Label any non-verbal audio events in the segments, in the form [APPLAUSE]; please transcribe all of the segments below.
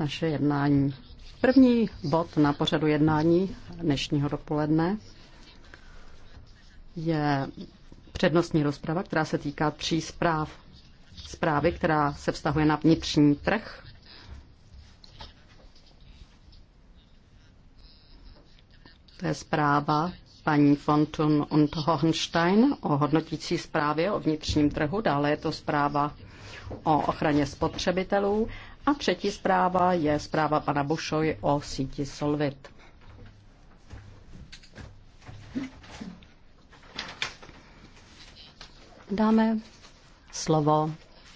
naše jednání. První bod na pořadu jednání dnešního dopoledne je přednostní rozprava, která se týká tří zpráv. Zprávy, která se vztahuje na vnitřní trh, to je zpráva paní Fontun und Hohenstein o hodnotící zprávě o vnitřním trhu, dále je to zpráva o ochraně spotřebitelů a třetí zpráva je zpráva pana Bošoj o síti Solvit. Dáme slovo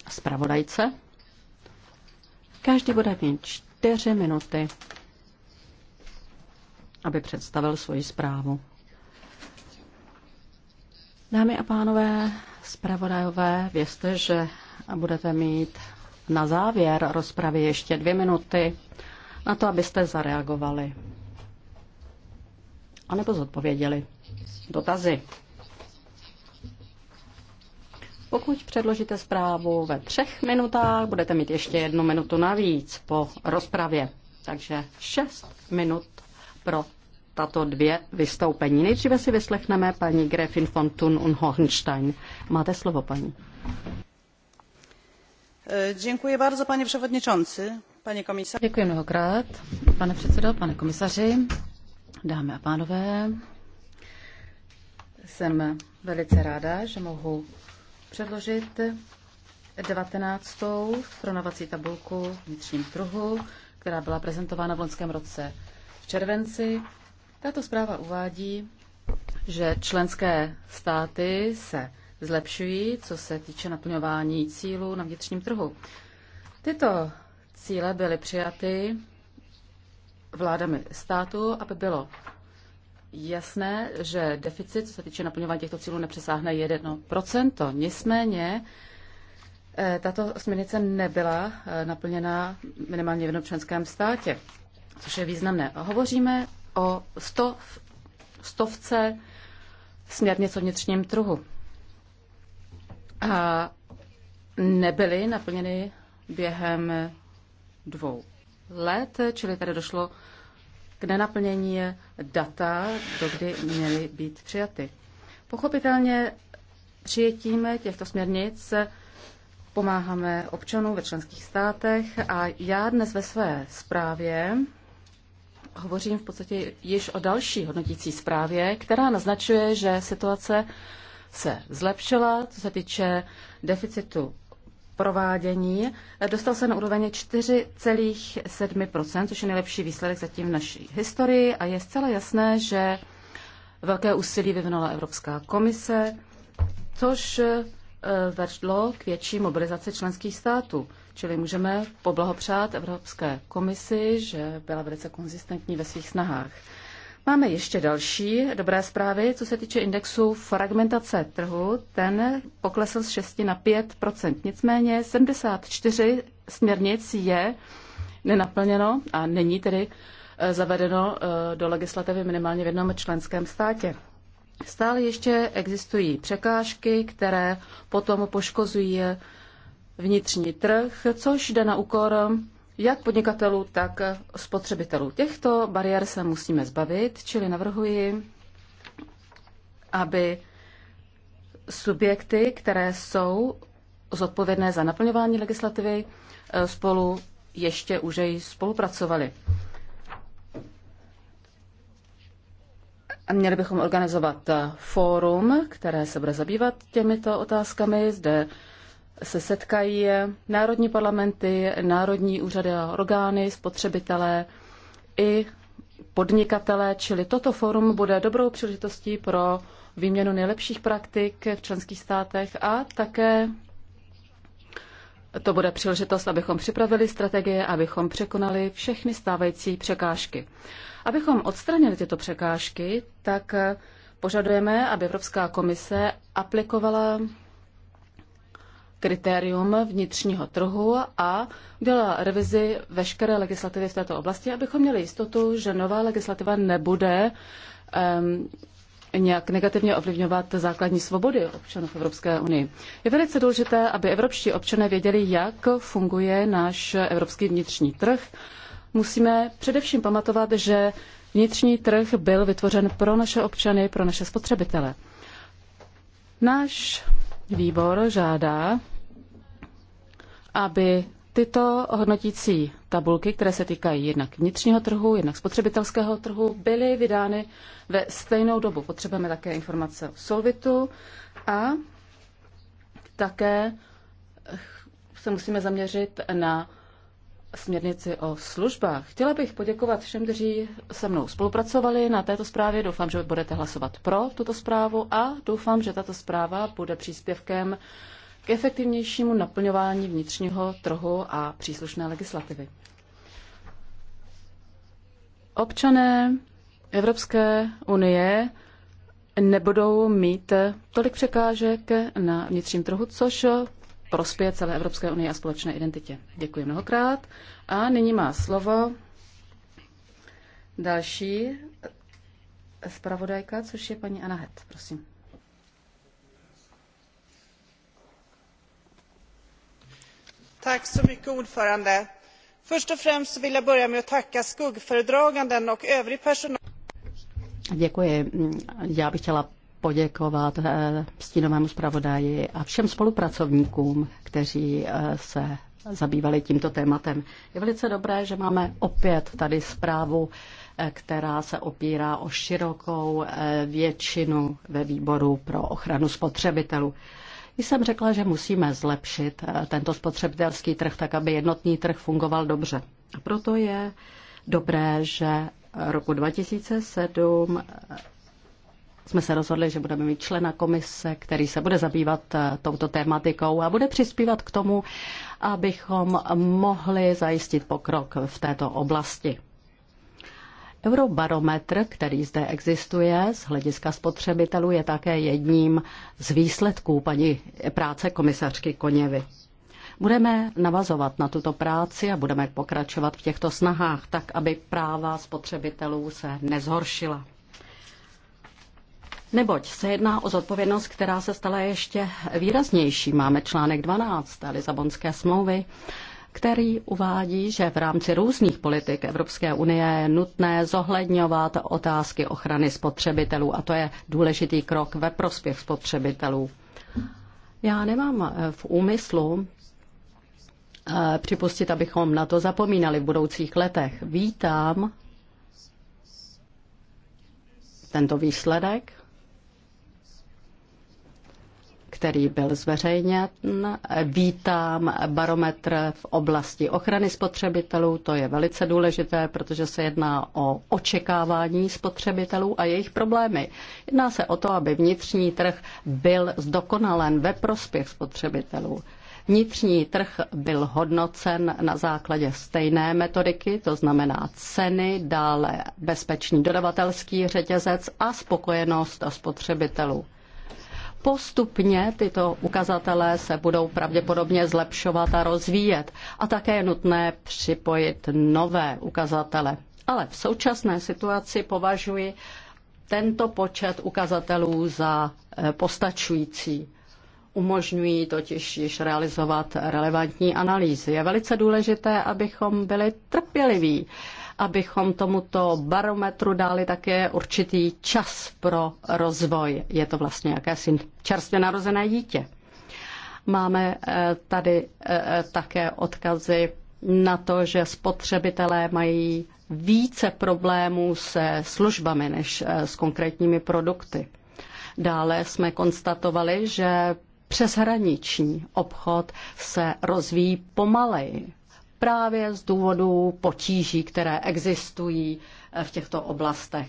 zpravodajce. Každý bude mít čtyři minuty, aby představil svoji zprávu. Dámy a pánové, zpravodajové, vězte, že budete mít na závěr rozpravy ještě dvě minuty na to, abyste zareagovali. A nebo zodpověděli dotazy. Pokud předložíte zprávu ve třech minutách, budete mít ještě jednu minutu navíc po rozpravě. Takže šest minut pro tato dvě vystoupení. Nejdříve si vyslechneme paní Gräfin von Thun und Hohenstein. Máte slovo, paní. E, Děkuji bardzo, pane předsedající, pane komisaři. Děkuji mnohokrát, pane předsedo, pane komisaři, a pánové. Jsem velice ráda, že mohu předložit 19. srovnávací tabulku vnitřním trhu, která byla prezentována v loňském roce v červenci. Tato zpráva uvádí, že členské státy se zlepšují, co se týče naplňování cílů na vnitřním trhu. Tyto cíle byly přijaty vládami státu, aby bylo jasné, že deficit, co se týče naplňování těchto cílů, nepřesáhne 1%. Nicméně eh, tato směrnice nebyla eh, naplněna minimálně v jednom členském státě, což je významné. Hovoříme o stov, stovce směrnic o vnitřním trhu a nebyly naplněny během dvou let, čili tady došlo k nenaplnění data, dokdy měly být přijaty. Pochopitelně přijetím těchto směrnic pomáháme občanům ve členských státech a já dnes ve své zprávě hovořím v podstatě již o další hodnotící zprávě, která naznačuje, že situace se zlepšila, co se týče deficitu provádění. Dostal se na úroveň 4,7%, což je nejlepší výsledek zatím v naší historii a je zcela jasné, že velké úsilí vyvinula Evropská komise, což eh, vedlo k větší mobilizaci členských států. Čili můžeme poblahopřát Evropské komisi, že byla velice konzistentní ve svých snahách. Máme ještě další dobré zprávy, co se týče indexu fragmentace trhu. Ten poklesl z 6 na 5 Nicméně 74 směrnic je nenaplněno a není tedy eh, zavedeno eh, do legislativy minimálně v jednom členském státě. Stále ještě existují překážky, které potom poškozují vnitřní trh, což jde na úkor jak podnikatelů, tak spotřebitelů. Těchto bariér se musíme zbavit, čili navrhuji, aby subjekty, které jsou zodpovědné za naplňování legislativy, eh, spolu ještě užej spolupracovali. měli bychom organizovat eh, fórum, které se bude zabývat těmito otázkami. Zde se setkají národní parlamenty, národní úřady a orgány, spotřebitelé i podnikatelé, čili toto forum bude dobrou příležitostí pro výměnu nejlepších praktik v členských státech a také to bude příležitost, abychom připravili strategie, abychom překonali všechny stávající překážky. Abychom odstranili tyto překážky, tak požadujeme, aby Evropská komise aplikovala kritérium vnitřního trhu a udělala revizi veškeré legislativy v této oblasti, abychom měli jistotu, že nová legislativa nebude um, nějak negativně ovlivňovat základní svobody občanů v Evropské unii. Je velice důležité, aby evropští občané věděli, jak funguje náš evropský vnitřní trh. Musíme především pamatovat, že vnitřní trh byl vytvořen pro naše občany, pro naše spotřebitele. Náš Výbor žádá, aby tyto hodnotící tabulky, které se týkají jednak vnitřního trhu, jednak spotřebitelského trhu, byly vydány ve stejnou dobu. Potřebujeme také informace o Solvitu a také se musíme zaměřit na směrnici o službách. Chtěla bych poděkovat všem, kteří se mnou spolupracovali na této zprávě. Doufám, že budete hlasovat pro tuto zprávu a doufám, že tato zpráva bude příspěvkem k efektivnějšímu naplňování vnitřního trhu a příslušné legislativy. Občané Evropské unie nebudou mít tolik překážek na vnitřním trhu, což prospěje celé Evropské unii a společné identitě. Děkuji mnohokrát. A nyní má slovo další zpravodajka, což je paní Anna Het. Prosím. Tack så mycket ordförande. Först och främst vill jag börja med att tacka skuggföredraganden och övrig personal. Děkuji. Já bych chtěla poděkovat eh, stínovému zpravodaji a všem spolupracovníkům, kteří eh, se zabývali tímto tématem. Je velice dobré, že máme opět tady zprávu, eh, která se opírá o širokou většinu ve výboru pro ochranu spotřebitelů. Jsem řekla, že musíme zlepšit tento spotřebitelský trh tak, aby jednotný trh fungoval dobře. A proto je dobré, že roku 2007 jsme se rozhodli, že budeme mít člena komise, který se bude zabývat eh, touto tématikou a bude přispívat k tomu, abychom mohli zajistit pokrok v této oblasti. Eurobarometr, který zde existuje z hlediska spotřebitelů, je také jedním z výsledků paní práce komisařky Koněvy. Budeme navazovat na tuto práci a budeme pokračovat v těchto snahách, tak aby práva spotřebitelů se nezhoršila. Neboť se jedná o zodpovědnost, která se stala ještě výraznější. Máme článek 12 Lisabonské smlouvy, který uvádí, že v rámci různých politik Evropské unie je nutné zohledňovat otázky ochrany spotřebitelů a to je důležitý krok ve prospěch spotřebitelů. Já nemám eh, v úmyslu eh, připustit, abychom na to zapomínali v budoucích letech. Vítám tento výsledek který byl zveřejněn. Vítám barometr v oblasti ochrany spotřebitelů, to je velice důležité, protože se jedná o očekávání spotřebitelů a jejich problémy. Jedná se o to, aby vnitřní trh byl zdokonalen ve prospěch spotřebitelů. Vnitřní trh byl hodnocen na základě stejné metodiky, to znamená ceny, dále bezpečný dodavatelský řetězec a spokojenost spotřebitelů. Postupně tyto ukazatele se budou pravděpodobně zlepšovat a rozvíjet a také je nutné připojit nové ukazatele. Ale v současné situaci považuji tento počet ukazatelů za eh, postačující. Umožňují totiž již realizovat relevantní analýzy. Je velice důležité, abychom byli trpěliví abychom tomuto barometru dali také určitý čas pro rozvoj. Je to vlastně jakési čerstvě narozené dítě. Máme eh, tady eh, také odkazy na to, že spotřebitelé mají více problémů se službami než eh, s konkrétními produkty. Dále jsme konstatovali, že přeshraniční obchod se rozvíjí pomaleji právě z důvodu potíží, které existují eh, v těchto oblastech.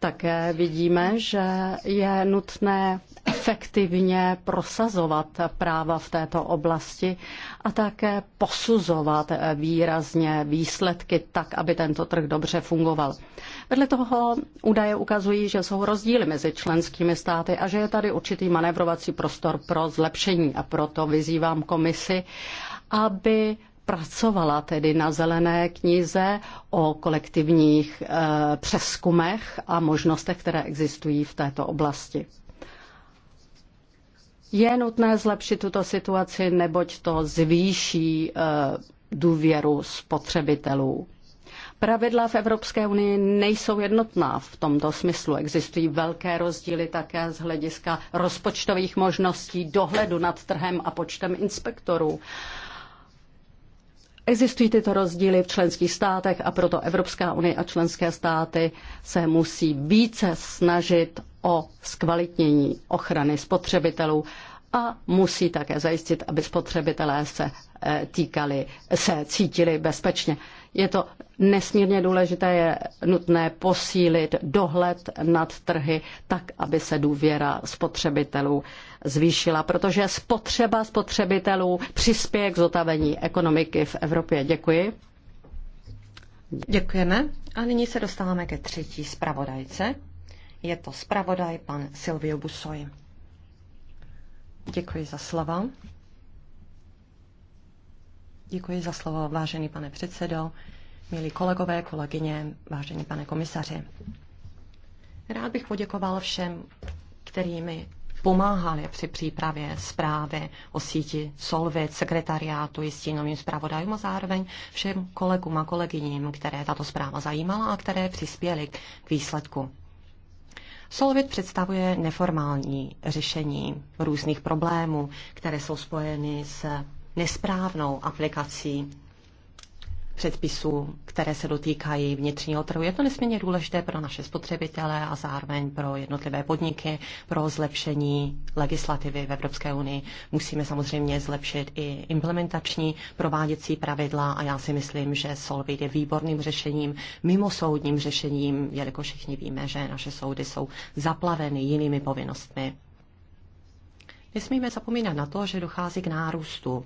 Také vidíme, že je nutné efektivně prosazovat práva v této oblasti a také posuzovat eh, výrazně výsledky tak, aby tento trh dobře fungoval. Vedle toho údaje ukazují, že jsou rozdíly mezi členskými státy a že je tady určitý manévrovací prostor pro zlepšení a proto vyzývám komisi, aby pracovala tedy na zelené knize o kolektivních eh, přeskumech a možnostech, které existují v této oblasti. Je nutné zlepšit tuto situaci, neboť to zvýší eh, důvěru spotřebitelů. Pravidla v Evropské unii nejsou jednotná v tomto smyslu. Existují velké rozdíly také z hlediska rozpočtových možností, dohledu nad trhem a počtem inspektorů. Existují tyto rozdíly v členských státech a proto Evropská unie a členské státy se musí více snažit o zkvalitnění ochrany spotřebitelů a musí také zajistit, aby spotřebitelé se eh, týkali, se cítili bezpečně. Je to nesmírně důležité, je nutné posílit dohled nad trhy tak, aby se důvěra spotřebitelů zvýšila, protože spotřeba spotřebitelů přispěje k zotavení ekonomiky v Evropě. Děkuji. Děkujeme. A nyní se dostáváme ke třetí zpravodajce. Je to zpravodaj pan Silvio Busoy. Děkuji za slovo. Děkuji za slovo, vážený pane předsedo, milí kolegové, kolegyně, vážený pane komisaři. Rád bych poděkoval všem, kteří mi pomáhali při přípravě zprávy o síti Solvit, sekretariátu i stínovým zpravodajům a zároveň všem kolegům a kolegyním, které tato zpráva zajímala a které přispěly k výsledku. Solvit představuje neformální řešení různých problémů, které jsou spojeny s nesprávnou aplikací předpisů, které se dotýkají vnitřního trhu. Je to nesmírně důležité pro naše spotřebitele a zároveň pro jednotlivé podniky, pro zlepšení legislativy v Evropské unii. Musíme samozřejmě zlepšit i implementační prováděcí pravidla a já si myslím, že Solvit je výborným řešením, mimo soudním řešením, jelikož všichni víme, že naše soudy jsou zaplaveny jinými povinnostmi. Nesmíme zapomínat na to, že dochází k nárůstu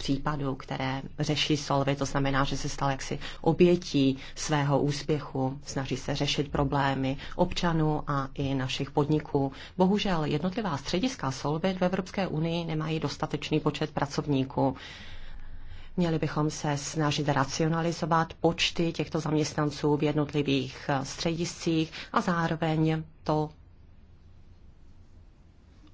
případů, které řeší Solvy, to znamená, že se stal jaksi obětí svého úspěchu, snaží se řešit problémy občanů a i našich podniků. Bohužel jednotlivá střediska solvy v Evropské unii nemají dostatečný počet pracovníků. Měli bychom se snažit racionalizovat počty těchto zaměstnanců v jednotlivých střediscích a zároveň to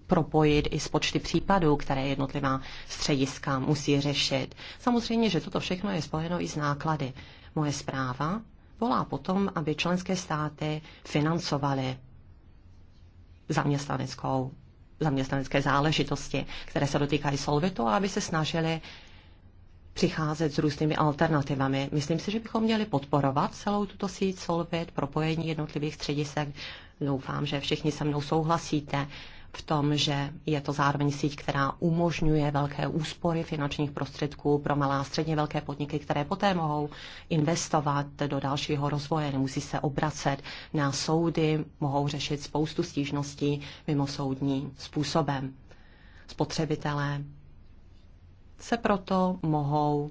propojit i s počty případů, které jednotlivá střediska musí řešit. Samozřejmě, že toto všechno je spojeno i s náklady. Moje zpráva volá potom, aby členské státy financovaly zaměstnaneckou, zaměstnanecké záležitosti, které se dotýkají solvitu a aby se snažili přicházet s různými alternativami. Myslím si, že bychom měli podporovat celou tuto síť Solvit, propojení jednotlivých středisek. Doufám, že všichni se mnou souhlasíte v tom, že je to zároveň síť, která umožňuje velké úspory finančních prostředků pro malá a středně velké podniky, které poté mohou investovat do dalšího rozvoje, nemusí se obracet na soudy, mohou řešit spoustu stížností mimo soudní způsobem. Spotřebitelé se proto mohou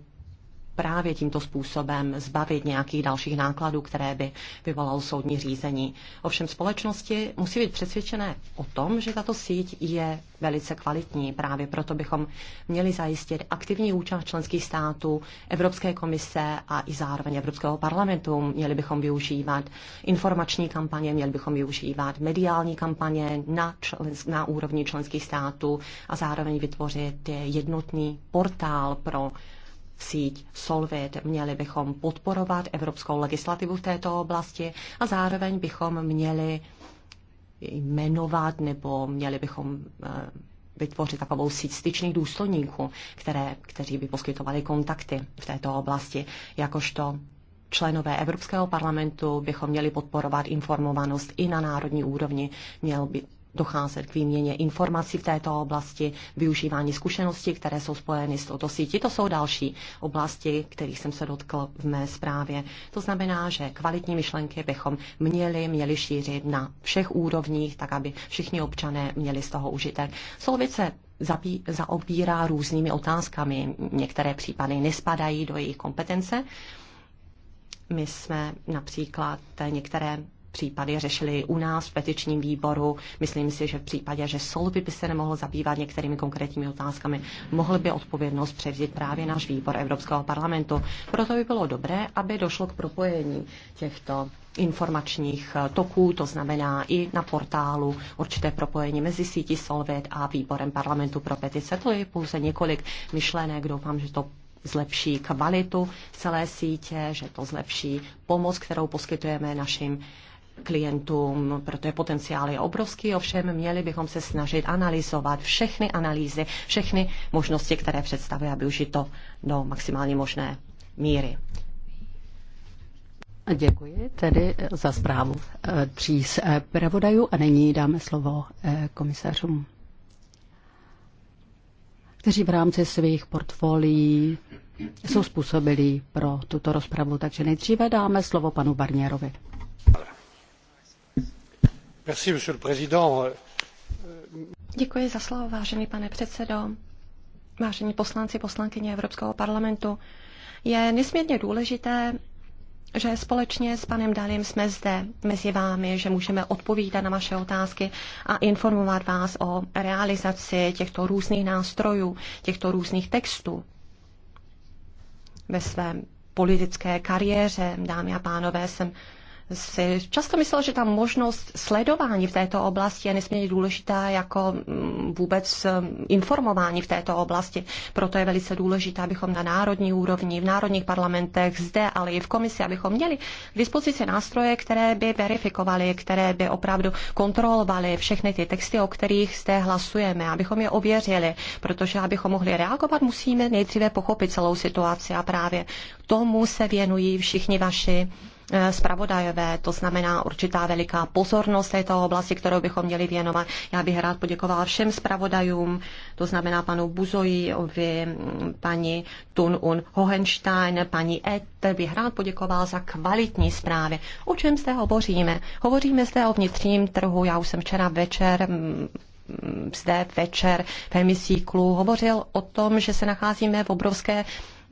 právě tímto způsobem zbavit nějakých dalších nákladů, které by vyvolalo soudní řízení. Ovšem společnosti musí být přesvědčené o tom, že tato síť je velice kvalitní. Právě proto bychom měli zajistit aktivní účast členských států, Evropské komise a i zároveň Evropského parlamentu. Měli bychom využívat informační kampaně, měli bychom využívat mediální kampaně na, člen, na úrovni členských států a zároveň vytvořit jednotný portál pro síť Solvit. Měli bychom podporovat evropskou legislativu v této oblasti a zároveň bychom měli jmenovat nebo měli bychom eh, vytvořit takovou síť styčných důstojníků, které, kteří by poskytovali kontakty v této oblasti, jakožto členové Evropského parlamentu bychom měli podporovat informovanost i na národní úrovni. Měl by, docházet k výměně informací v této oblasti, využívání zkušeností, které jsou spojeny s touto sítí. To jsou další oblasti, kterých jsem se dotkl v mé zprávě. To znamená, že kvalitní myšlenky bychom měli, měli šířit na všech úrovních, tak aby všichni občané měli z toho užitek. Solvice zabí, zaobírá různými otázkami. Některé případy nespadají do jejich kompetence. My jsme například některé případy řešili u nás v petičním výboru. Myslím si, že v případě, že soud by se nemohl zabývat některými konkrétními otázkami, mohl by odpovědnost převzít právě náš výbor Evropského parlamentu. Proto by bylo dobré, aby došlo k propojení těchto informačních eh, toků, to znamená i na portálu určité propojení mezi sítí Solvit a výborem parlamentu pro petice. To je pouze několik myšlenek, doufám, že to zlepší kvalitu celé sítě, že to zlepší pomoc, kterou poskytujeme našim klientům, protože potenciál je obrovský, ovšem měli bychom se snažit analyzovat všechny analýzy, všechny možnosti, které představuje a využít to do maximální možné míry. Děkuji tedy eh, za zprávu eh, tří z eh, pravodajů a nyní dáme slovo komisařům, kteří v rámci svých portfolií jsou způsobilí pro tuto rozpravu. Takže nejdříve dáme slovo panu Barnierovi. Děkuji za slovo, vážený pane předsedo, vážení poslanci, poslankyně Evropského parlamentu. Je nesmírně důležité, že společně s panem Dalím jsme zde mezi vámi, že můžeme odpovídat na vaše otázky a informovat vás o realizaci těchto různých nástrojů, těchto různých textů ve své politické kariéře. Dámy a pánové, jsem si často myslel, že ta možnost sledování v této oblasti je nesmírně důležitá jako mm, vůbec mm, informování v této oblasti. Proto je velice důležité, abychom na národní úrovni, v národních parlamentech, zde, ale i v komisi, abychom měli k dispozici nástroje, které by verifikovaly, které by opravdu kontrolovaly všechny ty texty, o kterých zde hlasujeme, abychom je ověřili, protože abychom mohli reagovat, musíme nejdříve pochopit celou situaci a právě tomu se věnují všichni vaši Eh, zpravodajové, to znamená určitá veliká pozornost této oblasti, kterou bychom měli věnovat. Já bych rád poděkovala všem zpravodajům, to znamená panu Buzoji, paní Tun Un Hohenstein, paní Et, bych rád poděkoval za kvalitní zprávy. O čem zde hovoříme? Hovoříme zde o vnitřním trhu. Já už jsem včera večer mm, zde večer v hemisíklu hovořil o tom, že se nacházíme v obrovské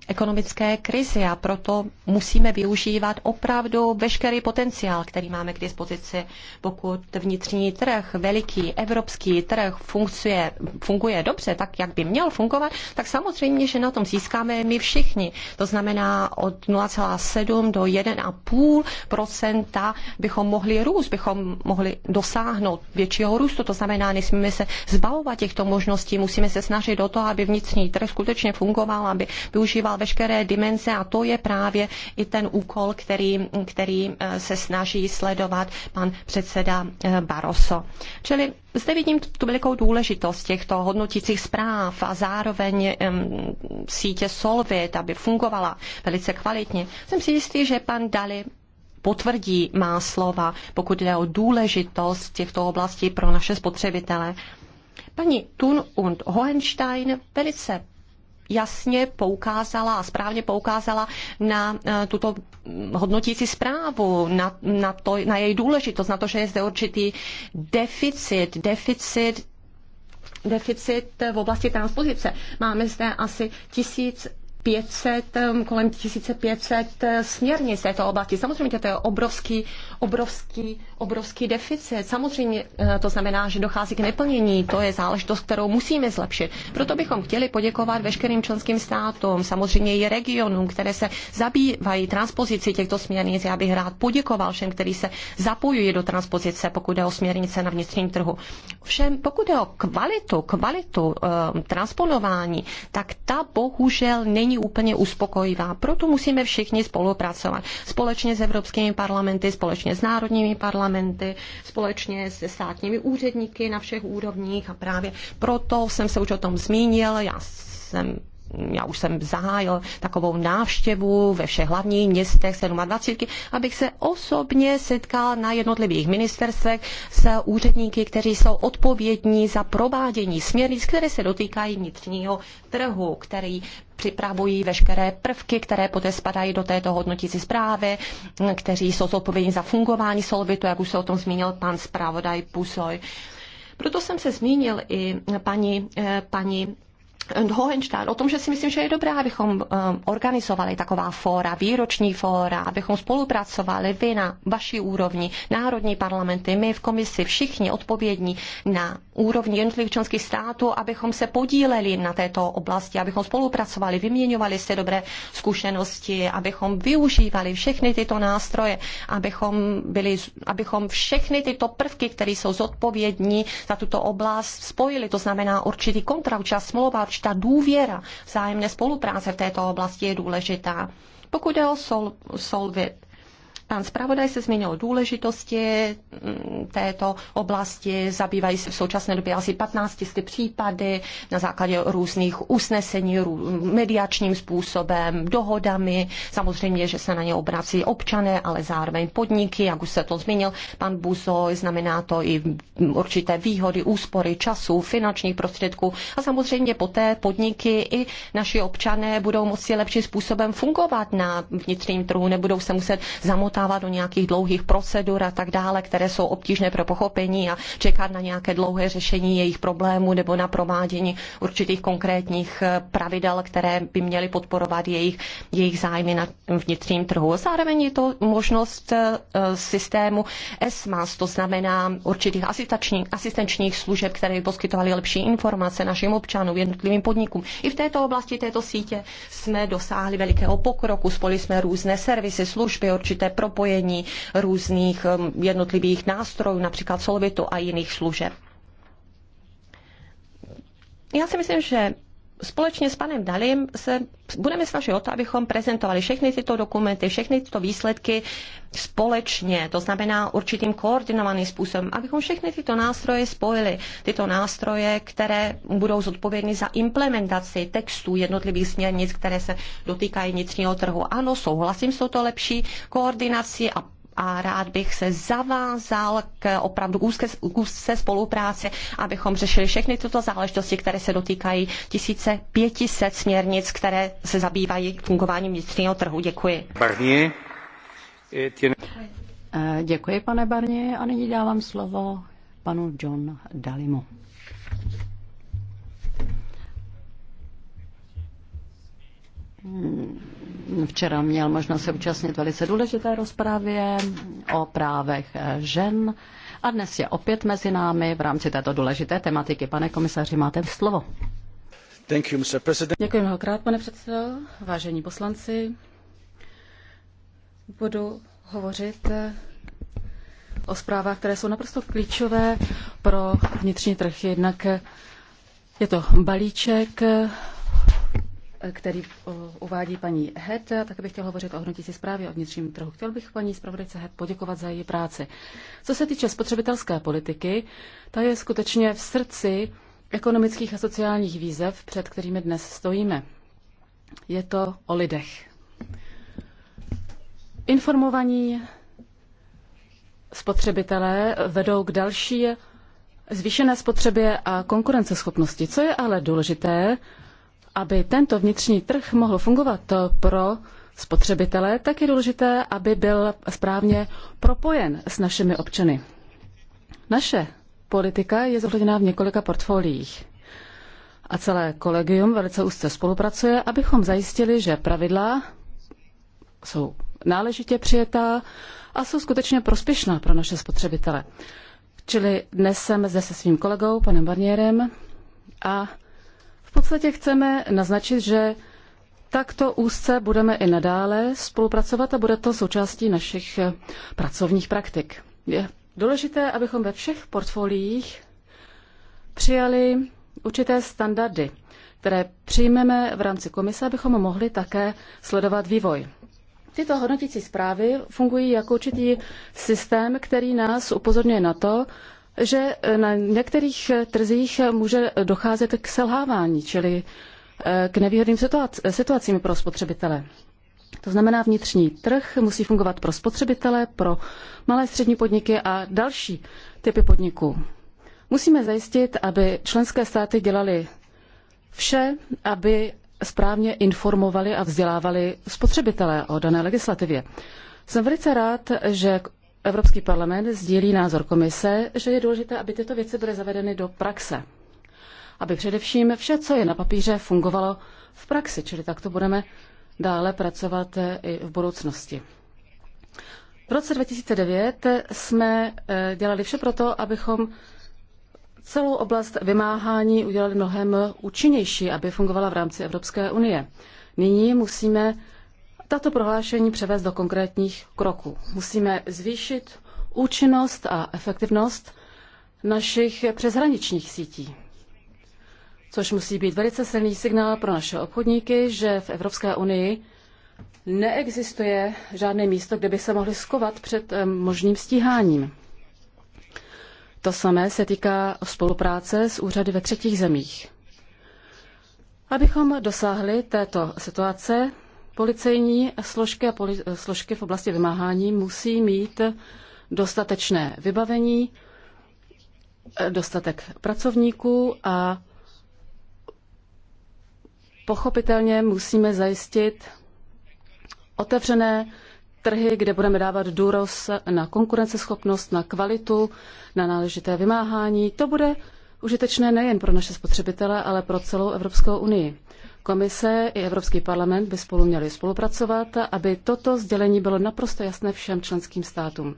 ekonomické krizi a proto musíme využívat opravdu veškerý potenciál, který máme k dispozici. Pokud vnitřní trh, veliký evropský trh funguje, funguje dobře, tak jak by měl fungovat, tak samozřejmě, že na tom získáme my všichni. To znamená od 0,7 do 1,5 bychom mohli růst, bychom mohli dosáhnout většího růstu. To znamená, nesmíme se zbavovat těchto možností, musíme se snažit o to, aby vnitřní trh skutečně fungoval, aby využíval popsal veškeré dimenze a to je právě i ten úkol, který, který eh, se snaží sledovat pan předseda eh, Barroso. Čili zde vidím tu velikou důležitost těchto hodnotících zpráv a zároveň um, sítě Solvit, aby fungovala velice kvalitně. Jsem si jistý, že pan Dali potvrdí má slova, pokud jde o důležitost těchto oblastí pro naše spotřebitele. Paní Thun und Hohenstein velice jasně poukázala a správně poukázala na eh, tuto hodnotící zprávu, na, na, to, na její důležitost, na to, že je zde určitý deficit, deficit deficit eh, v oblasti transpozice. Máme zde asi tisíc 500, eh, kolem 1500 směrnic této oblasti. Samozřejmě to je obrovský obrovský, obrovský deficit. Samozřejmě eh, to znamená, že dochází k neplnění. To je záležitost, kterou musíme zlepšit. Proto bychom chtěli poděkovat veškerým členským státům, samozřejmě i regionům, které se zabývají transpozici těchto směrnic. Já bych rád poděkoval všem, kteří se zapojují do transpozice, pokud jde o směrnice na vnitřním trhu. Všem, pokud jde o kvalitu, kvalitu um, transponování, tak ta bohužel není úplně uspokojivá. Proto musíme všichni spolupracovat. Společně s Evropskými parlamenty, společně společně s národními parlamenty, společně se státními úředníky na všech úrovních a právě proto jsem se už o tom zmínil. Já jsem já už jsem zahájil takovou návštěvu ve všech hlavních městech 27, abych se osobně setkal na jednotlivých ministerstvech s úředníky, kteří jsou odpovědní za provádění směrnic, které se dotýkají vnitřního trhu, který připravují veškeré prvky, které poté spadají do této hodnotící zprávy, kteří jsou zodpovědní za fungování solvitu, jak už se o tom zmínil pan zpravodaj Pusoj. Proto jsem se zmínil i paní, eh, paní Hohenstein o tom, že si myslím, že je dobré, abychom um, organizovali taková fóra, výroční fóra, abychom spolupracovali vy na vaší úrovni, národní parlamenty, my v komisi, všichni odpovědní na úrovni jednotlivých členských států, abychom se podíleli na této oblasti, abychom spolupracovali, vyměňovali se dobré zkušenosti, abychom využívali všechny tyto nástroje, abychom, byli, abychom všechny tyto prvky, které jsou zodpovědní za tuto oblast, spojili. To znamená určitý kontrakt, čas smlouva, Zvlášť ta důvěra, vzájemné spolupráce v této oblasti je důležitá. Pokud je o Solvit, Pán zpravodaj se zmínil o důležitosti mm, této oblasti, zabývají se v současné době asi 15 případy na základě různých usnesení, mediačním způsobem, dohodami. Samozřejmě, že se na ně obrací občané, ale zároveň podniky, jak už se to zmínil pan Buzoj, znamená to i určité výhody, úspory času, finančních prostředků a samozřejmě poté podniky i naši občané budou moci lepším způsobem fungovat na vnitřním trhu, nebudou se muset zamotat dostává do nějakých dlouhých procedur a tak dále, které jsou obtížné pro pochopení a čekat na nějaké dlouhé řešení jejich problémů nebo na provádění určitých konkrétních eh, pravidel, které by měly podporovat jejich, jejich zájmy na vnitřním trhu. Zároveň je to možnost eh, systému SMAS, to znamená určitých asistenčních služeb, které by poskytovaly lepší informace našim občanům, jednotlivým podnikům. I v této oblasti, této sítě jsme dosáhli velikého pokroku, spolili jsme různé servisy, služby, určité propojení různých um, jednotlivých nástrojů, například Solvitu a jiných služeb. Já si myslím, že společně s panem Dalim se budeme snažit o to, abychom prezentovali všechny tyto dokumenty, všechny tyto výsledky společně, to znamená určitým koordinovaným způsobem, abychom všechny tyto nástroje spojili, tyto nástroje, které budou zodpovědny za implementaci textů jednotlivých směrnic, které se dotýkají vnitřního trhu. Ano, souhlasím s touto lepší koordinací a a rád bych se zavázal k opravdu úzké, úzké spolupráci, abychom řešili všechny tyto záležitosti, které se dotýkají 1500 směrnic, které se zabývají fungováním vnitřního trhu. Děkuji. Barnier, eh, Děkuji, pane Barně, a nyní dávám slovo panu John Dalimu. Hmm včera měl možnost se účastnit velice důležité rozpravě o právech žen a dnes je opět mezi námi v rámci této důležité tematiky. Pane komisaři, máte slovo. Thank you, Mr. President. Děkuji mnohokrát, pane předsedo, vážení poslanci. Budu hovořit eh, o zprávách, které jsou naprosto klíčové pro vnitřní trh. Jednak je to balíček který eh, uvádí paní Het. Tak bych chtěl hovořit o hodnotící zprávě o vnitřním trhu. Chtěl bych paní zpravodajce Het poděkovat za její práci. Co se týče spotřebitelské politiky, ta je skutečně v srdci ekonomických a sociálních výzev, před kterými dnes stojíme. Je to o lidech. Informovaní spotřebitelé vedou k další zvýšené spotřebě a konkurenceschopnosti. Co je ale důležité, aby tento vnitřní trh mohl fungovat pro spotřebitele, tak je důležité, aby byl správně propojen s našimi občany. Naše politika je zohledněná v několika portfoliích. A celé kolegium velice úzce spolupracuje, abychom zajistili, že pravidla jsou náležitě přijetá a jsou skutečně prospěšná pro naše spotřebitele. Čili dnes jsem zde se svým kolegou, panem Barnierem, a podstatě chceme naznačit, že takto úzce budeme i nadále spolupracovat a bude to součástí našich eh, pracovních praktik. Je důležité, abychom ve všech portfoliích přijali určité standardy, které přijmeme v rámci komise, abychom mohli také sledovat vývoj. Tyto hodnotící zprávy fungují jako určitý systém, který nás upozorňuje na to, že e, na některých e, trzích e, může docházet k selhávání, čili k nevýhodným situacím pro spotřebitele. To znamená, vnitřní trh musí fungovat pro spotřebitele, pro malé střední podniky a další typy podniků. Musíme zajistit, aby členské státy dělali vše, aby správně informovali a vzdělávali spotřebitele o dané legislativě. Jsem velice rád, že Evropský parlament sdílí názor komise, že je důležité, aby tyto věci byly zavedeny do praxe. Aby především vše, co je na papíře, fungovalo v praxi, čili takto budeme dále pracovat eh, i v budoucnosti. V roce 2009 jsme eh, dělali vše proto, abychom celou oblast vymáhání udělali mnohem účinnější, aby fungovala v rámci Evropské unie. Nyní musíme tato prohlášení převést do konkrétních kroků. Musíme zvýšit účinnost a efektivnost našich přeshraničních sítí, což musí být velice silný signál pro naše obchodníky, že v Evropské unii neexistuje žádné místo, kde by se mohli skovat před eh, možným stíháním. To samé se týká spolupráce s úřady ve třetích zemích. Abychom dosáhli této situace, Policejní složky a poli- složky v oblasti vymáhání musí mít dostatečné vybavení, dostatek pracovníků a pochopitelně musíme zajistit otevřené trhy, kde budeme dávat důraz na konkurenceschopnost, na kvalitu, na náležité vymáhání. To bude užitečné nejen pro naše spotřebitele, ale pro celou Evropskou unii. Komise i Evropský parlament by spolu měli spolupracovat, aby toto sdělení bylo naprosto jasné všem členským státům.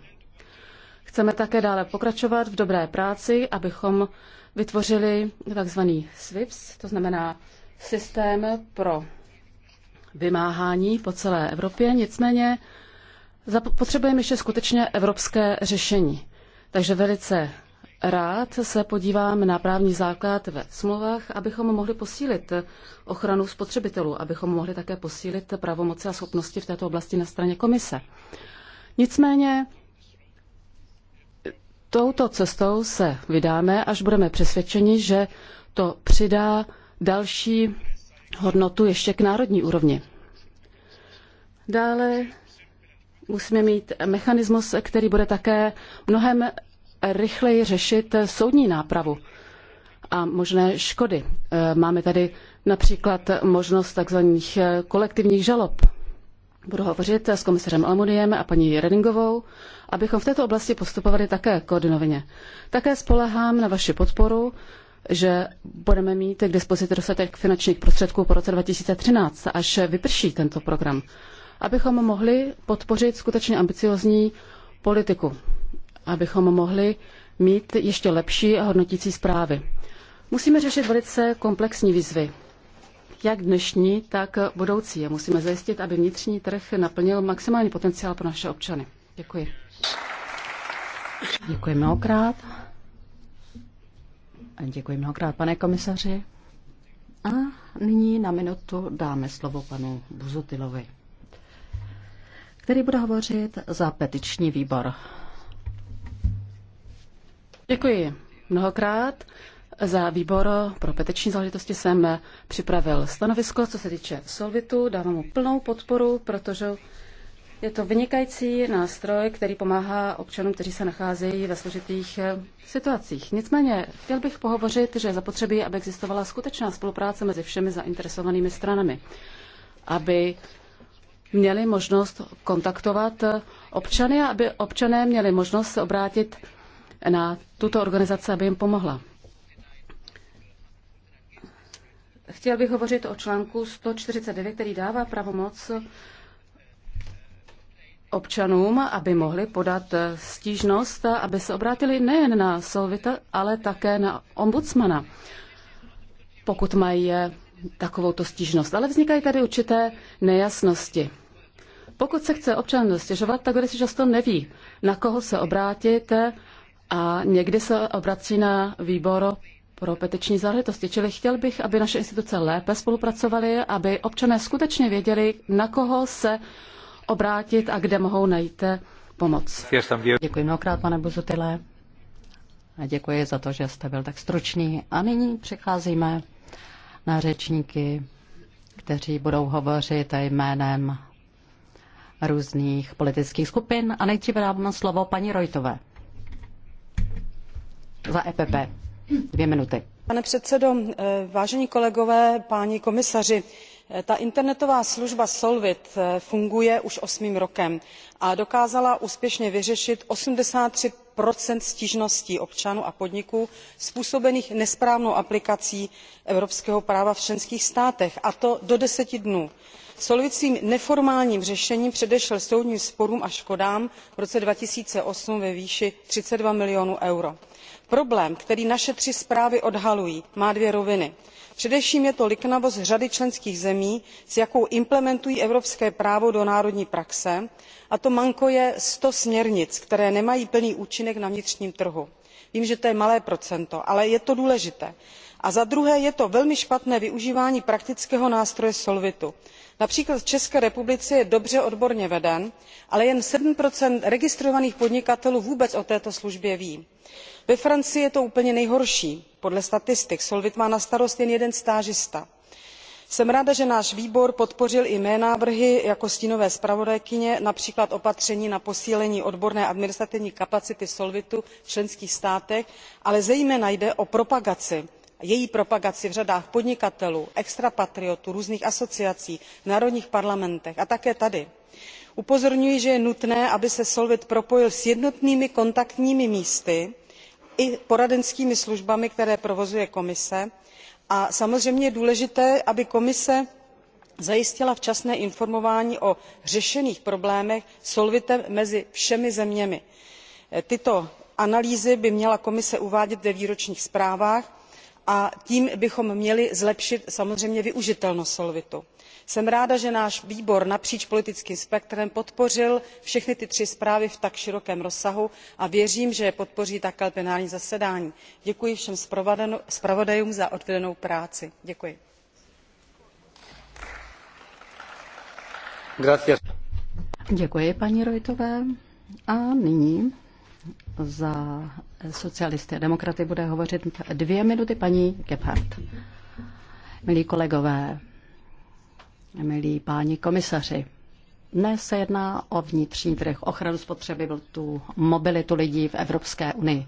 Chceme také dále pokračovat v dobré práci, abychom vytvořili tzv. SWIPS, to znamená systém pro vymáhání po celé Evropě. Nicméně potřebujeme ještě skutečně evropské řešení. Takže velice rád se podívám na právní základ ve smlouvách, abychom mohli posílit ochranu spotřebitelů, abychom mohli také posílit pravomoci a schopnosti v této oblasti na straně komise. Nicméně touto cestou se vydáme, až budeme přesvědčeni, že to přidá další hodnotu ještě k národní úrovni. Dále musíme mít mechanismus, který bude také mnohem rychleji řešit soudní nápravu a možné škody. E, máme tady například možnost takzvaných e, kolektivních žalob. Budu hovořit s komisařem Almuniem a paní Redingovou, abychom v této oblasti postupovali také koordinovaně. Také spolehám na vaši podporu, že budeme mít k dispozici dostatek finančních prostředků po roce 2013, až vyprší tento program, abychom mohli podpořit skutečně ambiciozní politiku abychom mohli mít ještě lepší a hodnotící zprávy. Musíme řešit velice komplexní výzvy, jak dnešní, tak budoucí. A musíme zajistit, aby vnitřní trh naplnil maximální potenciál pro naše občany. Děkuji. Děkuji mnohokrát. děkuji mnohokrát, pane komisaři. A nyní na minutu dáme slovo panu Buzutilovi, který bude hovořit za petiční výbor. Děkuji mnohokrát. Za výbor pro peteční záležitosti jsem připravil stanovisko, co se týče Solvitu. Dávám mu plnou podporu, protože je to vynikající nástroj, který pomáhá občanům, kteří se nacházejí ve složitých eh, situacích. Nicméně chtěl bych pohovořit, že je zapotřebí, aby existovala skutečná spolupráce mezi všemi zainteresovanými stranami, aby měli možnost kontaktovat eh, občany a aby občané měli možnost se obrátit na tuto organizaci, aby jim pomohla. Chtěl bych hovořit o článku 149, který dává pravomoc občanům, aby mohli podat stížnost, aby se obrátili nejen na Solvita, ale také na ombudsmana, pokud mají takovouto stížnost. Ale vznikají tady určité nejasnosti. Pokud se chce občan stěžovat, tak si často neví, na koho se obrátit, a někdy se obrací na výbor pro peteční záležitosti. Čili chtěl bych, aby naše instituce lépe spolupracovaly, aby občané skutečně věděli, na koho se obrátit a kde mohou najít pomoc. Děkuji mnohokrát, pane Buzutile. A děkuji za to, že jste byl tak stručný. A nyní přecházíme na řečníky, kteří budou hovořit jménem různých politických skupin. A nejdříve dávám slovo paní Rojtové. Za EPP. Dvě minuty. Pane předsedo, eh, vážení kolegové, páni komisaři, eh, ta internetová služba solvit eh, funguje už osmým rokem a dokázala úspěšně vyřešit eighty three stížností občanů a podniků způsobených nesprávnou aplikací evropského práva v členských státech a to do deseti dnů. solvitským neformálním řešením předešel soudním sporům a škodám v roce two thousand and eight ve výši thirty two milionů eur. problém který naše tři zprávy odhalují má dvě roviny. především je to liknavost řady členských zemí s jakou implementují evropské právo do národní praxe a to manko je sto směrnic které nemají plný účinek účinek na vnitřním trhu. vím že to je malé procento ale je to důležité. a za druhé je to velmi špatné využívání praktického nástroje solvitu. například v české republice je dobře odborně veden ale jen seven registrovaných podnikatelů vůbec o této službě ví. ve francii je to úplně nejhorší podle statistik solvit má na starost jen jeden stážista jsem ráda že náš výbor podpořil i mé návrhy jako stínové zpravodajkyně například opatření na posílení odborné administrativní kapacity solvitu v členských státech ale zejména jde o její propagaci v řadách podnikatelů extrapatriotů různých asociací v národních parlamentech a také tady. upozorňuji že je nutné aby se solvit propojil s jednotnými kontaktními místy i poradenskými službami které provozuje komise a samozřejmě je důležité aby komise zajistila včasné informování o řešených problémech solvitem mezi všemi zeměmi. E, tyto analýzy by měla komise uvádět ve výročních zprávách a tím bychom měli zlepšit samozřejmě využitelnost solvitu jsem ráda že náš výbor napříč politickým spektrem podpořil všechny ty tři zprávy v tak širokém rozsahu a věřím že je podpoří také plenární zasedání. děkuji všem zpravodajům za odvedenou práci. děkuji. děkuji a nyní za dvě minuty gebhardt. Milí kolegové, milí páni komisaři. Dnes se jedná o vnitřní trh, ochranu spotřeby, tu mobilitu lidí v Evropské unii.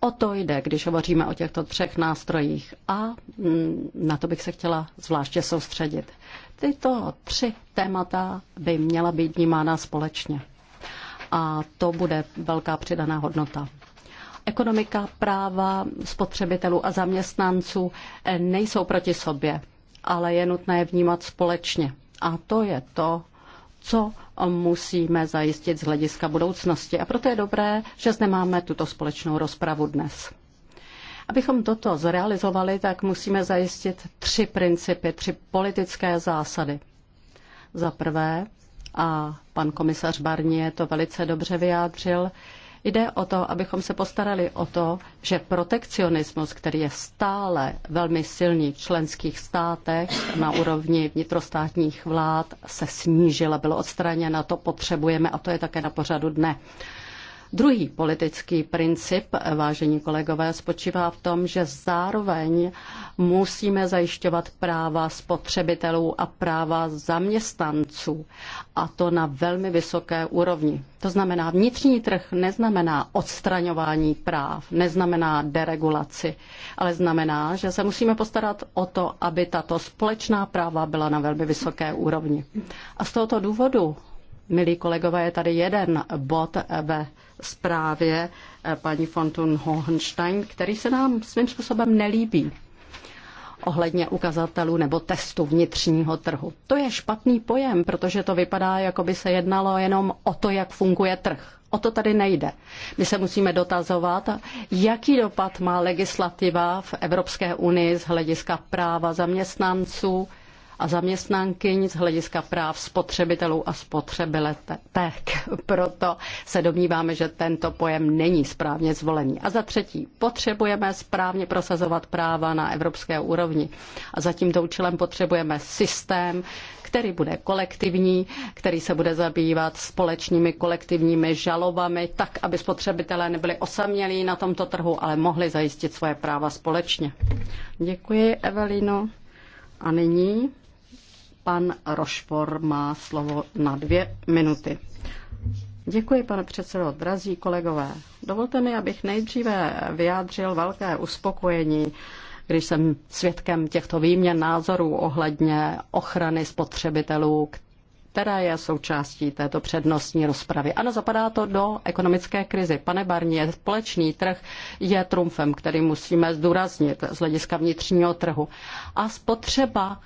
O to jde, když hovoříme o těchto třech nástrojích a mm, na to bych se chtěla zvláště soustředit. Tyto tři témata by měla být vnímána společně. A to bude velká přidaná hodnota ekonomika, práva spotřebitelů a zaměstnanců eh, nejsou proti sobě ale je nutné vnímat společně. A to je to, co musíme zajistit z hlediska budoucnosti. A proto je dobré, že zde máme tuto společnou rozpravu dnes. Abychom toto zrealizovali, tak musíme zajistit tři principy, tři politické zásady. Za prvé, a pan komisař Barnier to velice dobře vyjádřil, Jde o to, abychom se postarali o to, že protekcionismus, který je stále velmi silný v členských státech na úrovni vnitrostátních vlád, se snížil a byl odstraněn a to potřebujeme a to je také na pořadu dne. Druhý politický princip, vážení kolegové, spočívá v tom, že zároveň musíme zajišťovat práva spotřebitelů a práva zaměstnanců. A to na velmi vysoké úrovni. To znamená, vnitřní trh neznamená odstraňování práv, neznamená deregulaci, ale znamená, že se musíme postarat o to, aby tato společná práva byla na velmi vysoké úrovni. A z tohoto důvodu Milí kolegové, je tady jeden bod ve zprávě eh, paní Fontun Hohenstein, který se nám svým způsobem nelíbí ohledně ukazatelů nebo testu vnitřního trhu. To je špatný pojem, protože to vypadá, jako by se jednalo jenom o to, jak funguje trh. O to tady nejde. My se musíme dotazovat, jaký dopad má legislativa v Evropské unii z hlediska práva zaměstnanců, a zaměstnankyň z hlediska práv spotřebitelů a spotřebitelek. [LAUGHS] Proto se domníváme, že tento pojem není správně zvolený. A za třetí, potřebujeme správně prosazovat práva na evropské úrovni. A za tímto účelem potřebujeme systém, který bude kolektivní, který se bude zabývat společnými kolektivními žalobami, tak, aby spotřebitelé nebyli osamělí na tomto trhu, ale mohli zajistit svoje práva společně. Děkuji, Evelino. A nyní Pan Rošpor má slovo na dvě minuty. Děkuji, pane předsedo. Drazí kolegové, dovolte mi, abych nejdříve vyjádřil velké uspokojení, když jsem svědkem těchto výměn názorů ohledně ochrany spotřebitelů, která je součástí této přednostní rozpravy. Ano, zapadá to do ekonomické krizi. Pane Barnier, společný trh je trumfem, který musíme zdůraznit z hlediska vnitřního trhu. A spotřeba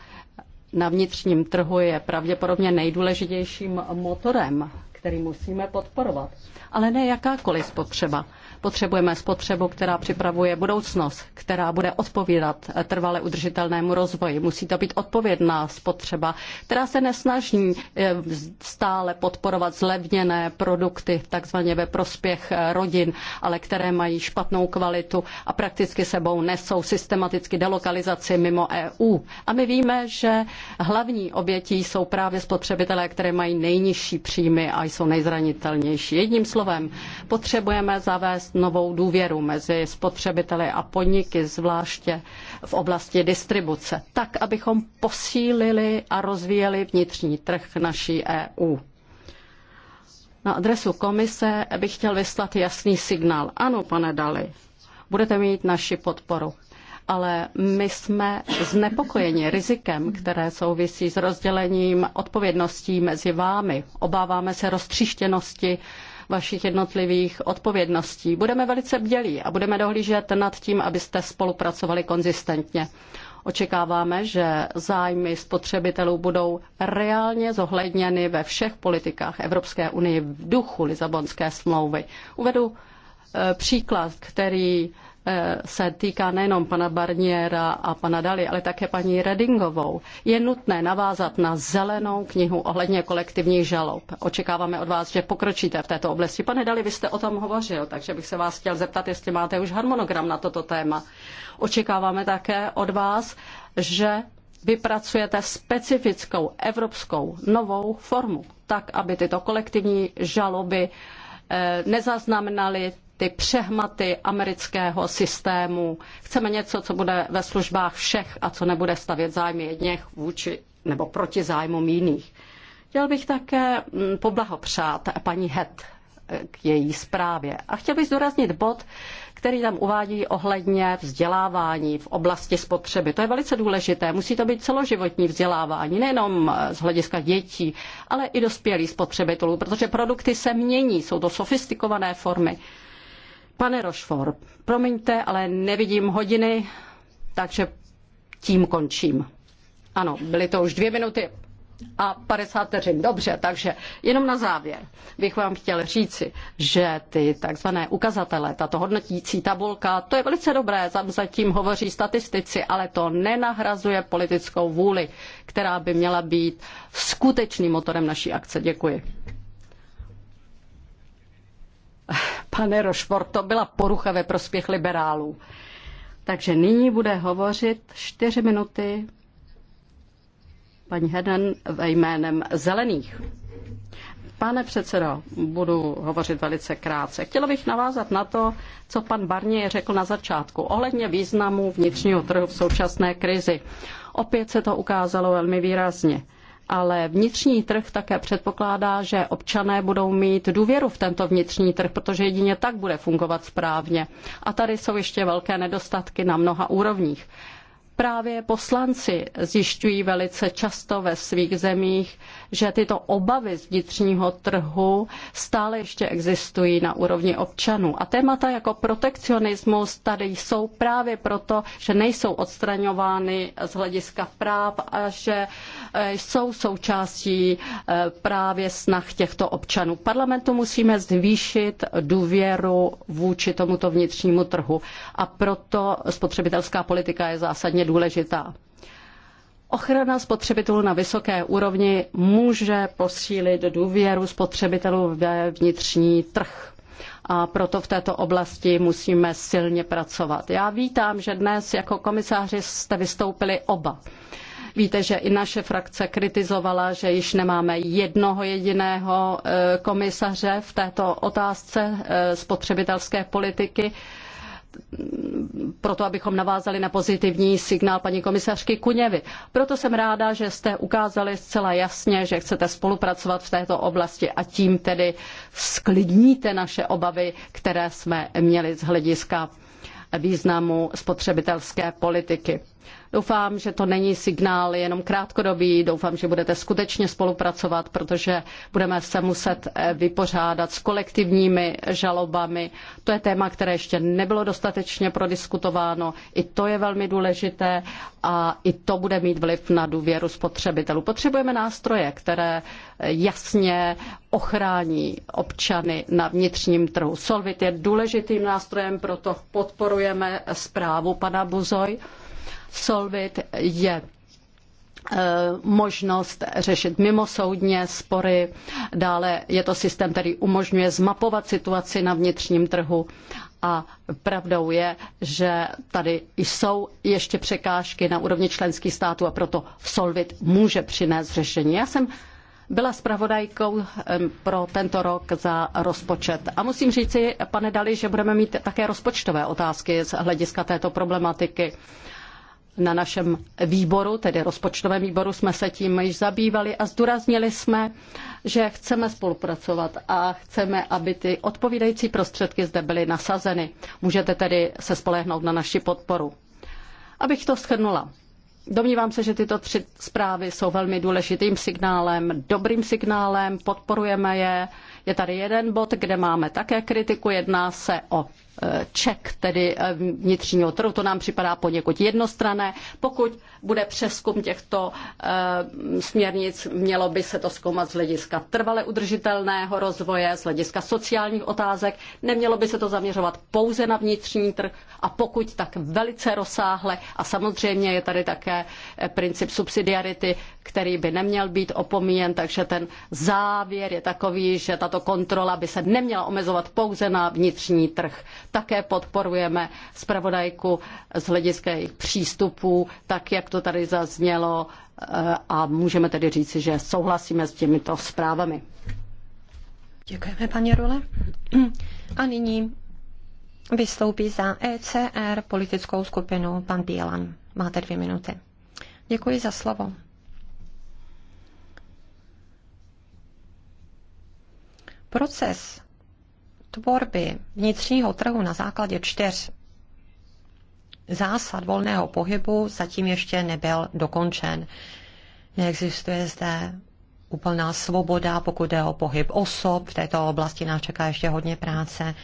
na vnitřním trhu je pravděpodobně nejdůležitějším motorem, který musíme podporovat. Ale ne jakákoliv spotřeba. Potřebujeme spotřebu, která připravuje budoucnost, která bude odpovídat trvale udržitelnému rozvoji. Musí to být odpovědná spotřeba, která se nesnaží eh, stále podporovat zlevněné produkty, takzvaně ve prospěch eh, rodin, ale které mají špatnou kvalitu a prakticky sebou nesou systematicky delokalizaci mimo EU. A my víme, že hlavní obětí jsou právě spotřebitelé, které mají nejnižší příjmy a jsou nejzranitelnější. Jedním slovem, potřebujeme zavést nalézt novou důvěru mezi spotřebiteli a podniky, zvláště v oblasti distribuce, tak, abychom posílili a rozvíjeli vnitřní trh naší EU. Na adresu komise bych chtěl vyslat jasný signál. Ano, pane Dali, budete mít naši podporu ale my jsme znepokojeni rizikem, které souvisí s rozdělením odpovědností mezi vámi. Obáváme se roztříštěnosti vašich jednotlivých odpovědností. Budeme velice bdělí a budeme dohlížet nad tím, abyste spolupracovali konzistentně. Očekáváme, že zájmy spotřebitelů budou reálně zohledněny ve všech politikách Evropské unie v duchu Lisabonské smlouvy. Uvedu eh, příklad, který Eh, se týká nejenom pana Barniera a pana Dali, ale také paní Redingovou. Je nutné navázat na zelenou knihu ohledně kolektivních žalob. Očekáváme od vás, že pokročíte v této oblasti. Pane Dali, vy jste o tom hovořil, takže bych se vás chtěl zeptat, jestli máte už harmonogram na toto téma. Očekáváme také od vás, že vypracujete specifickou evropskou novou formu, tak aby tyto kolektivní žaloby eh, nezaznamenaly ty přehmaty amerického systému. Chceme něco, co bude ve službách všech a co nebude stavět zájmy jedněch vůči nebo proti zájmům jiných. Chtěl bych také mm, poblahopřát paní Het eh, k její zprávě. A chtěl bych zdůraznit bod, který tam uvádí ohledně vzdělávání v oblasti spotřeby. To je velice důležité. Musí to být celoživotní vzdělávání, nejenom eh, z hlediska dětí, ale i dospělých spotřebitelů, protože produkty se mění, jsou to sofistikované formy. Pane Rošfor, promiňte, ale nevidím hodiny, takže tím končím. Ano, byly to už dvě minuty a 50 vteřin. Dobře, takže jenom na závěr bych vám chtěl říci, že ty takzvané ukazatele, tato hodnotící tabulka, to je velice dobré, tam zatím hovoří statistici, ale to nenahrazuje politickou vůli, která by měla být skutečným motorem naší akce. Děkuji. Pane Rošford, to byla porucha ve prospěch liberálů. Takže nyní bude hovořit čtyři minuty paní Heden ve jménem Zelených. Pane předsedo, budu hovořit velice krátce. Chtěla bych navázat na to, co pan Barnier řekl na začátku ohledně významu vnitřního trhu v současné krizi. Opět se to ukázalo velmi výrazně ale vnitřní trh také předpokládá, že občané budou mít důvěru v tento vnitřní trh, protože jedině tak bude fungovat správně. A tady jsou ještě velké nedostatky na mnoha úrovních. Právě poslanci zjišťují velice často ve svých zemích, že tyto obavy z vnitřního trhu stále ještě existují na úrovni občanů. A témata jako protekcionismus tady jsou právě proto, že nejsou odstraňovány z hlediska práv a že e, jsou součástí e, právě snah těchto občanů. Parlamentu musíme zvýšit důvěru vůči tomuto vnitřnímu trhu a proto spotřebitelská politika je zásadně důležitá. Ochrana spotřebitelů na vysoké úrovni může posílit důvěru spotřebitelů ve vnitřní trh. A proto v této oblasti musíme silně pracovat. Já vítám, že dnes jako komisáři jste vystoupili oba. Víte, že i naše frakce kritizovala, že již nemáme jednoho jediného e, komisaře v této otázce e, spotřebitelské politiky proto abychom navázali na pozitivní signál paní komisařky Kuněvy. Proto jsem ráda, že jste ukázali zcela jasně, že chcete spolupracovat v této oblasti a tím tedy sklidníte naše obavy, které jsme měli z hlediska významu spotřebitelské politiky. Doufám, že to není signál jenom krátkodobý, doufám, že budete skutečně spolupracovat, protože budeme se muset eh, vypořádat s kolektivními žalobami. To je téma, které ještě nebylo dostatečně prodiskutováno. I to je velmi důležité a i to bude mít vliv na důvěru spotřebitelů. Potřebujeme nástroje, které eh, jasně ochrání občany na vnitřním trhu. Solvit je důležitým nástrojem, proto podporujeme zprávu pana Buzoj. Solvit je eh, možnost řešit mimosoudně spory. Dále je to systém, který umožňuje zmapovat situaci na vnitřním trhu a pravdou je, že tady jsou ještě překážky na úrovni členských států a proto Solvit může přinést řešení. Já jsem byla spravodajkou pro tento rok za rozpočet. A musím říci, pane Dali, že budeme mít také rozpočtové otázky z hlediska této problematiky. Na našem výboru, tedy rozpočtovém výboru, jsme se tím již zabývali a zdůraznili jsme, že chceme spolupracovat a chceme, aby ty odpovídající prostředky zde byly nasazeny. Můžete tedy se spolehnout na naši podporu. Abych to shrnula. Domnívám se, že tyto tři zprávy jsou velmi důležitým signálem, dobrým signálem, podporujeme je, je tady jeden bod, kde máme také kritiku, jedná se o e, ček, tedy e, vnitřního trhu, to nám připadá poněkud jednostrané. Pokud bude přeskum těchto e, směrnic, mělo by se to zkoumat z hlediska trvale udržitelného rozvoje, z hlediska sociálních otázek, nemělo by se to zaměřovat pouze na vnitřní trh a pokud tak velice rozsáhle a samozřejmě je tady také princip subsidiarity, který by neměl být opomíjen, takže ten závěr je takový, že tato tato kontrola by se neměla omezovat pouze na vnitřní trh. Také podporujeme zpravodajku z hlediska jejich přístupů, tak jak to tady zaznělo eh, a můžeme tedy říci, že souhlasíme s těmito zprávami. Děkujeme, paní Role. A nyní vystoupí za ECR politickou skupinu pan Bílan. Máte dvě minuty. Děkuji za slovo. Proces tvorby vnitřního trhu na základě čtyř zásad volného pohybu zatím ještě nebyl dokončen. Neexistuje zde úplná svoboda, pokud jde o pohyb osob. V této oblasti nás čeká ještě hodně práce.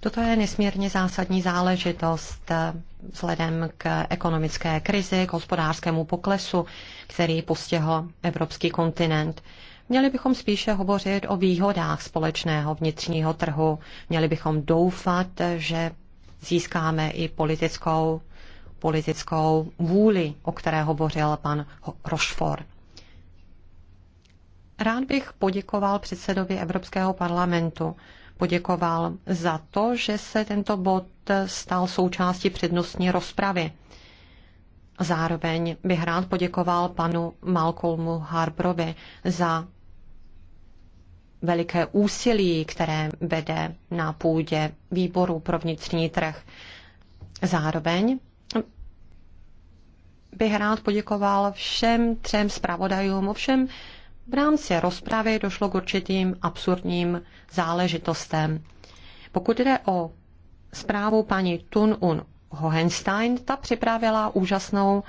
Toto je nesmírně zásadní záležitost eh, vzhledem k ekonomické krizi, k hospodářskému poklesu, který postihl evropský kontinent. Měli bychom spíše hovořit o výhodách společného vnitřního trhu. Měli bychom doufat, že získáme i politickou, politickou vůli, o které hovořil pan Rochefort. Rád bych poděkoval předsedovi Evropského parlamentu. Poděkoval za to, že se tento bod stal součástí přednostní rozpravy. Zároveň bych rád poděkoval panu Malcolmu Harprovi za veliké úsilí, které vede na půdě výboru pro vnitřní trh. Zároveň bych rád poděkoval všem třem zpravodajům, ovšem v rámci rozpravy došlo k určitým absurdním záležitostem. Pokud jde o zprávu paní Tun Un Hohenstein, ta připravila úžasnou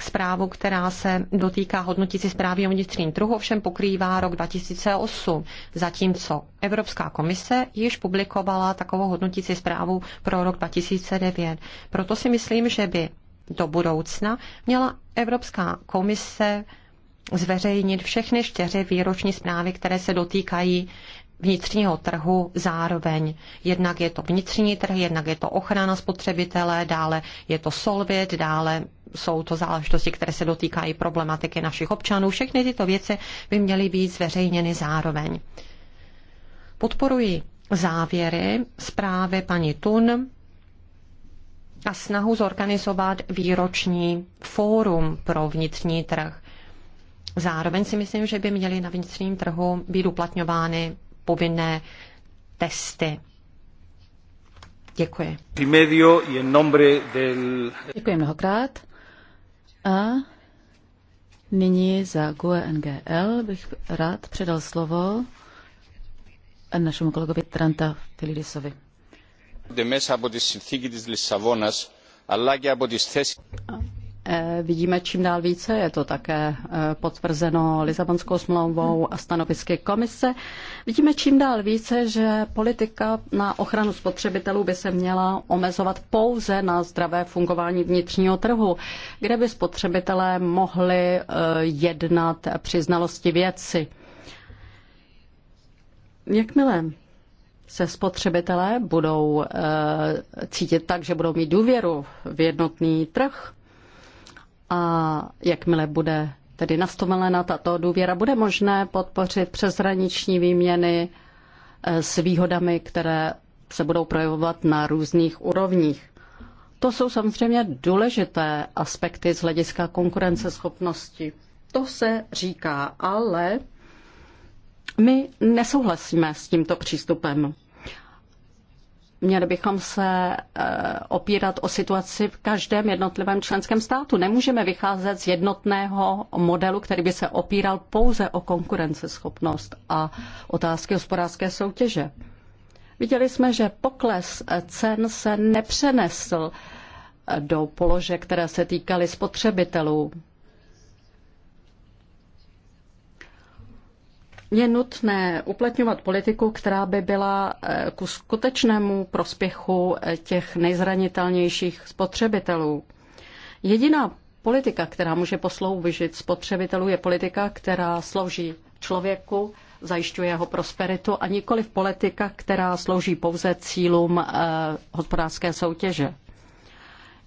zprávu, která se dotýká hodnotící zprávy o vnitřním trhu, ovšem pokrývá rok 2008, zatímco Evropská komise již publikovala takovou hodnotící zprávu pro rok 2009. Proto si myslím, že by do budoucna měla Evropská komise zveřejnit všechny čtyři výroční zprávy, které se dotýkají vnitřního trhu zároveň. Jednak je to vnitřní trh, jednak je to ochrana spotřebitele, dále je to solvit, dále jsou to záležitosti, které se dotýkají problematiky našich občanů. Všechny tyto věci by měly být zveřejněny zároveň. Podporuji závěry zprávy paní Tun a snahu zorganizovat výroční fórum pro vnitřní trh. Zároveň si myslím, že by měly na vnitřním trhu být uplatňovány povinné testy. Děkuji. Děkuji mnohokrát. A nyní za GUE NGL bych rád předal slovo našemu kolegovi Tranta Filidisovi. Μέσα από τη συνθήκη της Λισαβόνας, ale και από τις θέσεις... Eh, vidíme čím dál více, je to také eh, potvrzeno Lisabonskou smlouvou a stanovisky komise. Vidíme čím dál více, že politika na ochranu spotřebitelů by se měla omezovat pouze na zdravé fungování vnitřního trhu, kde by spotřebitelé mohli eh, jednat při znalosti věci. Jakmile se spotřebitelé budou cítit tak, že budou mít důvěru v jednotný trh, a jakmile bude tedy nastomelena tato důvěra, bude možné podpořit přeshraniční výměny eh, s výhodami, které se budou projevovat na různých úrovních. To jsou samozřejmě důležité aspekty z hlediska konkurenceschopnosti. To se říká, ale my nesouhlasíme s tímto přístupem. Měli bychom se eh, opírat o situaci v každém jednotlivém členském státu. Nemůžeme vycházet z jednotného modelu, který by se opíral pouze o konkurenceschopnost a otázky hospodářské soutěže. Viděli jsme, že pokles cen se nepřenesl do položek, které se týkaly spotřebitelů. Je nutné uplatňovat politiku, která by byla eh, ku skutečnému prospěchu eh, těch nejzranitelnějších spotřebitelů. Jediná politika, která může posloužit spotřebitelů, je politika, která slouží člověku, zajišťuje jeho prosperitu a nikoli politika, která slouží pouze cílům eh, hospodářské soutěže.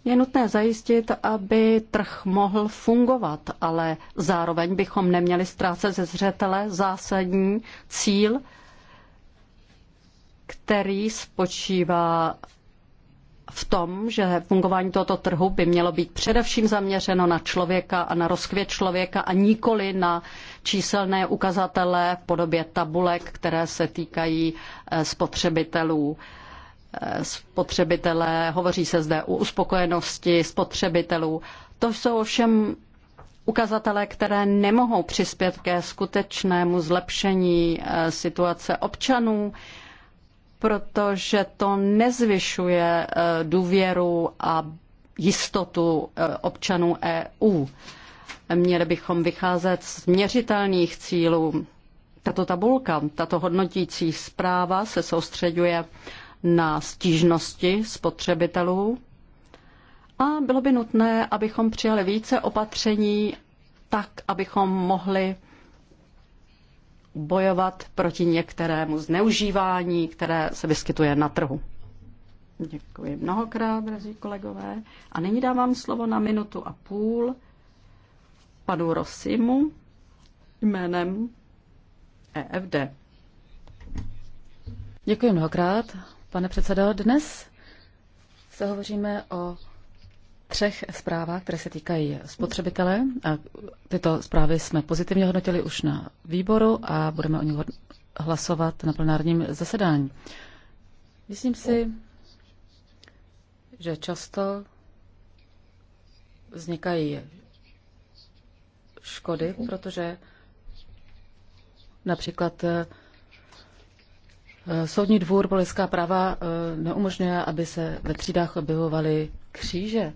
Je nutné zajistit, aby trh mohl fungovat, ale zároveň bychom neměli ztrácet ze zřetele zásadní cíl, který spočívá v tom, že fungování tohoto trhu by mělo být především zaměřeno na člověka a na rozkvět člověka a nikoli na číselné ukazatele v podobě tabulek, které se týkají eh, spotřebitelů. Eh, spotřebitele, hovoří se zde o uspokojenosti spotřebitelů. To jsou ovšem ukazatele, které nemohou přispět ke skutečnému zlepšení eh, situace občanů, protože to nezvyšuje eh, důvěru a jistotu občanů EU. Měli bychom vycházet z měřitelných cílů. Tato tabulka, tato hodnotící zpráva se soustředuje na stížnosti spotřebitelů a bylo by nutné, abychom přijali více opatření tak, abychom mohli bojovat proti některému zneužívání, které se vyskytuje na trhu. Děkuji mnohokrát, drazí kolegové. A nyní dávám slovo na minutu a půl panu Rosimu jménem EFD. Děkuji mnohokrát, pane předsedo. Dnes se hovoříme o třech zprávách, které se týkají spotřebitele. A tyto zprávy jsme pozitivně hodnotili už na výboru a budeme o nich hlasovat na plenárním zasedání. Myslím si, že často vznikají škody, protože například Eh, soudní dvůr pro lidská práva eh, neumožňuje, aby se ve třídách objevovaly kříže.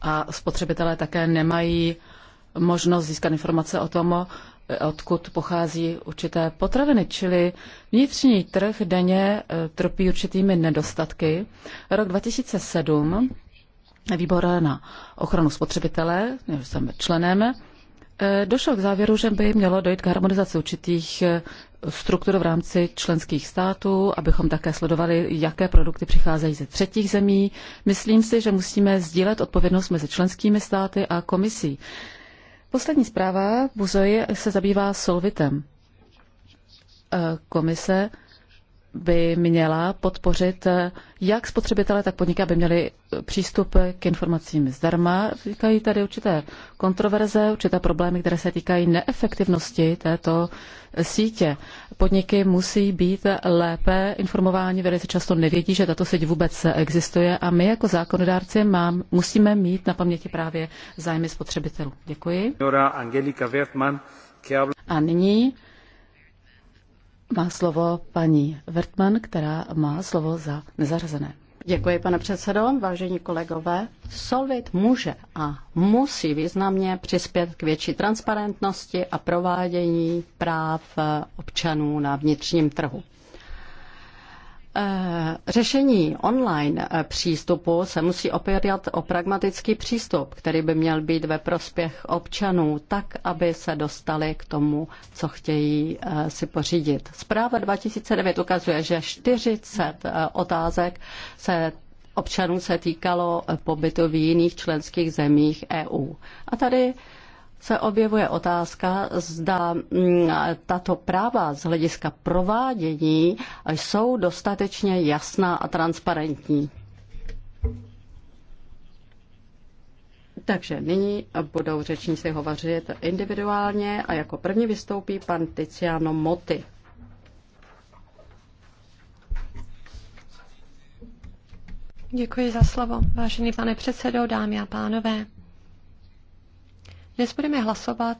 A spotřebitelé také nemají možnost získat informace o tom, eh, odkud pochází určité potraviny, čili vnitřní trh denně trpí určitými nedostatky. Rok 2007 výbor na ochranu spotřebitele, jsem členem, Eh, došel k závěru, že by mělo dojít k harmonizaci určitých eh, struktur v rámci členských států, abychom také sledovali, jaké produkty přicházejí ze třetích zemí. Myslím si, že musíme sdílet odpovědnost mezi členskými státy a komisí. Poslední zpráva Buzoje se zabývá solvitem. Eh, komise by měla podpořit jak spotřebitele, tak podniky, aby měli přístup k informacím zdarma. Říkají tady určité kontroverze, určité problémy, které se týkají neefektivnosti této sítě. Podniky musí být lépe informováni, velice často nevědí, že tato síť vůbec existuje a my jako zákonodárci mám, musíme mít na paměti právě zájmy spotřebitelů. Děkuji. A nyní má slovo paní Vertman, která má slovo za nezařazené. Děkuji, pane předsedo. Vážení kolegové, Solvit může a musí významně přispět k větší transparentnosti a provádění práv občanů na vnitřním trhu. Eh, řešení online eh, přístupu se musí opírat o pragmatický přístup, který by měl být ve prospěch občanů, tak, aby se dostali k tomu, co chtějí eh, si pořídit. Zpráva 2009 ukazuje, že 40 otázek se občanů se týkalo pobytu v jiných členských zemích EU. A tady se objevuje otázka, zda mm, tato práva z hlediska provádění jsou dostatečně jasná a transparentní. Takže nyní budou řečníci hovořit individuálně a jako první vystoupí pan Tiziano Moty. Děkuji za slovo, vážený pane předsedo, dámy a pánové. Dnes budeme hlasovat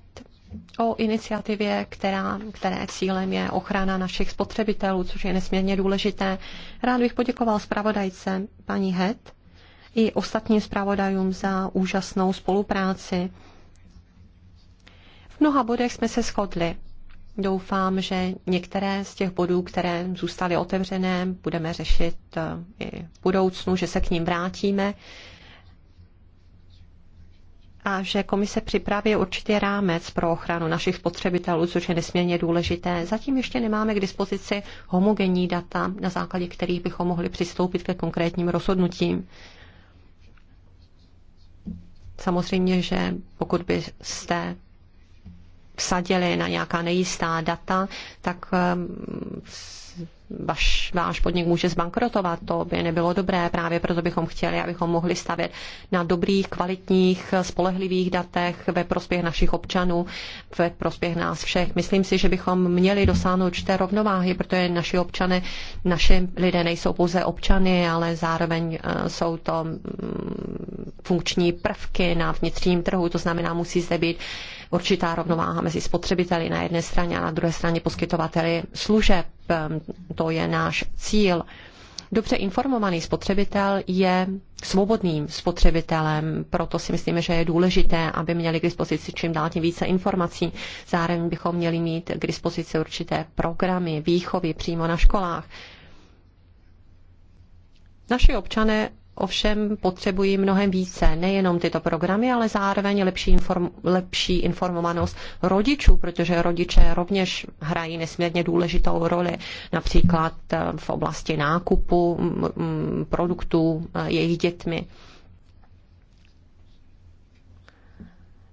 o iniciativě, která, které cílem je ochrana našich spotřebitelů, což je nesmírně důležité. Rád bych poděkoval zpravodajce paní Het i ostatním zpravodajům za úžasnou spolupráci. V mnoha bodech jsme se shodli. Doufám, že některé z těch bodů, které zůstaly otevřené, budeme řešit eh, i v budoucnu, že se k ním vrátíme a že komise připraví určitý rámec pro ochranu našich spotřebitelů, což je nesmírně důležité. Zatím ještě nemáme k dispozici homogenní data, na základě kterých bychom mohli přistoupit ke konkrétním rozhodnutím. Samozřejmě, že pokud byste vsadili na nějaká nejistá data, tak eh, vaš, váš podnik může zbankrotovat, to by nebylo dobré, právě proto bychom chtěli, abychom mohli stavět na dobrých, kvalitních, spolehlivých datech ve prospěch našich občanů, ve prospěch nás všech. Myslím si, že bychom měli dosáhnout určité rovnováhy, protože naši občany, naši lidé nejsou pouze občany, ale zároveň eh, jsou to mm, funkční prvky na vnitřním trhu, to znamená, musí zde být určitá rovnováha mezi spotřebiteli na jedné straně a na druhé straně poskytovateli služeb Ehm, to je náš cíl. Dobře informovaný spotřebitel je svobodným spotřebitelem, proto si myslíme, že je důležité, aby měli k dispozici čím dál tím více informací. Zároveň bychom měli mít k dispozici určité programy, výchovy přímo na školách. Naši občané ovšem potřebují mnohem více. Nejenom tyto programy, ale zároveň lepší, inform, lepší informovanost rodičů, protože rodiče rovněž hrají nesmírně důležitou roli, například eh, v oblasti nákupu produktů eh, jejich dětmi.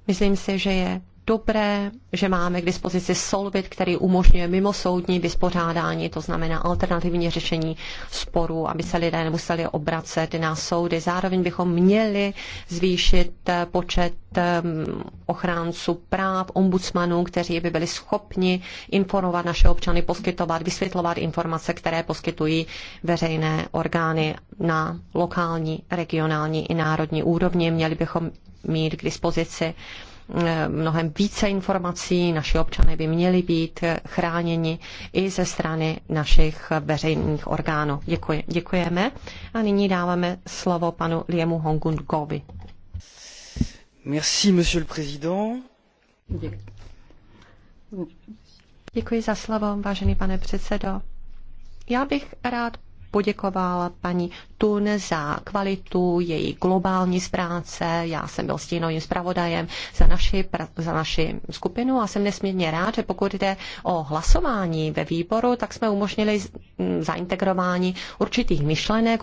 Myslím si, že je dobré, že máme k dispozici Solvit, který umožňuje mimosoudní vyspořádání, to znamená alternativní řešení sporů, aby se lidé nemuseli obracet na soudy. Zároveň bychom měli zvýšit počet ochránců práv, ombudsmanů, kteří by byli schopni informovat naše občany, poskytovat, vysvětlovat informace, které poskytují veřejné orgány na lokální, regionální i národní úrovni. Měli bychom mít k dispozici uh, mnohem více informací, naši občané by měli být chráněni i ze strany našich veřejných orgánů. Děkujeme a nyní dáváme slovo panu Liemu Hongungovi. Merci, monsieur le président. Děkuji za slovo, vážený pane předsedo. Já bych rád poděkoval paní Tun za kvalitu její globální zpráce. Já jsem byl stínovým zpravodajem za naši, za naši skupinu a jsem nesmírně rád, že pokud jde o hlasování ve výboru, tak jsme umožnili zaintegrování určitých myšlenek,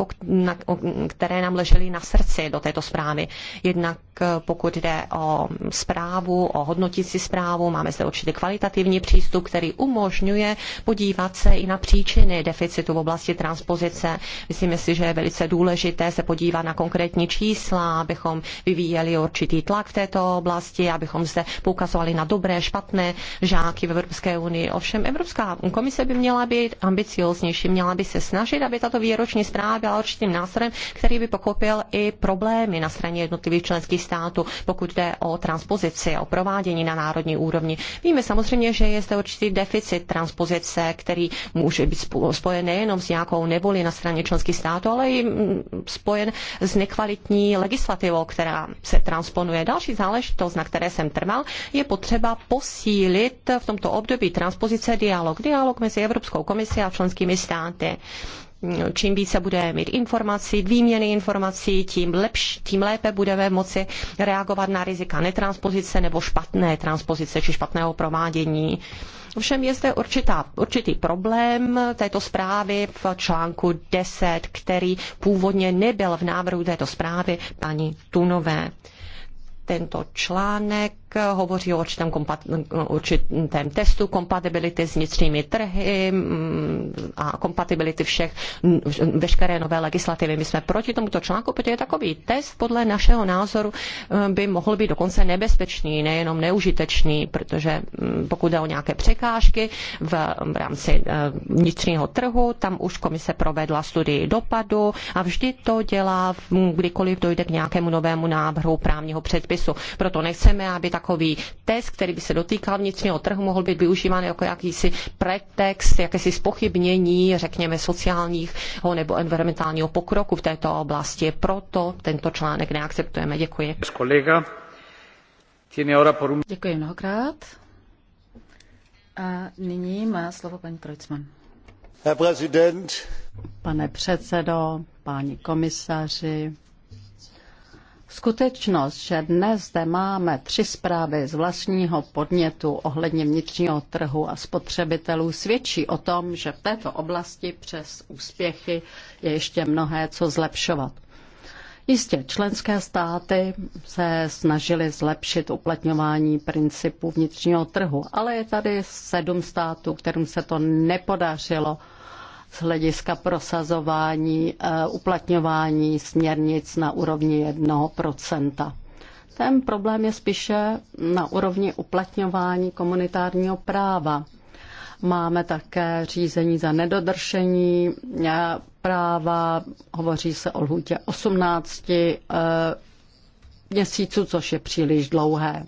které nám ležely na srdci do této zprávy. Jednak pokud jde o zprávu, o hodnotící zprávu, máme zde určitý kvalitativní přístup, který umožňuje podívat se i na příčiny deficitu v oblasti transpozice pozice. myslím, si, že je velice důležité se podívat na konkrétní čísla, abychom vyvíjeli určitý tlak v této oblasti, abychom se poukazovali na dobré, špatné žáky v Evropské unii. Ovšem Evropská komise by měla být ambicioznější, měla by se snažit, aby tato výroční zpráva byla určitým nástrojem, který by pochopil i problémy na straně jednotlivých členských států, pokud jde o transpozici, o provádění na národní úrovni. Víme samozřejmě, že je zde určitý deficit transpozice, který může být spojen nejenom s nějakou nebo neboli na straně členských států, ale i mm, spojen s nekvalitní legislativou, která se transponuje. Další záležitost, na které jsem trval, je potřeba posílit v tomto období transpozice dialog. Dialog mezi Evropskou komisí a členskými státy čím více budeme mít informací, výměny informací, tím, lepš, tím lépe budeme moci reagovat na rizika netranspozice nebo špatné transpozice či špatného provádění. Ovšem je zde určitá, určitý problém této zprávy v článku 10, který původně nebyl v návrhu této zprávy paní Tunové. Tento článek Eh, hovoří o určitém, kompat- no, určitém testu kompatibility s vnitřními trhy mm, a kompatibility všech, veškeré nové legislativy. My jsme proti tomuto článku, protože takový test podle našeho názoru eh, by mohl být dokonce nebezpečný, nejenom neužitečný, protože mm, pokud jde o nějaké překážky v, rámci eh, vnitřního trhu, tam už komise provedla studii dopadu a vždy to dělá, kdykoliv dojde k nějakému novému návrhu právního předpisu. Proto nechceme, aby takový test, který by se dotýkal vnitřního trhu, mohl být využíván jako jakýsi pretext, jakési spochybnění, řekněme, sociálního nebo environmentálního pokroku v této oblasti. Proto tento článek neakceptujeme. Děkuji. Děkuji mnohokrát. A nyní má slovo paní Trojcman. Pane předsedo, páni komisaři, Skutečnost, že dnes zde máme tři zprávy z vlastního podnětu ohledně vnitřního trhu a spotřebitelů, svědčí o tom, že v této oblasti přes úspěchy je ještě mnohé co zlepšovat. Jistě členské státy se snažily zlepšit uplatňování principů vnitřního trhu, ale je tady sedm států, kterým se to nepodařilo z hlediska prosazování eh, uplatňování směrnic na úrovni 1%. Ten problém je spíše na úrovni uplatňování komunitárního práva. Máme také řízení za nedodržení eh, práva, hovoří se o lhůtě 18 eh, měsíců, což je příliš dlouhé.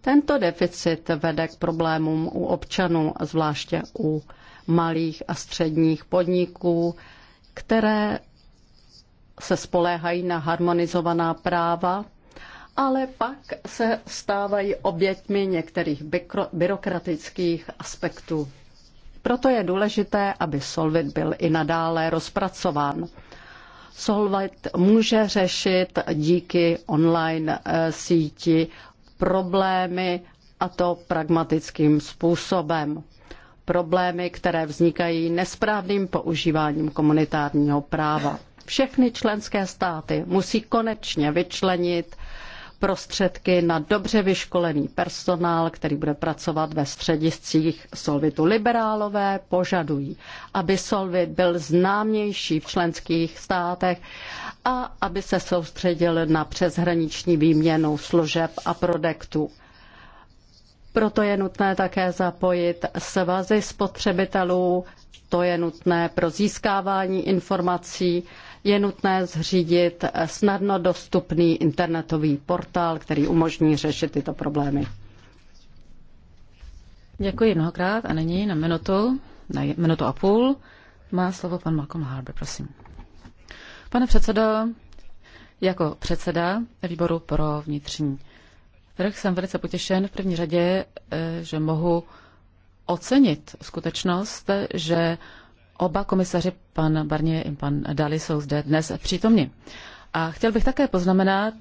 Tento deficit vede k problémům u občanů, zvláště u malých a středních podniků, které se spoléhají na harmonizovaná práva, ale pak se stávají oběťmi některých byrokratických aspektů. Proto je důležité, aby Solvit byl i nadále rozpracován. Solvit může řešit díky online eh, síti problémy a to pragmatickým způsobem problémy, které vznikají nesprávným používáním komunitárního práva. Všechny členské státy musí konečně vyčlenit prostředky na dobře vyškolený personál, který bude pracovat ve střediscích Solvitu. Liberálové požadují, aby Solvit byl známější v členských státech a aby se soustředil na přeshraniční výměnu služeb a produktů. Proto je nutné také zapojit svazy spotřebitelů, to je nutné pro získávání informací, je nutné zřídit snadno dostupný internetový portál, který umožní řešit tyto problémy. Děkuji mnohokrát a nyní na minutu, na minutu a půl má slovo pan Malcolm Harbour, prosím. Pane předsedo, jako předseda výboru pro vnitřní tak Jsem velice potěšen v první řadě, e, že mohu ocenit skutečnost, že oba komisaři, pan Barnier i pan Dali, jsou zde dnes přítomni. A chtěl bych také poznamenat,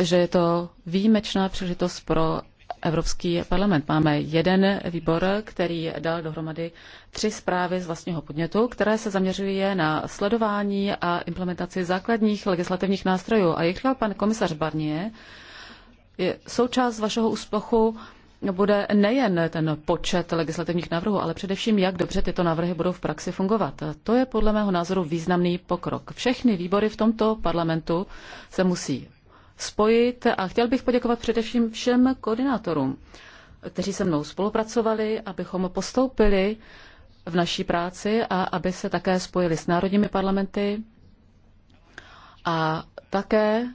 že je to výjimečná příležitost pro Evropský parlament. Máme jeden výbor, který dal dohromady tři zprávy z vlastního podnětu, které se zaměřují na sledování a implementaci základních legislativních nástrojů. A jak říkal pan komisař Barnier, součást vašeho úspěchu bude nejen ten počet legislativních návrhů, ale především, jak dobře tyto návrhy budou v praxi fungovat. To je podle mého názoru významný pokrok. Všechny výbory v tomto parlamentu se musí spojit a chtěl bych poděkovat především všem koordinátorům, kteří se mnou spolupracovali, abychom postoupili v naší práci a aby se také spojili s národními parlamenty. A také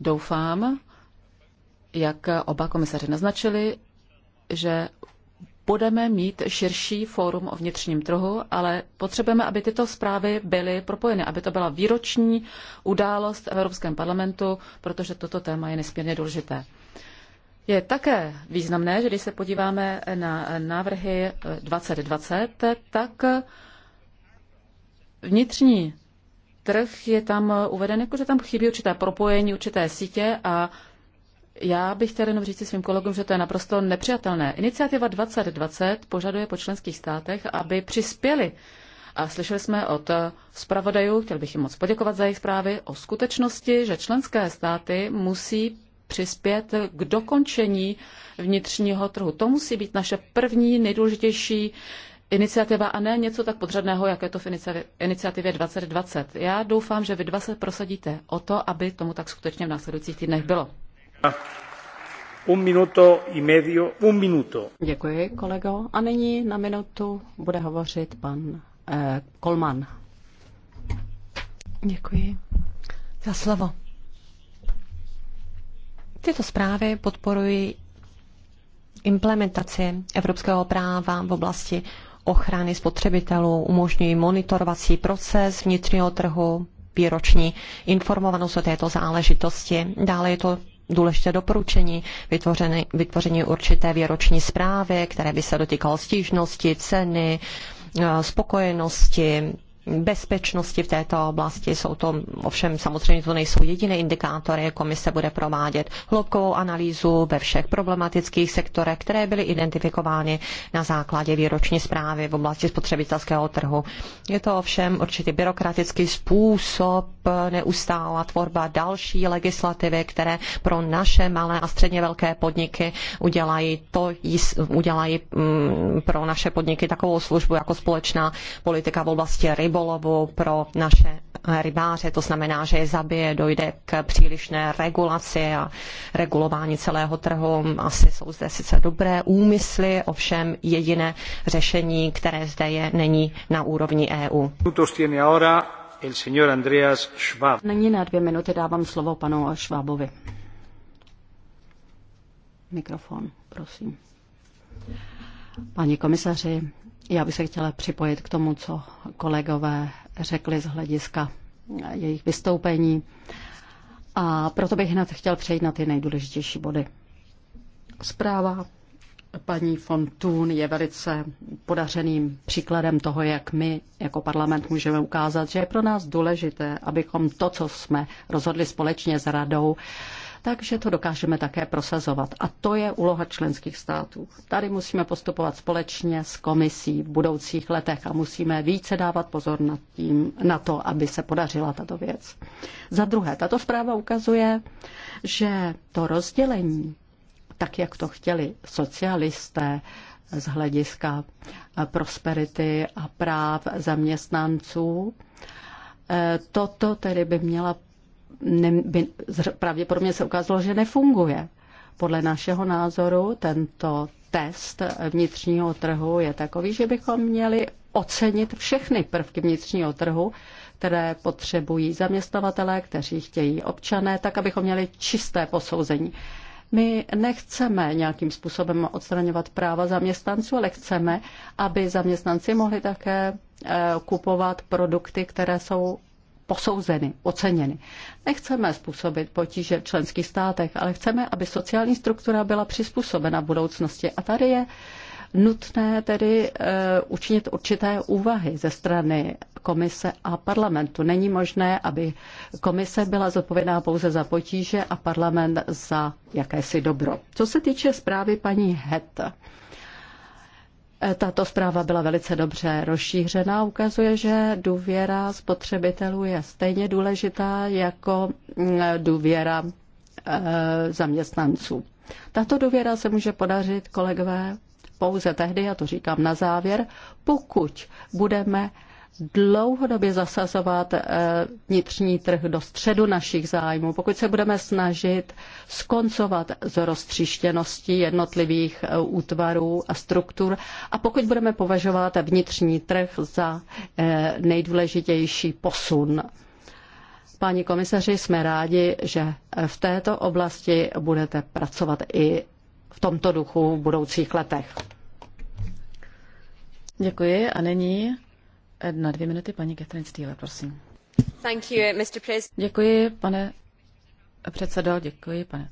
doufám, jak oba komisaři naznačili, že budeme mít širší fórum o vnitřním trhu, ale potřebujeme, aby tyto zprávy byly propojeny, aby to byla výroční událost v Evropském parlamentu, protože toto téma je nesmírně důležité. Je také významné, že když se podíváme na návrhy 2020, tak vnitřní trh je tam uveden, jako že tam chybí určité propojení, určité sítě a já bych chtěl jenom říct svým kolegům, že to je naprosto nepřijatelné. Iniciativa 2020 požaduje po členských státech, aby přispěli a slyšeli jsme od eh, zpravodajů, chtěl bych jim moc poděkovat za jejich zprávy, o skutečnosti, že členské státy musí přispět k dokončení vnitřního trhu. To musí být naše první nejdůležitější iniciativa a ne něco tak podřadného, jak je to v iniciativě 2020. Já doufám, že vy dva se prosadíte o to, aby tomu tak skutečně v následujících týdnech bylo. Un minuto y Děkuji, kolego. A nyní na minutu bude hovořit pan eh, Kolman. Děkuji za slovo. Tyto zprávy podporují implementaci evropského práva v oblasti ochrany spotřebitelů, umožňují monitorovací proces vnitřního trhu, výroční informovanost o této záležitosti. Dále je to důležité doporučení, vytvoření, vytvoření určité výroční zprávy, které by se dotýkalo stížnosti, ceny, eh, spokojenosti, bezpečnosti v této oblasti. Jsou to ovšem samozřejmě to nejsou jediné indikátory. Komise bude provádět hloubkovou analýzu ve všech problematických sektorech, které byly identifikovány na základě výroční zprávy v oblasti spotřebitelského trhu. Je to ovšem určitý byrokratický způsob neustála tvorba další legislativy, které pro naše malé a středně velké podniky udělají to, udělají mm, pro naše podniky takovou službu jako společná politika v oblasti rybo rybolovu pro naše rybáře, to znamená, že je zabije, dojde k přílišné regulaci a regulování celého trhu. Asi jsou zde sice dobré úmysly, ovšem jediné řešení, které zde je, není na úrovni EU. Nyní na dvě minuty dávám slovo panu Švábovi. Mikrofon, prosím. Pani komisaři, já bych se chtěla připojit k tomu, co kolegové řekli z hlediska jejich vystoupení. A proto bych hned chtěl přejít na ty nejdůležitější body. Zpráva paní Thun je velice podařeným příkladem toho, jak my jako parlament můžeme ukázat, že je pro nás důležité, abychom to, co jsme rozhodli společně s radou, takže to dokážeme také prosazovat. A to je úloha členských států. Tady musíme postupovat společně s komisí v budoucích letech a musíme více dávat pozor na, tím, na to, aby se podařila tato věc. Za druhé, tato zpráva ukazuje, že to rozdělení, tak jak to chtěli socialisté, z hlediska prosperity a práv zaměstnanců. Eh, toto tedy by měla ne, by, pravděpodobně se ukázalo, že nefunguje. Podle našeho názoru tento test vnitřního trhu je takový, že bychom měli ocenit všechny prvky vnitřního trhu, které potřebují zaměstnavatele, kteří chtějí občané, tak abychom měli čisté posouzení. My nechceme nějakým způsobem odstraňovat práva zaměstnanců, ale chceme, aby zaměstnanci mohli také eh, kupovat produkty, které jsou posouzeny, oceněny. Nechceme způsobit potíže v členských státech, ale chceme, aby sociální struktura byla přizpůsobena budoucnosti. A tady je nutné tedy e, učinit určité úvahy ze strany komise a parlamentu. Není možné, aby komise byla zodpovědná pouze za potíže a parlament za jakési dobro. Co se týče zprávy paní Heta, Eh, tato zpráva byla velice dobře rozšířena. Ukazuje, že důvěra spotřebitelů je stejně důležitá jako mm, důvěra eh, zaměstnanců. Tato důvěra se může podařit, kolegové, pouze tehdy, a to říkám na závěr, pokud budeme dlouhodobě zasazovat eh, vnitřní trh do středu našich zájmů, pokud se budeme snažit skoncovat s roztříštěností jednotlivých eh, útvarů a struktur a pokud budeme považovat vnitřní trh za eh, nejdůležitější posun. Páni komisaři, jsme rádi, že v této oblasti budete pracovat i v tomto duchu v budoucích letech. Děkuji a nyní na dvě minuty paní Catherine Steele, prosím. Thank you, Mr. Děkuji, pane předsedo, děkuji, pane.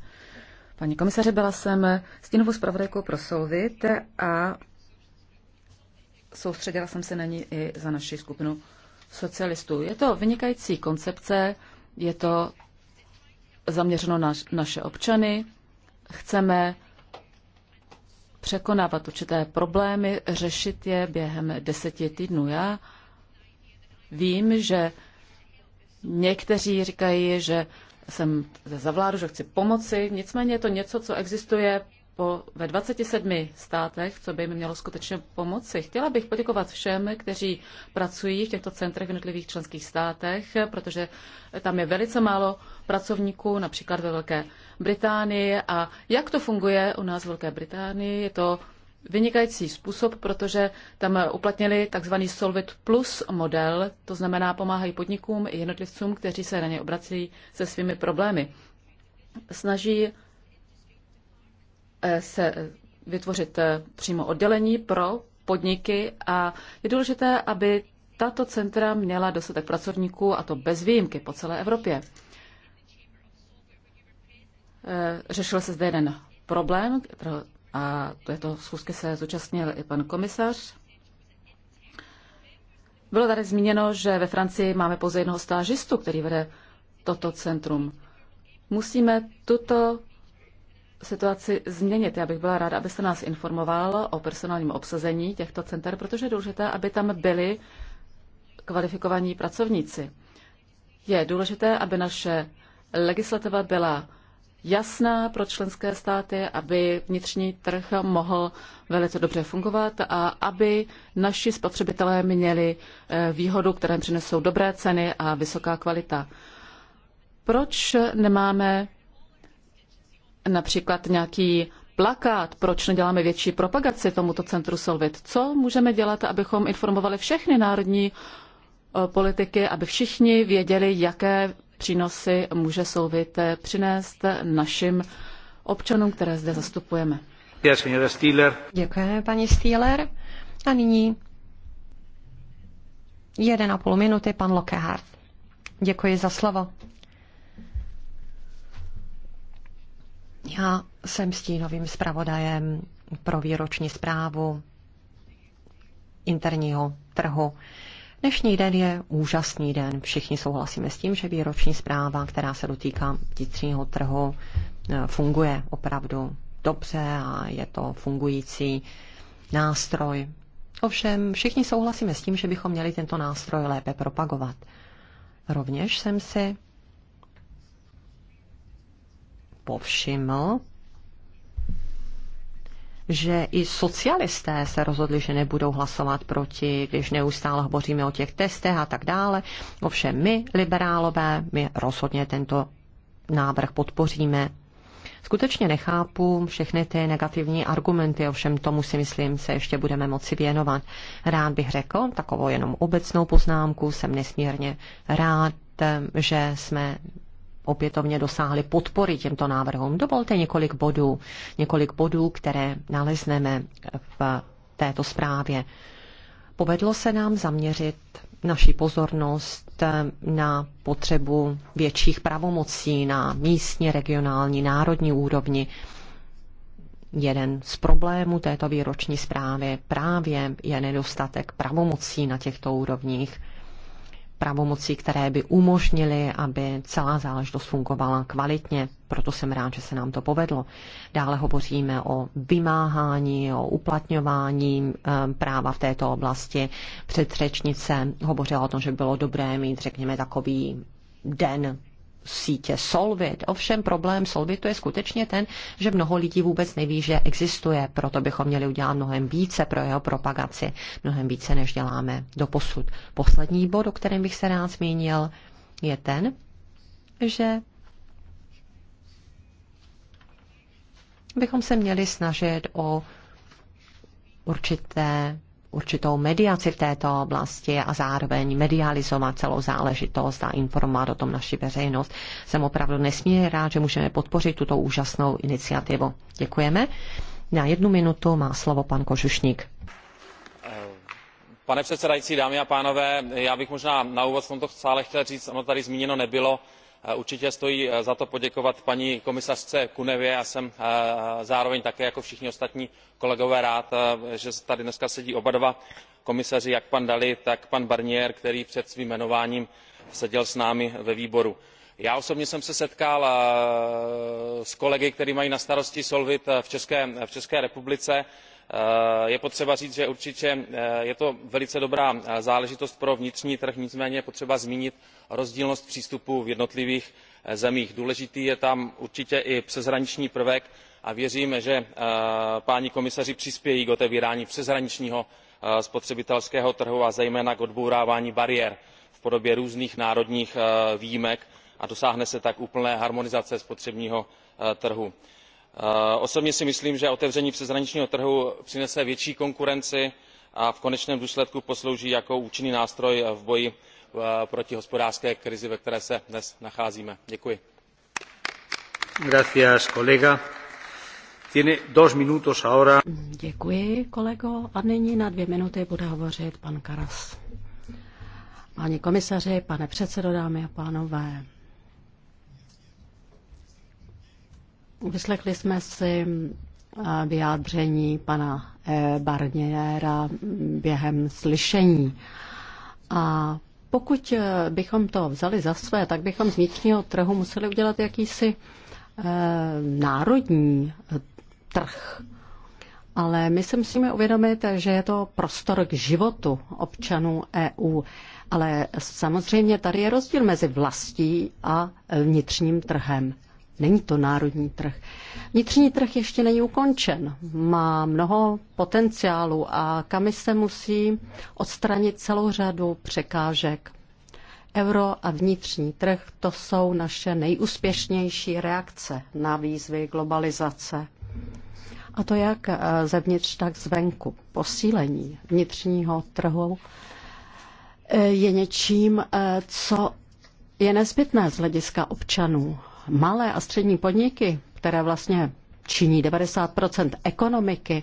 Paní komisaři, byla jsem stínovou zpravodajkou pro Solvit a soustředila jsem se na ní i za naši skupinu socialistů. Je to vynikající koncepce, je to zaměřeno na naše občany, chceme překonávat určité problémy, řešit je během deseti týdnů. Já Vím, že někteří říkají, že jsem za vládu, že chci pomoci, nicméně je to něco, co existuje po, ve 27 státech, co by mi mělo skutečně pomoci. Chtěla bych poděkovat všem, kteří pracují v těchto centrech v jednotlivých členských státech, protože tam je velice málo pracovníků, například ve Velké Británii. A jak to funguje u nás v Velké Británii, je to vynikající způsob, protože tam uplatnili tzv. Solvit Plus model, to znamená pomáhají podnikům i jednotlivcům, kteří se na ně obrací se svými problémy. Snaží eh, se eh, vytvořit eh, přímo oddělení pro podniky a je důležité, aby tato centra měla dostatek pracovníků a to bez výjimky po celé Evropě. Řešil se zde jeden problém, a této schůzky se zúčastnil i pan komisař. Bylo tady zmíněno, že ve Francii máme pouze jednoho stážistu, který vede toto centrum. Musíme tuto situaci změnit. Já bych byla ráda, abyste nás informoval o personálním obsazení těchto center, protože je důležité, aby tam byli kvalifikovaní pracovníci. Je důležité, aby naše legislativa byla jasná pro členské státy, aby vnitřní trh mohl velice dobře fungovat a aby naši spotřebitelé měli eh, výhodu, které přinesou dobré ceny a vysoká kvalita. Proč nemáme například nějaký plakát, proč neděláme větší propagaci tomuto centru Solvit? Co můžeme dělat, abychom informovali všechny národní eh, politiky, aby všichni věděli, jaké přínosy může souvit přinést našim občanům, které zde zastupujeme. Děkujeme, paní Stíler. A nyní půl minuty, pan Lokehart. Děkuji za slovo. Já jsem stínovým zpravodajem pro výroční zprávu interního trhu. Dnešní den je úžasný den. Všichni souhlasíme s tím, že výroční zpráva, která se dotýká vnitřního trhu, e, funguje opravdu dobře a je to fungující nástroj. Ovšem, všichni souhlasíme s tím, že bychom měli tento nástroj lépe propagovat. Rovněž jsem si povšiml že i socialisté se rozhodli, že nebudou hlasovat proti, když neustále hovoříme o těch testech a tak dále. Ovšem my, liberálové, my rozhodně tento návrh podpoříme. Skutečně nechápu všechny ty negativní argumenty, ovšem tomu si myslím, se ještě budeme moci věnovat. Rád bych řekl takovou jenom obecnou poznámku, jsem nesmírně rád, že jsme opětovně dosáhli podpory těmto návrhům. Dovolte několik bodů, několik bodů, které nalezneme v této zprávě. Povedlo se nám zaměřit naši pozornost na potřebu větších pravomocí na místní, regionální, národní úrovni. Jeden z problémů této výroční zprávy právě je nedostatek pravomocí na těchto úrovních pravomocí, které by umožnily, aby celá záležitost fungovala kvalitně. Proto jsem rád, že se nám to povedlo. Dále hovoříme o vymáhání, o uplatňování eh, práva v této oblasti. Předřečnice hovořila o tom, že bylo dobré mít, řekněme, takový den sítě Solvit. Ovšem problém Solvitu je skutečně ten, že mnoho lidí vůbec neví, že existuje. Proto bychom měli udělat mnohem více pro jeho propagaci, mnohem více, než děláme do posud. Poslední bod, o kterém bych se rád zmínil, je ten, že bychom se měli snažit o určité určitou mediaci v této oblasti a zároveň medializovat celou záležitost a informovat o tom naši veřejnost. Jsem opravdu nesmírně rád, že můžeme podpořit tuto úžasnou iniciativu. Děkujeme. Na jednu minutu má slovo pan Kožušník. Pane předsedající, dámy a pánové, já bych možná na úvod v tomto sále chtěl říct, ono tady zmíněno nebylo, určitě stojí eh, za to poděkovat paní komisařce kunevě a jsem eh, zároveň také jako všichni ostatní kolegové rád eh, že tady dnes sedí oba dva komisaři jak pan dalli tak pan barnier který před svým jmenováním seděl s námi ve výboru. já osobně jsem se setkal s kolegy kteří mají na starosti solvit v české republice Eh, je potřeba říct že určitě eh, je to velice dobrá eh, záležitost pro vnitřní trh nicméně je potřeba zmínit rozdílnost přístupu v jednotlivých zemích. důležitý je tam určitě i přeshraniční prvek a věřím že páni komisaři přispějí k otevírání přeshraničního spotřebitelského trhu a zejména k odbourávání bariér v podobě různých národních výjimek a dosáhne se tak úplné harmonizace spotřebního trhu. Eh, osobně si myslím že otevření přeshraničního trhu přinese větší konkurenci a v konečném důsledku poslouží jako účinný nástroj v boji eh, proti hospodářské krizi ve které se dnes nacházíme. děkuji. Děkuji, kolego. A nyní na dvě minuty bude hovořit pan Karas. Páni komisaři, pane předsedo, dámy a pánové, Vyslechli jsme si eh, vyjádření pana eh, Barniera mm, během slyšení. A pokud eh, bychom to vzali za své, tak bychom z vnitřního trhu museli udělat jakýsi národní trh. Ale my si musíme uvědomit, že je to prostor k životu občanů EU. Ale samozřejmě tady je rozdíl mezi vlastí a vnitřním trhem. Není to národní trh. Vnitřní trh ještě není ukončen. Má mnoho potenciálu a se musí odstranit celou řadu překážek. Euro a vnitřní trh to jsou naše nejúspěšnější reakce na výzvy globalizace. A to jak eh, zevnitř, tak zvenku. Posílení vnitřního trhu eh, je něčím, eh, co je nezbytné z hlediska občanů malé a střední podniky, které vlastně činí 90 ekonomiky,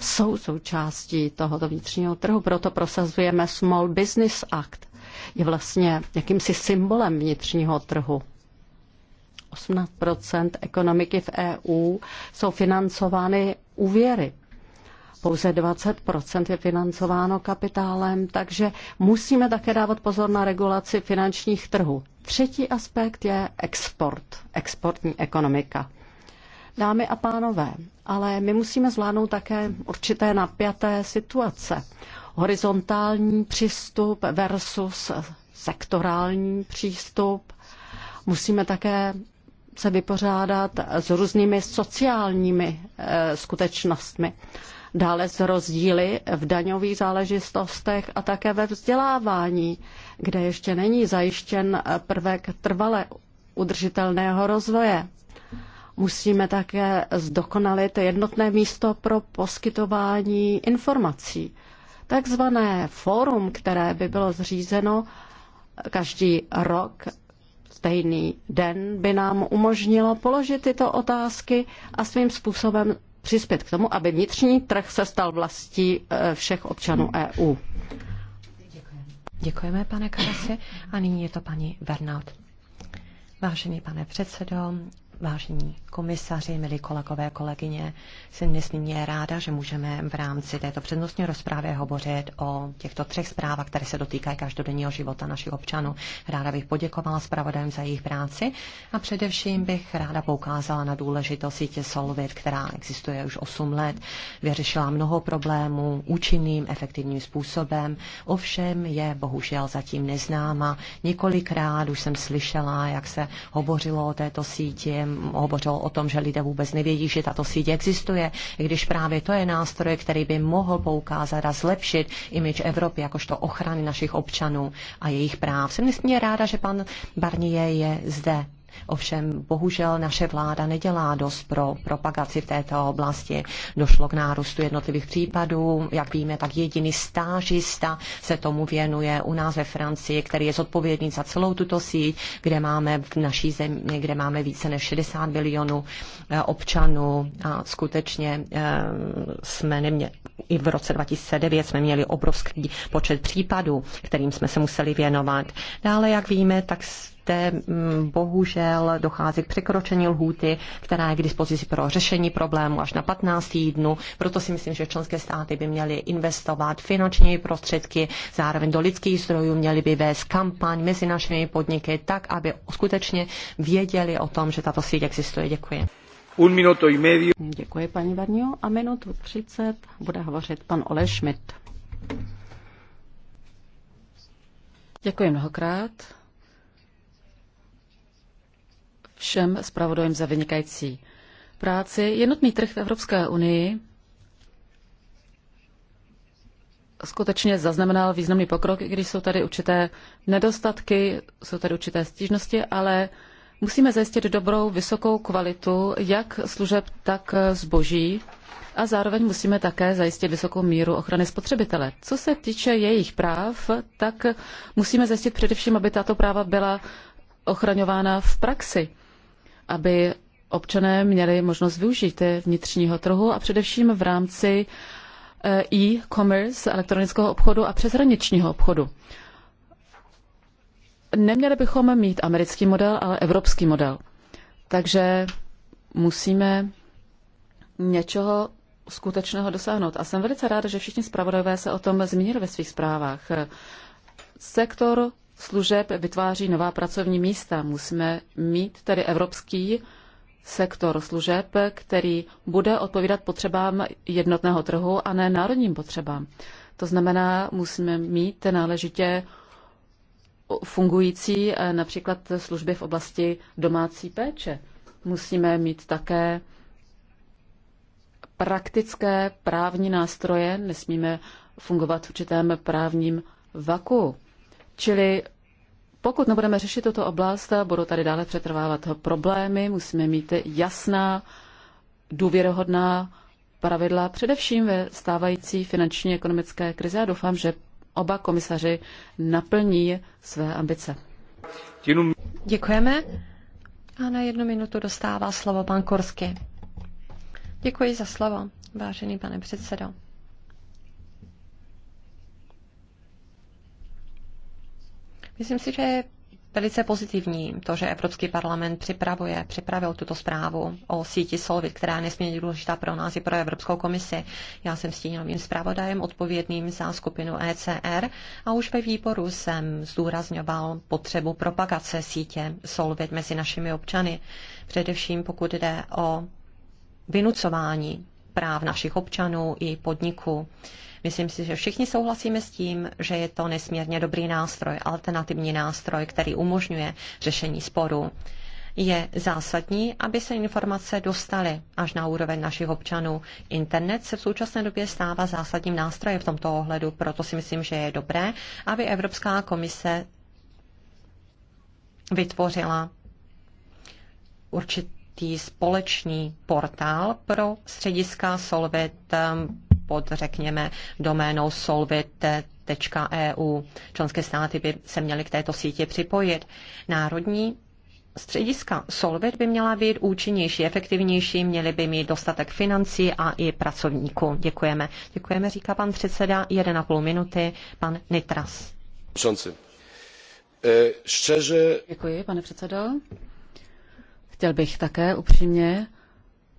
jsou součástí tohoto vnitřního trhu, proto prosazujeme Small Business Act. Je vlastně jakýmsi symbolem vnitřního trhu. 18 ekonomiky v EU jsou financovány úvěry. Pouze 20 je financováno kapitálem, takže musíme také dávat pozor na regulaci finančních trhů. Třetí aspekt je export, exportní ekonomika. Dámy a pánové, ale my musíme zvládnout také určité napjaté situace. Horizontální přístup versus sektorální přístup. Musíme také se vypořádat s různými sociálními e, skutečnostmi. Dále s rozdíly v daňových záležitostech a také ve vzdělávání kde ještě není zajištěn prvek trvale udržitelného rozvoje. Musíme také zdokonalit jednotné místo pro poskytování informací. Takzvané fórum, které by bylo zřízeno každý rok stejný den, by nám umožnilo položit tyto otázky a svým způsobem přispět k tomu, aby vnitřní trh se stal vlastí eh, všech občanů EU. Děkujeme, pane Karasi. A nyní je to paní Bernard. Vážený pane předsedo, vážení komisaři, milí kolegové, kolegyně, jsem nesmírně ráda, že můžeme v rámci této přednostní rozprávy hovořit o těchto třech zprávách, které se dotýkají každodenního života našich občanů. Ráda bych poděkovala zpravodajům za jejich práci a především bych ráda poukázala na důležitost sítě Solvit, která existuje už 8 let, vyřešila mnoho problémů účinným, efektivním způsobem, ovšem je bohužel zatím neznáma. Několikrát už jsem slyšela, jak se hovořilo o této síti, hovořil o tom, že lidé vůbec nevědí, že tato síť existuje, i když právě to je nástroj, který by mohl poukázat a zlepšit imič Evropy jakožto ochrany našich občanů a jejich práv. Jsem nesmírně ráda, že pan Barnier je zde Ovšem, bohužel naše vláda nedělá dost pro propagaci v této oblasti. Došlo k nárůstu jednotlivých případů. Jak víme, tak jediný stážista se tomu věnuje u nás ve Francii, který je zodpovědný za celou tuto síť, kde máme v naší zemi, kde máme více než 60 milionů eh, občanů. A skutečně eh, jsme neměli, i v roce 2009 jsme měli obrovský počet případů, kterým jsme se museli věnovat. Dále, jak víme, tak zde mm, bohužel dochází k překročení lhůty, která je k dispozici pro řešení problému až na 15 týdnů. Proto si myslím, že členské státy by měly investovat finanční prostředky, zároveň do lidských zdrojů měly by vést kampaň mezi našimi podniky, tak, aby skutečně věděli o tom, že tato síť existuje. Děkuji. Un minuto y medio. Děkuji, paní Varnio. A minutu 30 bude hovořit pan Ole Schmidt. Děkuji mnohokrát všem zpravodajům za vynikající práci. Jednotný trh v Evropské unii skutečně zaznamenal významný pokrok, i když jsou tady určité nedostatky, jsou tady určité stížnosti, ale musíme zajistit dobrou, vysokou kvalitu jak služeb, tak zboží a zároveň musíme také zajistit vysokou míru ochrany spotřebitele. Co se týče jejich práv, tak musíme zajistit především, aby tato práva byla ochraňována v praxi aby občané měli možnost využít vnitřního trhu a především v rámci eh, e-commerce, elektronického obchodu a přeshraničního obchodu. Neměli bychom mít americký model, ale evropský model. Takže musíme něčeho skutečného dosáhnout. A jsem velice ráda, že všichni zpravodajové se o tom zmínili ve svých zprávách. Eh, sektor služeb vytváří nová pracovní místa. Musíme mít tedy evropský sektor služeb, který bude odpovídat potřebám jednotného trhu a ne národním potřebám. To znamená, musíme mít náležitě fungující eh, například služby v oblasti domácí péče. Musíme mít také praktické právní nástroje, nesmíme fungovat v určitém právním vaku. Čili pokud nebudeme řešit tuto oblast, budou tady dále přetrvávat problémy, musíme mít jasná, důvěrohodná pravidla, především ve stávající finanční ekonomické krize a doufám, že oba komisaři naplní své ambice. Děkujeme. A na jednu minutu dostává slovo pan Korsky. Děkuji za slovo, vážený pane předsedo. Myslím si, že je velice pozitivní to, že Evropský parlament připravuje, připravil tuto zprávu o síti Solvit, která je nesmírně důležitá pro nás i pro Evropskou komisi. Já jsem stínovým zpravodajem odpovědným za skupinu ECR a už ve výboru jsem zdůrazňoval potřebu propagace sítě Solvit mezi našimi občany, především pokud jde o vynucování práv našich občanů i podniků. Myslím si, že všichni souhlasíme s tím, že je to nesmírně dobrý nástroj, alternativní nástroj, který umožňuje řešení sporů. Je zásadní, aby se informace dostaly až na úroveň našich občanů. Internet se v současné době stává zásadním nástrojem v tomto ohledu, proto si myslím, že je dobré, aby Evropská komise vytvořila určitý společný portál pro střediska Solvit pod, řekněme, doménou solvit.eu. E Členské státy by se měly k této síti připojit. Národní střediska Solvit by měla být účinnější, efektivnější, měly by mít dostatek financí a i pracovníků. Děkujeme. Děkujeme, říká pan předseda. půl minuty, pan Nitras. Přonci. E, eh, Děkuji, pane předsedo. Chtěl bych také upřímně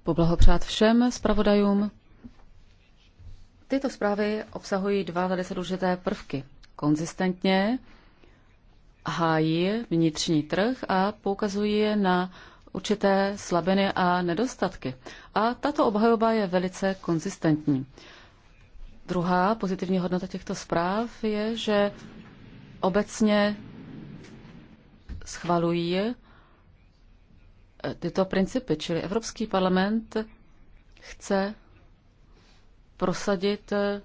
poblahopřát všem zpravodajům, Tyto zprávy obsahují dva velice důležité prvky. Konzistentně hájí vnitřní trh a poukazují na určité slabiny a nedostatky. A tato obhajoba je velice konzistentní. Druhá pozitivní hodnota těchto zpráv je, že obecně schvalují eh, tyto principy, čili Evropský parlament chce prosadit eh,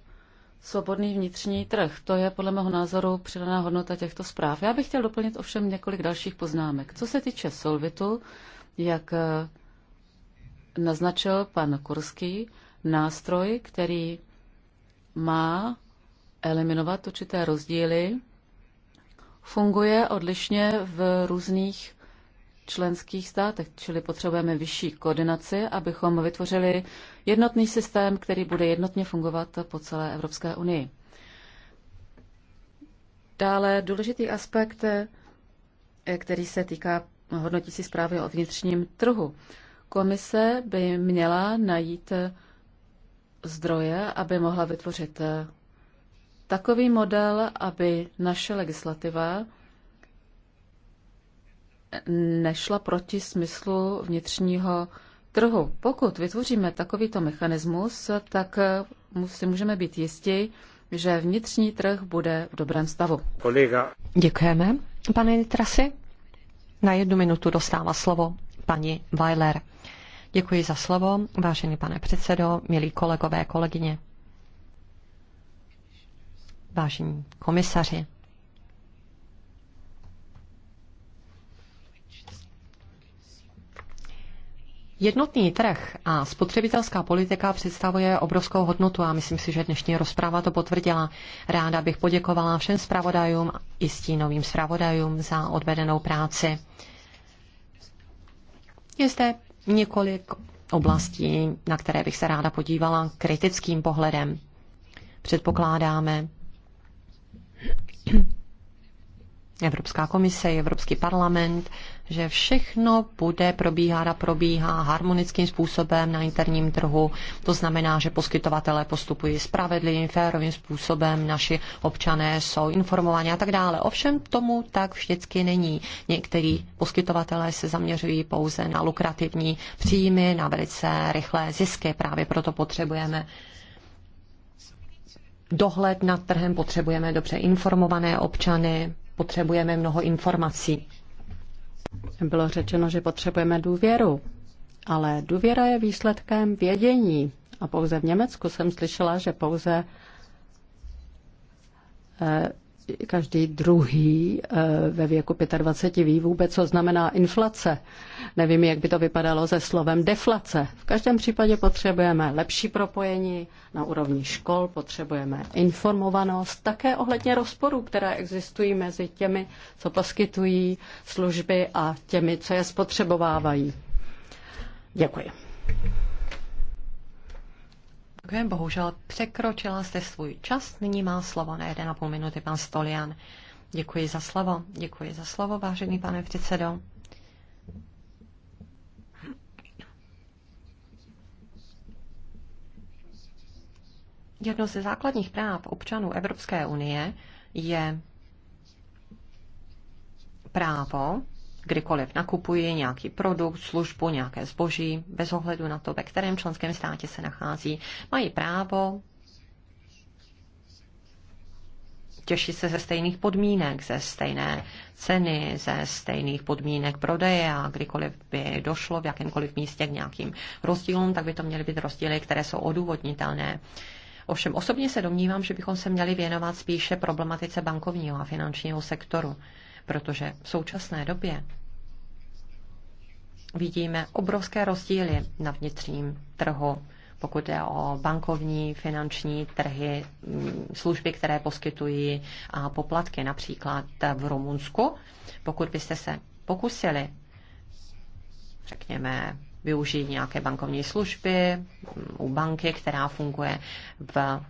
svobodný vnitřní trh. To je podle mého názoru přidaná hodnota těchto zpráv. Já bych chtěl doplnit ovšem několik dalších poznámek. Co se týče Solvitu, jak eh, naznačil pan Kurský, nástroj, který má eliminovat určité rozdíly, funguje odlišně v různých členských státech, čili potřebujeme vyšší koordinaci, abychom vytvořili jednotný systém, který bude jednotně fungovat po celé Evropské unii. Dále důležitý aspekt, eh, který se týká hodnotící zprávy o vnitřním trhu. Komise by měla najít eh, zdroje, aby mohla vytvořit eh, takový model, aby naše legislativa nešla proti smyslu vnitřního trhu. Pokud vytvoříme takovýto mechanismus, tak si můžeme být jistí, že vnitřní trh bude v dobrém stavu. Kolega. Děkujeme. Pane Trasy, na jednu minutu dostává slovo paní Weiler. Děkuji za slovo, vážený pane předsedo, milí kolegové, kolegyně, vážení komisaři. Jednotný trh a spotřebitelská politika představuje obrovskou hodnotu a myslím si, že dnešní rozpráva to potvrdila. Ráda bych poděkovala všem zpravodajům i stínovým zpravodajům za odvedenou práci. Je zde několik oblastí, na které bych se ráda podívala kritickým pohledem. Předpokládáme, [CLEARS THROAT] Evropská komise, Evropský parlament že všechno bude probíhat a probíhá harmonickým způsobem na interním trhu. To znamená, že poskytovatelé postupují spravedlivým, férovým způsobem, naši občané jsou informováni a tak dále. Ovšem tomu tak vždycky není. Někteří poskytovatelé se zaměřují pouze na lukrativní příjmy, na velice rychlé zisky. Právě proto potřebujeme dohled nad trhem, potřebujeme dobře informované občany, potřebujeme mnoho informací. Bylo řečeno, že potřebujeme důvěru, ale důvěra je výsledkem vědění. A pouze v Německu jsem slyšela, že pouze eh, každý druhý eh, ve věku 25 ví vůbec, co znamená inflace. Nevím, jak by to vypadalo se slovem deflace. V každém případě potřebujeme lepší propojení na úrovni škol, potřebujeme informovanost, také ohledně rozporů, které existují mezi těmi, co poskytují služby a těmi, co je spotřebovávají. Děkuji. Děkujem, bohužel překročila jste svůj čas. Nyní má slovo na 1,5 minuty pan Stolian. Děkuji za slovo. Děkuji za slovo, vážený pane předsedo. Jedno ze základních práv občanů Evropské unie je právo kdykoliv nakupuji nějaký produkt, službu, nějaké zboží, bez ohledu na to, ve kterém členském státě se nachází, mají právo těšit se ze stejných podmínek, ze stejné ceny, ze stejných podmínek prodeje a kdykoliv by došlo v jakémkoliv místě k nějakým rozdílům, tak by to měly být rozdíly, které jsou odůvodnitelné. Ovšem osobně se domnívám, že bychom se měli věnovat spíše problematice bankovního a finančního sektoru protože v současné době vidíme obrovské rozdíly na vnitřním trhu, pokud je o bankovní, finanční trhy, mm, služby, které poskytují a poplatky například v Rumunsku. Pokud byste se pokusili, řekněme, využít nějaké bankovní služby mm, u banky, která funguje v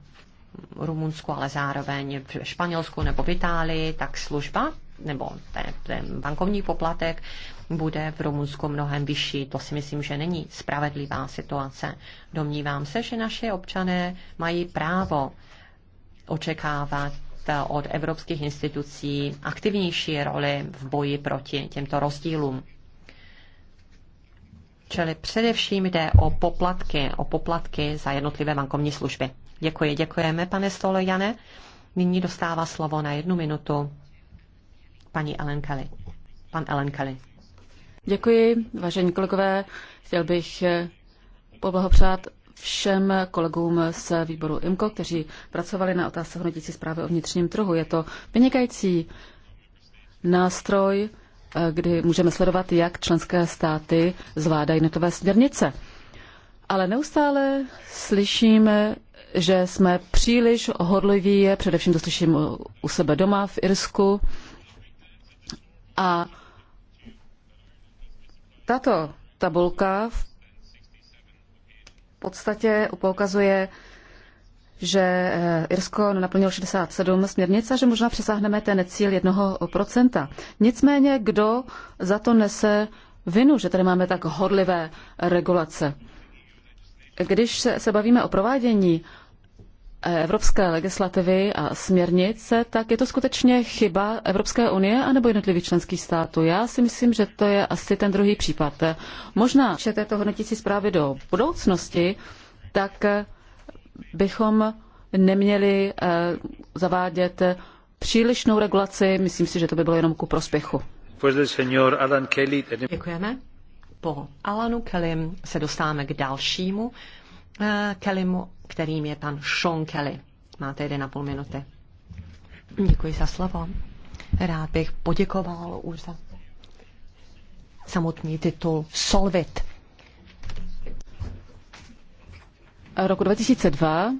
Rumunsku, ale zároveň v Španělsku nebo v Itálii, tak služba nebo ten, ten bankovní poplatek bude v Rumunsku mnohem vyšší. To si myslím, že není spravedlivá situace. Domnívám se, že naše občané mají právo očekávat od evropských institucí aktivnější roli v boji proti těmto rozdílům. Čili především jde o poplatky, o poplatky za jednotlivé bankovní služby. Děkuji, děkujeme, pane Stolojane. Nyní dostává slovo na jednu minutu paní Ellen Kelly. Pan Ellen Kelly. Děkuji, vážení kolegové. Chtěl bych eh, poblahopřát všem kolegům z výboru IMCO, kteří pracovali na otázce hodnotící zprávy o vnitřním trhu. Je to vynikající nástroj, eh, kdy můžeme sledovat, jak členské státy zvládají netové směrnice. Ale neustále slyšíme, že jsme příliš hodliví, především to slyším u sebe doma v Irsku, a tato tabulka v podstatě poukazuje, že eh, Irsko nenaplnilo 67 směrnic a že možná přesáhneme ten cíl 1%. Nicméně, kdo za to nese vinu, že tady máme tak horlivé regulace? Když se, se bavíme o provádění evropské legislativy a směrnice, tak je to skutečně chyba Evropské unie anebo jednotlivých členských států? Já si myslím, že to je asi ten druhý případ. Možná, že této hodnotící zprávy do budoucnosti, tak bychom neměli eh, zavádět přílišnou regulaci. Myslím si, že to by bylo jenom ku prospěchu. Děkujeme. Po Alanu Kelly se dostáváme k dalšímu Eh, Kellymu, kterým je pan Sean Kelly. Máte 1,5 minuty. Děkuji za slovo. Rád bych poděkoval už za samotný titul Solvit. Roku 2002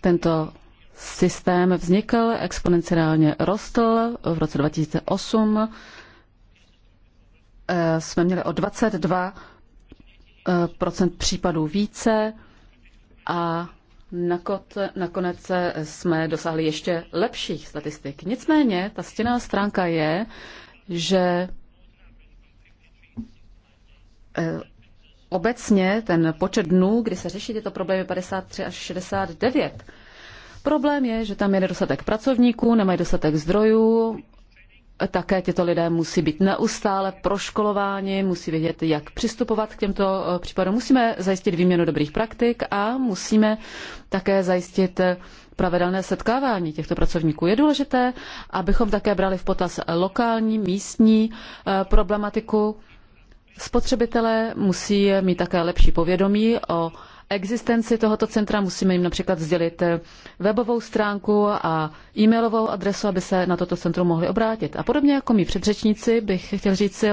tento systém vznikl, exponenciálně rostl. V roce 2008 eh, jsme měli o 22 procent případů více a nakonec jsme dosáhli ještě lepších statistik. Nicméně ta stěná stránka je, že eh, obecně ten počet dnů, kdy se řeší tyto problémy, 53 až 69. Problém je, že tam je nedostatek pracovníků, nemají dostatek zdrojů, také těto lidé musí být neustále proškolováni, musí vědět, jak přistupovat k těmto eh, případům. Musíme zajistit výměnu dobrých praktik a musíme také zajistit pravidelné setkávání těchto pracovníků. Je důležité, abychom také brali v potaz lokální, místní eh, problematiku. Spotřebitelé musí mít také lepší povědomí o existenci tohoto centra, musíme jim například sdělit eh, webovou stránku a e-mailovou adresu, aby se na toto centrum mohli obrátit. A podobně jako mý předřečníci bych chtěl říct,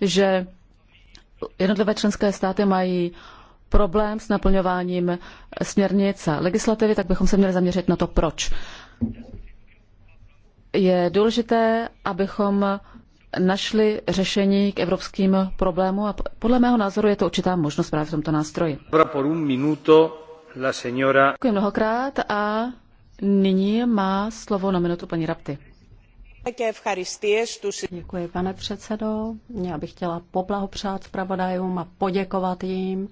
že jednotlivé členské státy mají problém s naplňováním směrnic a legislativy, tak bychom se měli zaměřit na to, proč. Je důležité, abychom našli řešení k evropským problémům a podle mého názoru je to určitá možnost právě v tomto nástroji. Děkuji mnohokrát a nyní má slovo na minutu paní Rapty. Děkuji, pane předsedo. Já bych chtěla poblahopřát zpravodajům a poděkovat jim.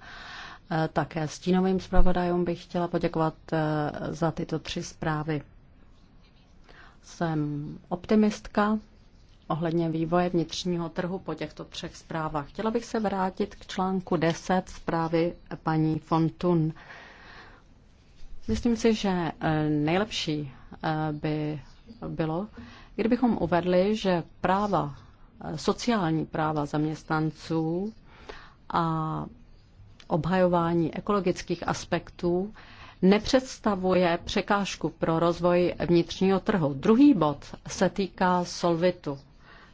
Eh, také stínovým zpravodajům bych chtěla poděkovat eh, za tyto tři zprávy. Jsem optimistka, ohledně vývoje vnitřního trhu po těchto třech zprávách. Chtěla bych se vrátit k článku 10 zprávy paní Fontun. Myslím si, že eh, nejlepší eh, by bylo, kdybychom uvedli, že práva, eh, sociální práva zaměstnanců a obhajování ekologických aspektů nepředstavuje překážku pro rozvoj vnitřního trhu. Druhý bod se týká solvitu.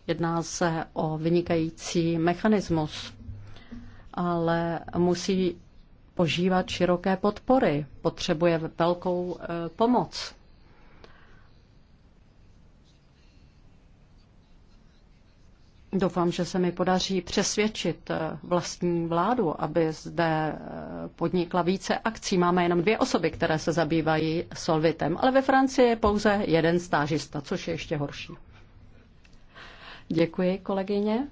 Jedná se o vynikající mechanismus, ale musí požívat široké podpory, potřebuje velkou e, pomoc. Doufám, že se mi podaří přesvědčit e, vlastní vládu, aby zde e, podnikla více akcí. Máme jenom dvě osoby, které se zabývají solvitem, ale ve Francii je pouze jeden stážista, což je ještě horší. Děkuji, kolegyně.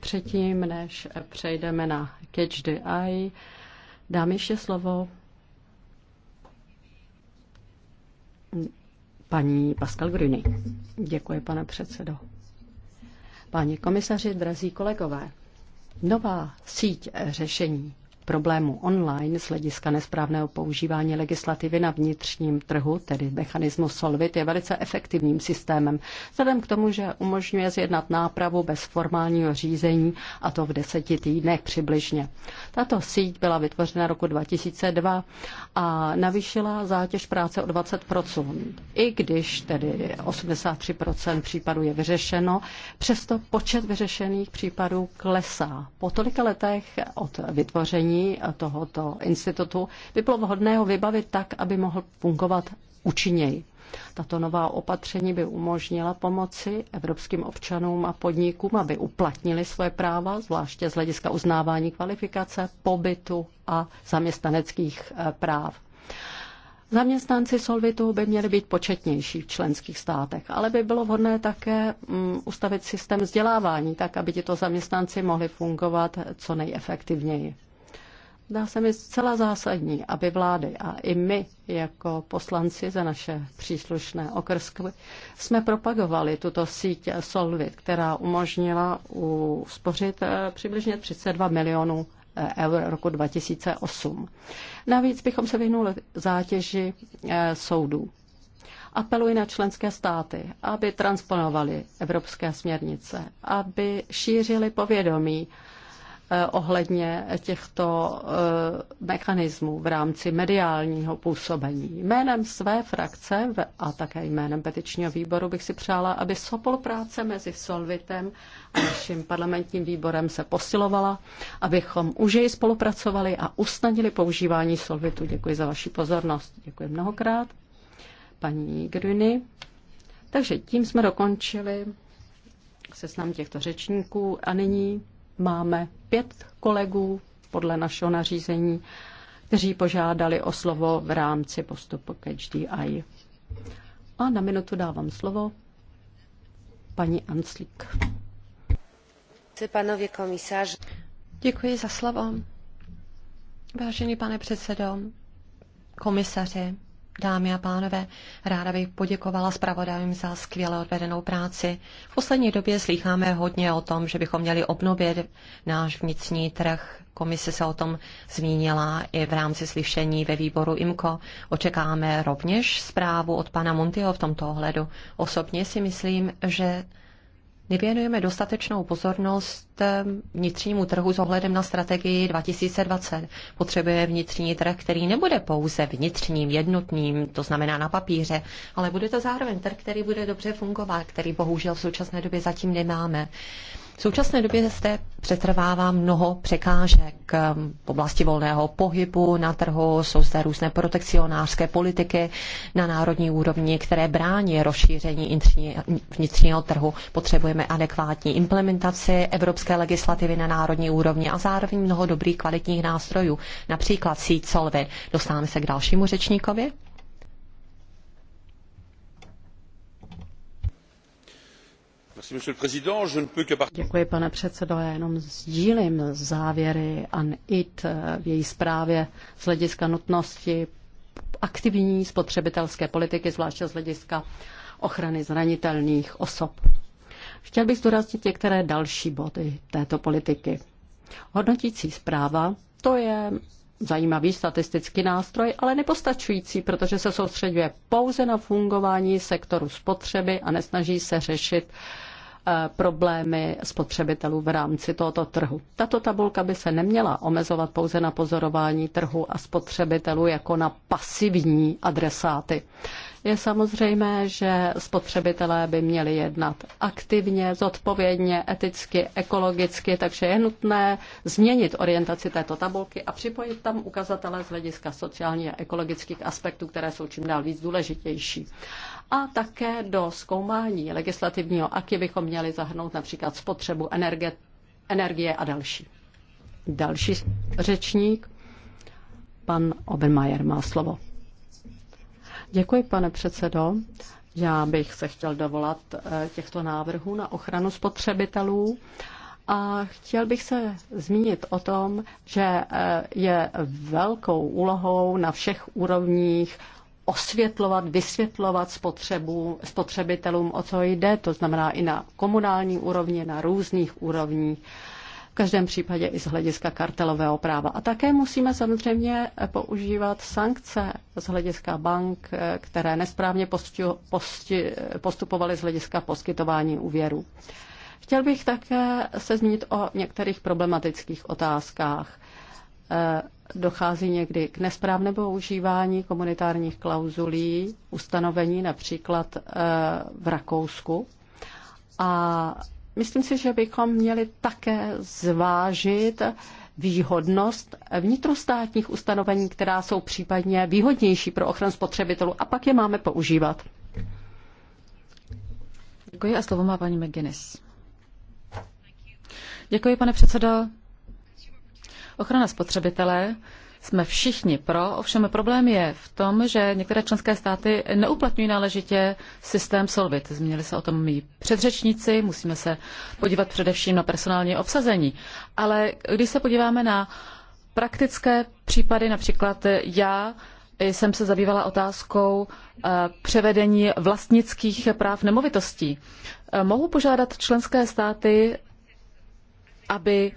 Předtím, než přejdeme na Catch the Eye, dám ještě slovo paní Pascal Gruny. Děkuji, pane předsedo. Páni komisaři, drazí kolegové, nová síť řešení problému online z hlediska nesprávného používání legislativy na vnitřním trhu, tedy mechanismu Solvit, je velice efektivním systémem, vzhledem k tomu, že umožňuje zjednat nápravu bez formálního řízení a to v deseti týdnech přibližně. Tato síť byla vytvořena roku 2002 a navýšila zátěž práce o 20%. I když tedy 83% případů je vyřešeno, přesto počet vyřešených případů klesá. Po tolika letech od vytvoření vedení tohoto institutu by bylo vhodné ho vybavit tak, aby mohl fungovat účinněji. Tato nová opatření by umožnila pomoci evropským občanům a podnikům, aby uplatnili svoje práva, zvláště z hlediska uznávání kvalifikace, pobytu a zaměstnaneckých eh, práv. Zaměstnanci Solvitu by měli být početnější v členských státech, ale by bylo vhodné také mm, ustavit systém vzdělávání, tak aby tito zaměstnanci mohli fungovat co nejefektivněji. Dá se mi zcela zásadní, aby vlády a i my jako poslanci za naše příslušné okrsky jsme propagovali tuto síť Solvit, která umožnila uspořit eh, přibližně 32 milionů eh, eur roku 2008. Navíc bychom se vyhnuli zátěži eh, soudů. Apeluji na členské státy, aby transponovali evropské směrnice, aby šířili povědomí Eh, ohledně těchto eh, mechanismů v rámci mediálního působení. Jménem své frakce a také jménem petičního výboru bych si přála, aby spolupráce mezi Solvitem a naším parlamentním výborem se posilovala, abychom jej spolupracovali a usnadnili používání Solvitu. Děkuji za vaši pozornost. Děkuji mnohokrát. Paní Gruny. Takže tím jsme dokončili seznam těchto řečníků a nyní máme pět kolegů podle našeho nařízení, kteří požádali o slovo v rámci postupu k HDI. A na minutu dávám slovo paní Anslík. Panově komisář. Děkuji za slovo. Vážený pane předsedo, komisaři, Dámy a pánové, ráda bych poděkovala zpravodajům za skvěle odvedenou práci. V poslední době slycháme hodně o tom, že bychom měli obnovit náš vnitřní trh. Komise se o tom zmínila i v rámci slyšení ve výboru IMCO. Očekáme rovněž zprávu od pana Montyho v tomto ohledu. Osobně si myslím, že nevěnujeme dostatečnou pozornost eh, vnitřnímu trhu s ohledem na strategii 2020. Potřebuje vnitřní trh, který nebude pouze vnitřním, jednotným, to znamená na papíře, ale bude to zároveň trh, který bude dobře fungovat, který bohužel v současné době zatím nemáme. V současné době jste přetrvává mnoho překážek um, v oblasti volného pohybu na trhu, jsou zde různé protekcionářské politiky na národní úrovni, které brání rozšíření vnitřního trhu. Potřebujeme adekvátní implementaci evropské legislativy na národní úrovni a zároveň mnoho dobrých kvalitních nástrojů, například síť Solvy. Dostáváme se k dalšímu řečníkovi. pane předsedo. Já jenom sdílím závěry ANIT eh, v její zprávě z hlediska nutnosti aktivní spotřebitelské politiky, zvláště z hlediska ochrany zranitelných osob. Chtěl bych zdůraznit některé další body této politiky. Hodnotící zpráva, to je zajímavý statistický nástroj, ale nepostačující, protože se soustředuje pouze na fungování sektoru spotřeby a nesnaží se řešit uh, Eh, problémy spotřebitelů v rámci tohoto trhu. Tato tabulka by se neměla omezovat pouze na pozorování trhu a spotřebitelů jako na pasivní adresáty. Je samozřejmé, že spotřebitelé by měli jednat aktivně, zodpovědně, eticky, ekologicky, takže je nutné změnit orientaci této tabulky a připojit tam ukazatele z hlediska sociálních a ekologických aspektů, které jsou čím dál víc důležitější a také do zkoumání legislativního aky bychom měli zahrnout například spotřebu energie, energie a další. Další řečník, pan Obermajer má slovo. Děkuji, pane předsedo. Já bych se chtěl dovolat eh, těchto návrhů na ochranu spotřebitelů. A chtěl bych se zmínit o tom, že eh, je velkou úlohou na všech úrovních osvětlovat, vysvětlovat spotřebu, spotřebitelům, o co jde, to znamená i na komunální úrovni, na různých úrovních, v každém případě i z hlediska kartelového práva. A také musíme samozřejmě používat sankce z hlediska bank, které nesprávně postu, posti, postupovaly z hlediska poskytování úvěru. Chtěl bych také se zmínit o některých problematických otázkách dochází někdy k nesprávnému používání komunitárních klauzulí, ustanovení například eh, v Rakousku. A myslím si, že bychom měli také zvážit výhodnost vnitrostátních ustanovení, která jsou případně výhodnější pro ochranu spotřebitelů a pak je máme používat. Děkuji a slovo má paní McGuinness. Děkuji, pane předsedo. Ochrana spotřebitele jsme všichni pro, ovšem problém je v tom, že některé členské státy neuplatňují náležitě systém Solvit. Zmínili se o tom mý předřečníci, musíme se podívat především na personální obsazení. Ale když se podíváme na praktické případy, například já jsem se zabývala otázkou eh, převedení vlastnických práv nemovitostí. Eh, mohu požádat členské státy, aby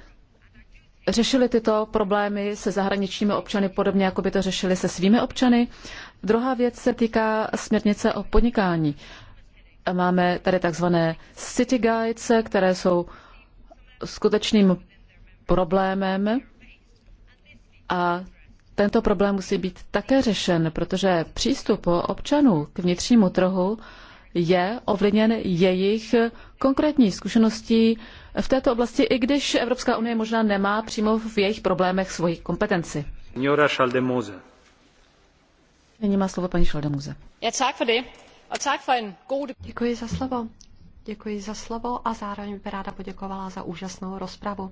řešili tyto problémy se zahraničními občany podobně, jako by to řešili se svými občany. Druhá věc se týká směrnice o podnikání. Máme tady takzvané city guides, které jsou skutečným problémem a tento problém musí být také řešen, protože přístup občanů k vnitřnímu trhu je ovlivněn jejich konkrétní zkušeností v této oblasti, i když Evropská unie možná nemá přímo v jejich problémech svoji kompetenci. Nyní má slovo paní Šaldemuze. Děkuji za slovo. Děkuji za slovo a zároveň bych ráda poděkovala za úžasnou rozpravu.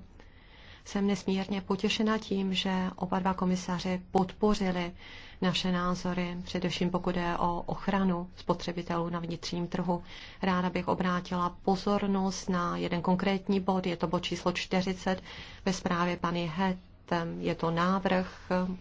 Jsem nesmírně potěšena tím, že oba dva komisaři podpořili naše názory, především pokud je o ochranu spotřebitelů na vnitřním trhu. Ráda bych obrátila pozornost na jeden konkrétní bod, je to bod číslo 40 ve zprávě paní Het. Je to návrh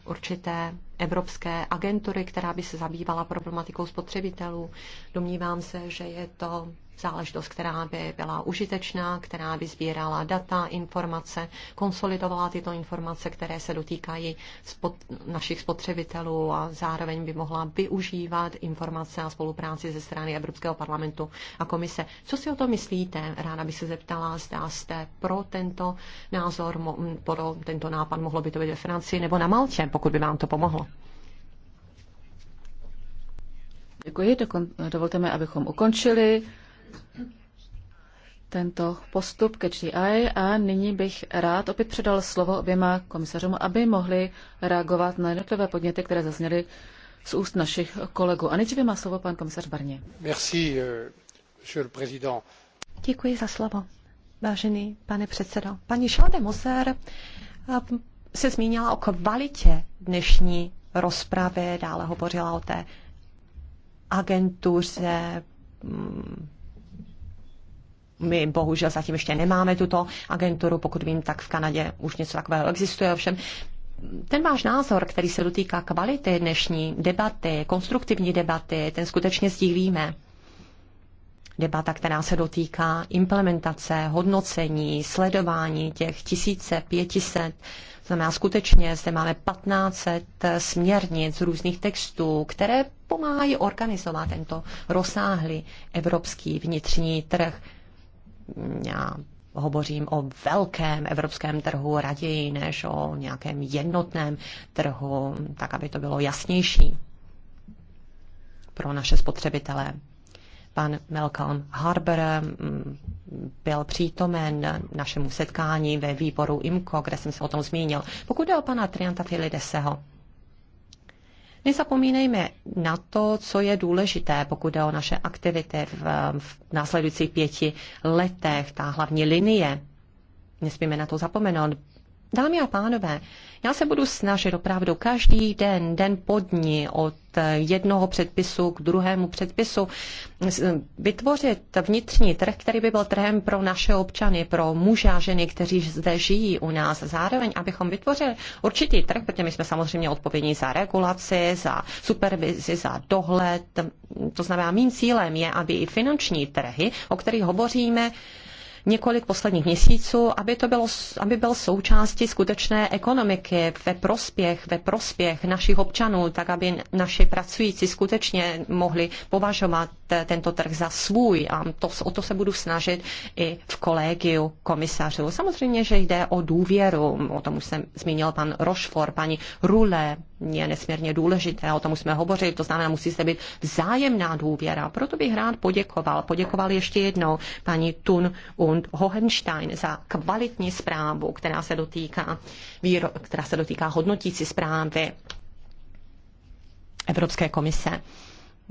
určité evropské agentury, která by se zabývala problematikou spotřebitelů. Domnívám se, že je to záležitost, která by byla užitečná, která by sbírala data, informace, konsolidovala tyto informace, které se dotýkají spod, našich spotřebitelů a zároveň by mohla využívat informace a spolupráci ze strany Evropského parlamentu a komise. Co si o to myslíte? Ráda bych se zeptala, zda jste pro tento názor, pro tento nápad, mohlo by to být ve Francii nebo na Malče, pokud by vám to pomohlo. Děkuji. Dovolte mi, abychom ukončili tento postup ke GI a nyní bych rád opět předal slovo oběma komisařům, aby mohli reagovat na jednotlivé podněty, které zazněly z úst našich kolegů. A nejdříve má slovo pan komisař Barnier. Merci, euh, monsieur le président. Děkuji za slovo, vážený pane předsedo. Paní Šaldemoser eh, se zmínila o kvalitě dnešní rozpravy, dále hovořila o té agentuře mm, my bohužel zatím ještě nemáme tuto agenturu, pokud vím, tak v Kanadě už něco takového existuje, ovšem ten váš názor, který se dotýká kvality dnešní debaty, konstruktivní debaty, ten skutečně sdílíme. Debata, která se dotýká implementace, hodnocení, sledování těch pětiset, znamená skutečně zde máme 1500 směrnic různých textů, které pomáhají organizovat tento rozsáhlý evropský vnitřní trh já hovořím o velkém evropském trhu raději než o nějakém jednotném trhu, tak aby to bylo jasnější pro naše spotřebitele. Pan Malcolm Harbour mm, byl přítomen našemu setkání ve výboru IMCO, kde jsem se o tom zmínil. Pokud jde o pana Trianta Filideseho, Nezapomínejme na to, co je důležité, pokud jde o naše aktivity v, v následujících pěti letech, ta hlavní linie. Nesmíme na to zapomenout. Dámy a pánové, já se budu snažit opravdu každý den, den po dní, od jednoho předpisu k druhému předpisu, vytvořit vnitřní trh, který by byl trhem pro naše občany, pro muže a ženy, kteří zde žijí u nás. Zároveň, abychom vytvořili určitý trh, protože my jsme samozřejmě odpovědní za regulaci, za supervizi, za dohled. To znamená, mým cílem je, aby i finanční trhy, o kterých hovoříme, několik posledních měsíců, aby, to bylo, aby byl součástí skutečné ekonomiky ve prospěch, ve prospěch našich občanů, tak aby naši pracující skutečně mohli považovat tento trh za svůj. A to, o to se budu snažit i v kolegiu komisařů. Samozřejmě, že jde o důvěru, o tom už jsem zmínil pan Rošfor, paní Rule, je nesmírně důležité, o tom už jsme hovořili, to znamená, musí se být vzájemná důvěra. Proto bych rád poděkoval, poděkoval ještě jednou paní Tun und Hohenstein za kvalitní zprávu, která se dotýká, výro, která se dotýká hodnotící zprávy Evropské komise.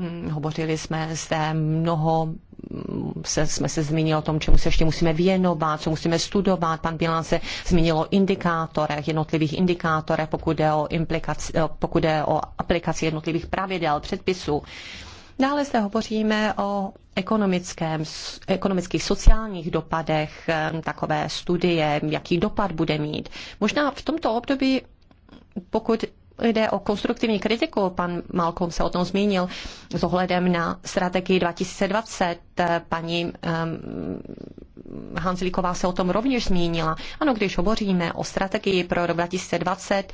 Mm, hovořili jsme zde mnoho, mm, se, jsme se zmínili o tom, čemu se ještě musíme věnovat, co musíme studovat. Pan Bilan se zmínil o indikátorech, jednotlivých indikátorech, pokud jde o, eh, pokud jde o aplikaci jednotlivých pravidel, předpisů. Dále se hovoříme o ekonomickém, ekonomických sociálních dopadech eh, takové studie, jaký dopad bude mít. Možná v tomto období, pokud jde o konstruktivní kritiku, pan Malcolm se o tom zmínil, s ohledem na strategii 2020, Eh, paní eh, Hanzlíková se o tom rovněž zmínila. Ano, když hovoříme o strategii pro rok 2020,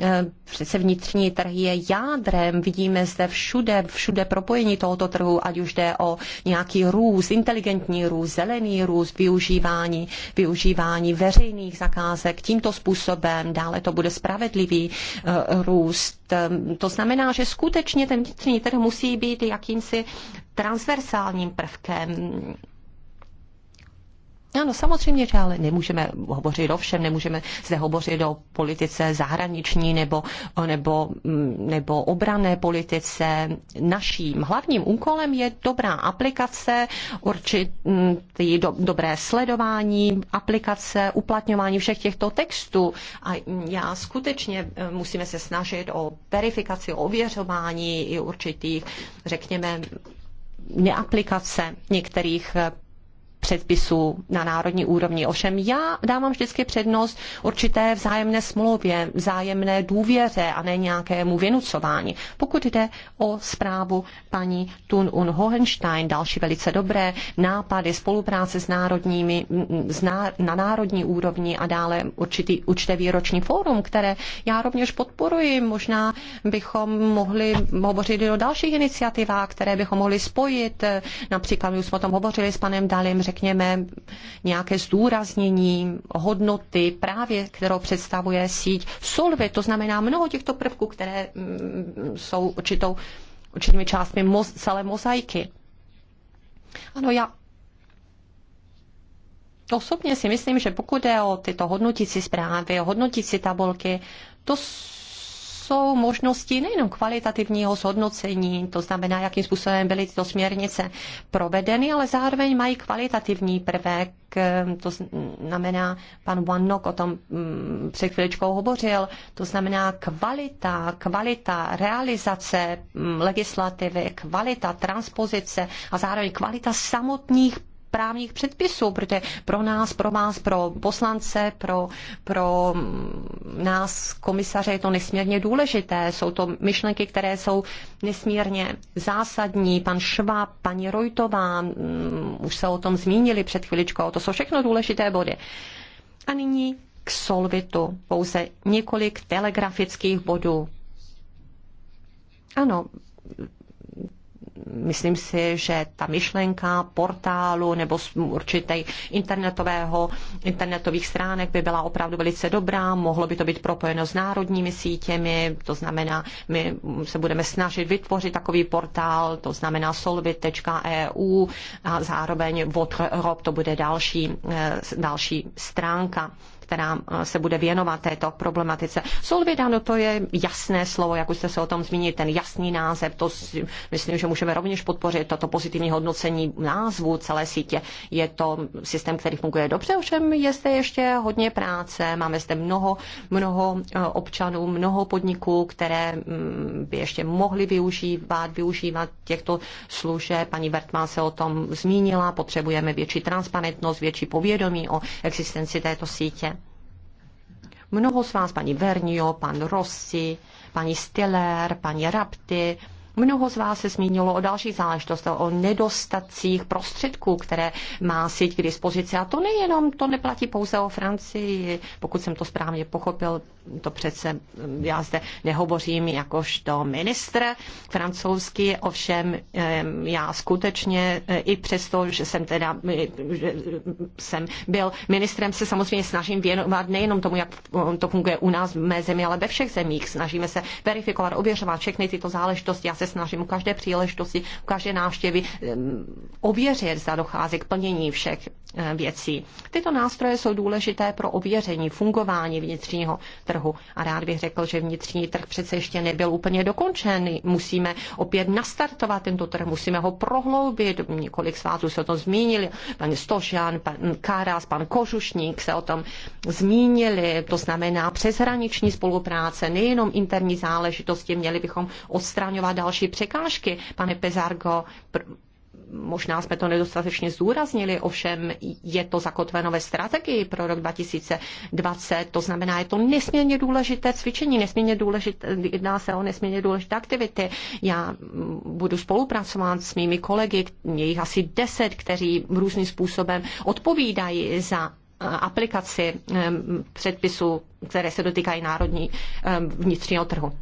eh, přece vnitřní trh je jádrem, vidíme zde všude, všude propojení tohoto trhu, ať už jde o nějaký růst, inteligentní růst, zelený růst, využívání, využívání veřejných zakázek tímto způsobem, dále to bude spravedlivý růst. To znamená, že skutečně ten vnitřní trh musí být jakýmsi transversálním prvkem. Ano, samozřejmě, že ale nemůžeme hovořit o všem, nemůžeme zde hovořit o politice zahraniční nebo, nebo, nebo obrané politice. Naším hlavním úkolem je dobrá aplikace, určitý mm, do, dobré sledování, aplikace, uplatňování všech těchto textů. A já skutečně eh, musíme se snažit o verifikaci, o ověřování i určitých, řekněme, neaplikace některých předpisů na národní úrovni. Ovšem já dávám vždycky přednost určité vzájemné smlouvě, vzájemné důvěře a ne nějakému vynucování. Pokud jde o zprávu paní Tun un Hohenstein, další velice dobré nápady, spolupráce s národními, na národní úrovni a dále určitý, určité výroční fórum, které já rovněž podporuji. Možná bychom mohli hovořit i o dalších iniciativách, které bychom mohli spojit. Například už jsme o tom hovořili s panem Dalim, řekněme, nějaké zdůraznění hodnoty právě, kterou představuje síť solvy, To znamená mnoho těchto prvků, které mm, jsou určitou, určitými částmi moz, celé mozaiky. Ano, já osobně si myslím, že pokud jde o tyto hodnotící zprávy, o hodnotící tabulky, to jsou možnosti nejenom kvalitativního zhodnocení, to znamená, jakým způsobem byly tyto směrnice provedeny, ale zároveň mají kvalitativní prvek, eh, to znamená, pan Wanok o tom mm, před chvíličkou hovořil, to znamená kvalita, kvalita realizace mm, legislativy, kvalita transpozice a zároveň kvalita samotných právních předpisů, protože pro nás, pro vás, pro poslance, pro, pro nás komisaře je to nesmírně důležité. Jsou to myšlenky, které jsou nesmírně zásadní. Pan Švab, paní Rojtová, mm, už se o tom zmínili před chviličkou, to jsou všechno důležité body. A nyní k solvitu pouze několik telegrafických bodů. Ano, myslím si, že ta myšlenka portálu nebo určité internetového, internetových stránek by byla opravdu velice dobrá, mohlo by to být propojeno s národními sítěmi, to znamená, my se budeme snažit vytvořit takový portál, to znamená solvit.eu e a zároveň Votrop, to bude další, eh, další stránka která eh, se bude věnovat této problematice. Solvidano to je jasné slovo, jak už jste se o tom zmínili, ten jasný název, to myslím, že můžeme rovněž podpořit toto pozitivní hodnocení názvu celé sítě. Je to systém, který funguje dobře, ovšem je zde ještě hodně práce, máme zde mnoho, mnoho eh, občanů, mnoho podniků, které mm, by ještě mohly využívat, využívat těchto služeb. Paní Vertman se o tom zmínila, potřebujeme větší transparentnost, větší povědomí o existenci této sítě. Mnoho z vás, paní Vernio, pan Rossi, paní Stiller, paní Rapti, Mnoho z vás se zmínilo o další záležitosti, o nedostacích prostředků, které má síť k dispozici. A to nejenom, to neplatí pouze o Francii, pokud jsem to správně pochopil, to přece já zde nehovořím jakožto ministr francouzský, ovšem eh, já skutečně eh, i přesto, že jsem teda eh, že jsem byl ministrem, se samozřejmě snažím věnovat nejenom tomu, jak to funguje u nás v mé zemi, ale ve všech zemích. Snažíme se verifikovat, ověřovat všechny tyto záležitosti. Já se snažím u každé příležitosti, u každé návštěvy ověřit, zda dochází k plnění všech Eh, věcí. Tyto nástroje jsou důležité pro ověření fungování vnitřního trhu. A rád bych řekl, že vnitřní trh přece ještě nebyl úplně dokončen. Musíme opět nastartovat tento trh, musíme ho prohloubit. Několik už se o tom zmínili. Pan Stožan, pan Karas, pan Kožušník se o tom zmínili. To znamená přeshraniční spolupráce, nejenom interní záležitosti. Měli bychom odstraňovat další překážky. Pane Pezargo, pr- možná jsme to nedostatečně zúraznili, ovšem je to zakotveno ve strategii pro rok 2020, to znamená, je to nesmírně důležité cvičení, nesmírně důležité, jedná se o nesmírně důležité aktivity. Já budu spolupracovat s mými kolegy, je jich asi deset, kteří různým způsobem odpovídají za eh, aplikaci eh, předpisů, které se dotýkají národní eh, vnitřního trhu.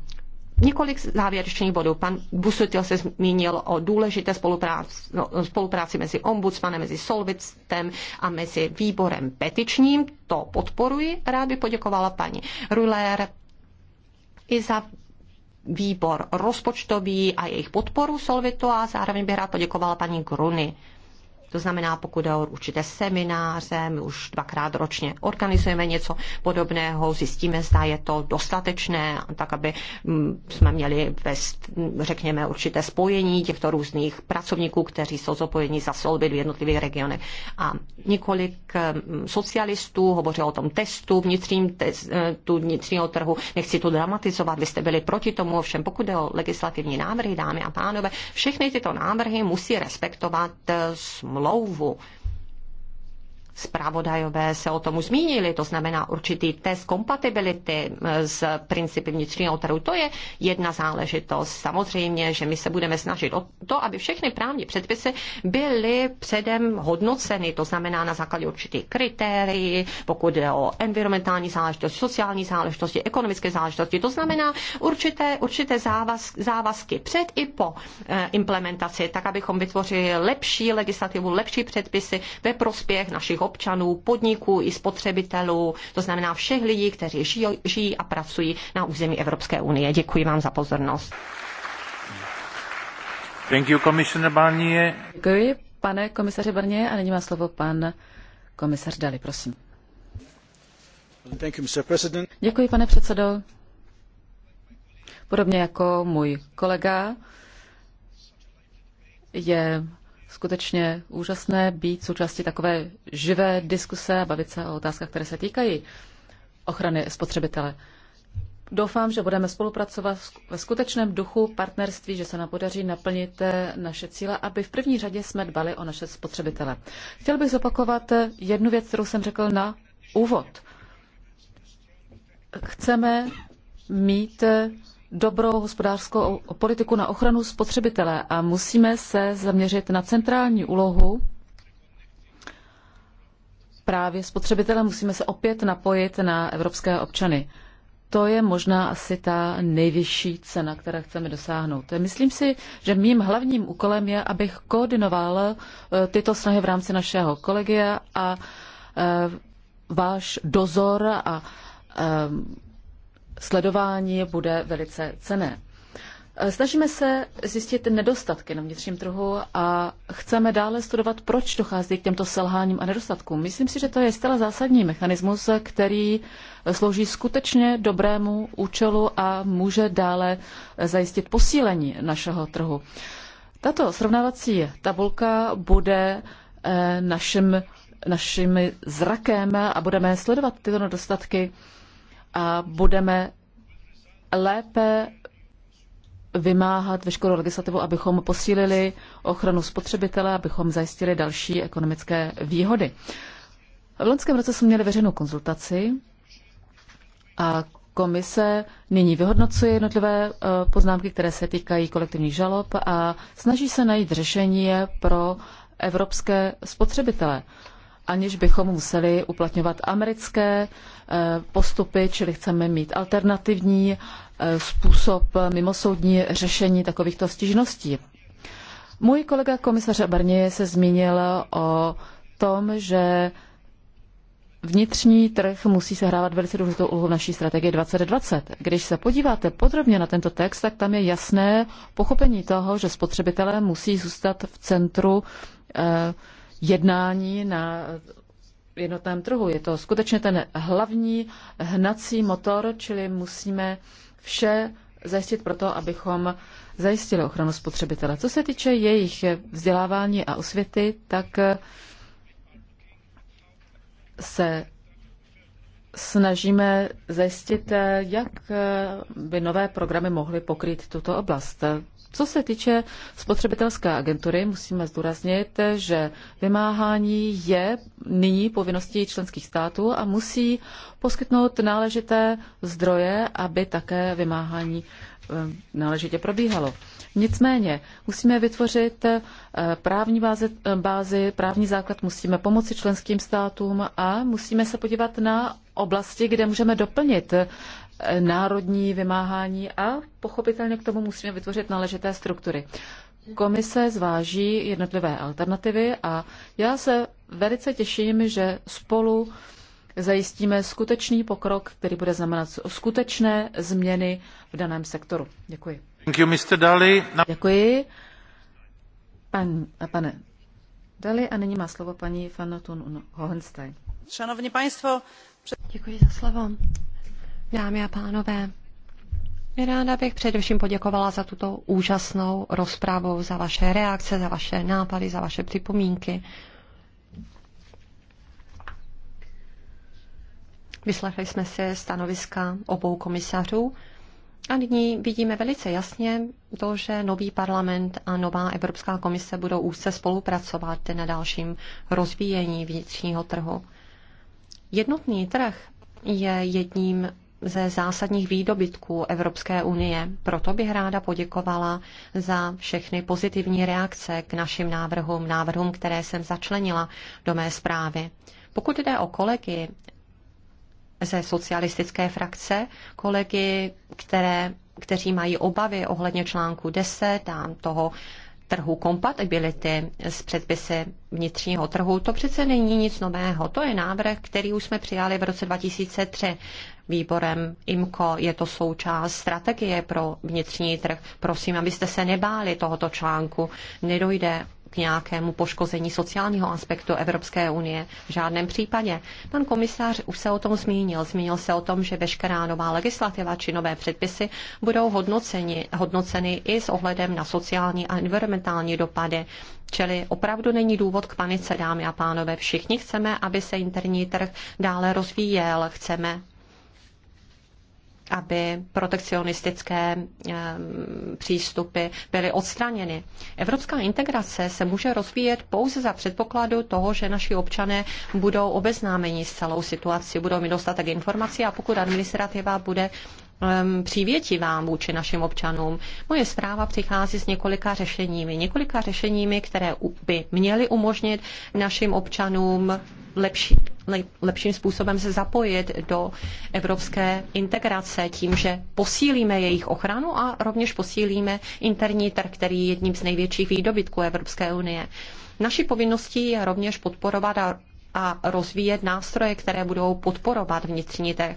Několik závěrečných bodů. Pan Busutil se zmínil o důležité spolupráci, no, spolupráci mezi ombudsmanem, mezi Solvictem a mezi výborem petičním. To podporuji. Rád by poděkovala paní Ruler i za výbor rozpočtový a jejich podporu Solvitu a zároveň bych rád poděkovala paní Gruny to znamená, pokud jde o určité semináře, my už dvakrát ročně organizujeme něco podobného, zjistíme, zda je to dostatečné, tak aby mm, jsme měli, vést, mm, řekněme, určité spojení těchto různých pracovníků, kteří jsou zodpovědní za solby v jednotlivých regionech. A několik mm, socialistů hovořilo o tom testu, vnitřním testu eh, vnitřního trhu. Nechci to dramatizovat, vy jste byli proti tomu, ovšem pokud jde o legislativní návrhy, dámy a pánové, všechny tyto návrhy musí respektovat eh, smlouvu smlouvu zpravodajové se o tom už zmínili, to znamená určitý test kompatibility eh, s principy vnitřního trhu. To je jedna záležitost. Samozřejmě, že my se budeme snažit o to, aby všechny právní předpisy byly předem hodnoceny, to znamená na základě určitých kritérií, pokud jde o environmentální záležitosti, sociální záležitosti, ekonomické záležitosti, to znamená určité, určité závaz, závazky před i po eh, implementaci, tak abychom vytvořili lepší legislativu, lepší předpisy ve prospěch našich občanů, podniků i spotřebitelů, to znamená všech lidí, kteří žijí, žijí a pracují na území Evropské unie. Děkuji vám za pozornost. Thank you, Barnier. Děkuji, pane komisaři Barnier, a nyní má slovo pan komisař Dali, prosím. Thank you, Mr. President. Děkuji, pane předsedo. Podobně jako můj kolega je skutečně úžasné být součástí takové živé diskuse a bavit se o otázkách, které se týkají ochrany spotřebitele. Doufám, že budeme spolupracovat ve skutečném duchu partnerství, že se nám podaří naplnit eh, naše cíle, aby v první řadě jsme dbali o naše spotřebitele. Chtěl bych zopakovat eh, jednu věc, kterou jsem řekl na úvod. Chceme mít eh, dobrou hospodářskou politiku na ochranu spotřebitele a musíme se zaměřit na centrální úlohu právě spotřebitele. Musíme se opět napojit na evropské občany. To je možná asi ta nejvyšší cena, které chceme dosáhnout. Myslím si, že mým hlavním úkolem je, abych koordinoval eh, tyto snahy v rámci našeho kolegia a eh, váš dozor a eh, sledování bude velice cené. E, Snažíme se zjistit nedostatky na vnitřním trhu a chceme dále studovat, proč dochází k těmto selháním a nedostatkům. Myslím si, že to je zcela zásadní mechanismus, který slouží skutečně dobrému účelu a může dále zajistit posílení našeho trhu. Tato srovnávací tabulka bude e, našim, našim zrakem a budeme sledovat tyto nedostatky a budeme lépe vymáhat veškerou legislativu, abychom posílili ochranu spotřebitele, abychom zajistili další ekonomické výhody. V loňském roce jsme měli veřejnou konzultaci a komise nyní vyhodnocuje jednotlivé e, poznámky, které se týkají kolektivních žalob a snaží se najít řešení pro evropské spotřebitele, aniž bychom museli uplatňovat americké Eh, postupy, čili chceme mít alternativní eh, způsob mimosoudní řešení takovýchto stížností. Můj kolega komisař Barnier se zmínil o tom, že vnitřní trh musí sehrávat velice důležitou úlohu v naší strategii 2020. Když se podíváte podrobně na tento text, tak tam je jasné pochopení toho, že spotřebitelé musí zůstat v centru eh, jednání na jednotném trhu. Je to skutečně ten hlavní hnací motor, čili musíme vše zajistit proto, abychom zajistili ochranu spotřebitele. Co se týče jejich vzdělávání a osvěty, tak se snažíme zajistit, jak by nové programy mohly pokrýt tuto oblast. Co se týče spotřebitelské agentury, musíme zdůraznit, že vymáhání je nyní povinností členských států a musí poskytnout náležité zdroje, aby také vymáhání eh, náležitě probíhalo. Nicméně musíme vytvořit eh, právní bázi, eh, bázi, právní základ, musíme pomoci členským státům a musíme se podívat na oblasti, kde můžeme doplnit národní vymáhání a pochopitelně k tomu musíme vytvořit náležité struktury. Komise zváží jednotlivé alternativy a já se velice těším, že spolu zajistíme skutečný pokrok, který bude znamenat skutečné změny v daném sektoru. Děkuji. Děkuji. Pan, pane Dali a nyní má slovo paní Fanotun Hohenstein. Šanovní państwo. Děkuji za slovo dámy a pánové. Ráda bych především poděkovala za tuto úžasnou rozpravu, za vaše reakce, za vaše nápady, za vaše připomínky. Vyslechli jsme si stanoviska obou komisařů a nyní vidíme velice jasně to, že nový parlament a nová Evropská komise budou úzce spolupracovat na dalším rozvíjení vnitřního trhu. Jednotný trh je jedním ze zásadních výdobytků Evropské unie. Proto bych ráda poděkovala za všechny pozitivní reakce k našim návrhům, návrhům, které jsem začlenila do mé zprávy. Pokud jde o kolegy ze socialistické frakce, kolegy, které, kteří mají obavy ohledně článku 10 a toho trhu kompatibility s předpisy vnitřního trhu, to přece není nic nového. To je návrh, který už jsme přijali v roce 2003 výborem IMCO. Je to součást strategie pro vnitřní trh. Prosím, abyste se nebáli tohoto článku. Nedojde k nějakému poškození sociálního aspektu Evropské unie. V žádném případě. Pan komisář už se o tom zmínil. Zmínil se o tom, že veškerá nová legislativa či nové předpisy budou hodnoceni, hodnoceny i s ohledem na sociální a environmentální dopady. Čili opravdu není důvod k panice, dámy a pánové. Všichni chceme, aby se interní trh dále rozvíjel. Chceme aby protekcionistické přístupy byly odstraněny. Evropská integrace se může rozvíjet pouze za předpokladu toho, že naši občané budou obeznámeni s celou situací, budou mít dostatek informací a pokud administrativa bude přívětivá vůči našim občanům. Moje zpráva přichází s několika řešeními. Několika řešeními, které by měly umožnit našim občanům lepší nejlepším způsobem se zapojit do evropské integrace tím, že posílíme jejich ochranu a rovněž posílíme interní trh, který je jedním z největších výdobytků Evropské unie. Naší povinností je rovněž podporovat a a rozvíjet nástroje, které budou podporovat vnitřní trh.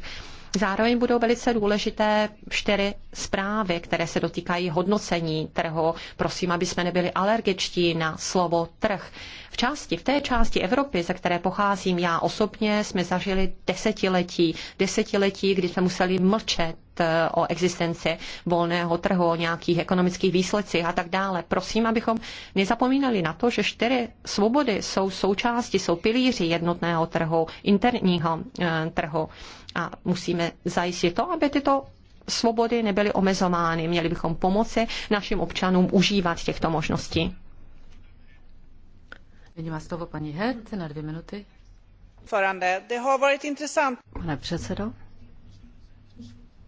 Zároveň budou velice důležité čtyři zprávy, které se dotýkají hodnocení trhu. Prosím, aby jsme nebyli alergičtí na slovo trh. V části, v té části Evropy, ze které pocházím já osobně, jsme zažili desetiletí, desetiletí, kdy jsme museli mlčet Eh, o existenci volného trhu, o nějakých ekonomických výsledcích a tak dále. Prosím, abychom nezapomínali na to, že čtyři svobody jsou součástí, jsou pilíři jednotného trhu, interního eh, trhu a musíme zajistit to, aby tyto svobody nebyly omezovány. Měli bychom pomoci našim občanům užívat těchto možností. Nyní má slovo paní Hed na dvě minuty. Pane předsedo,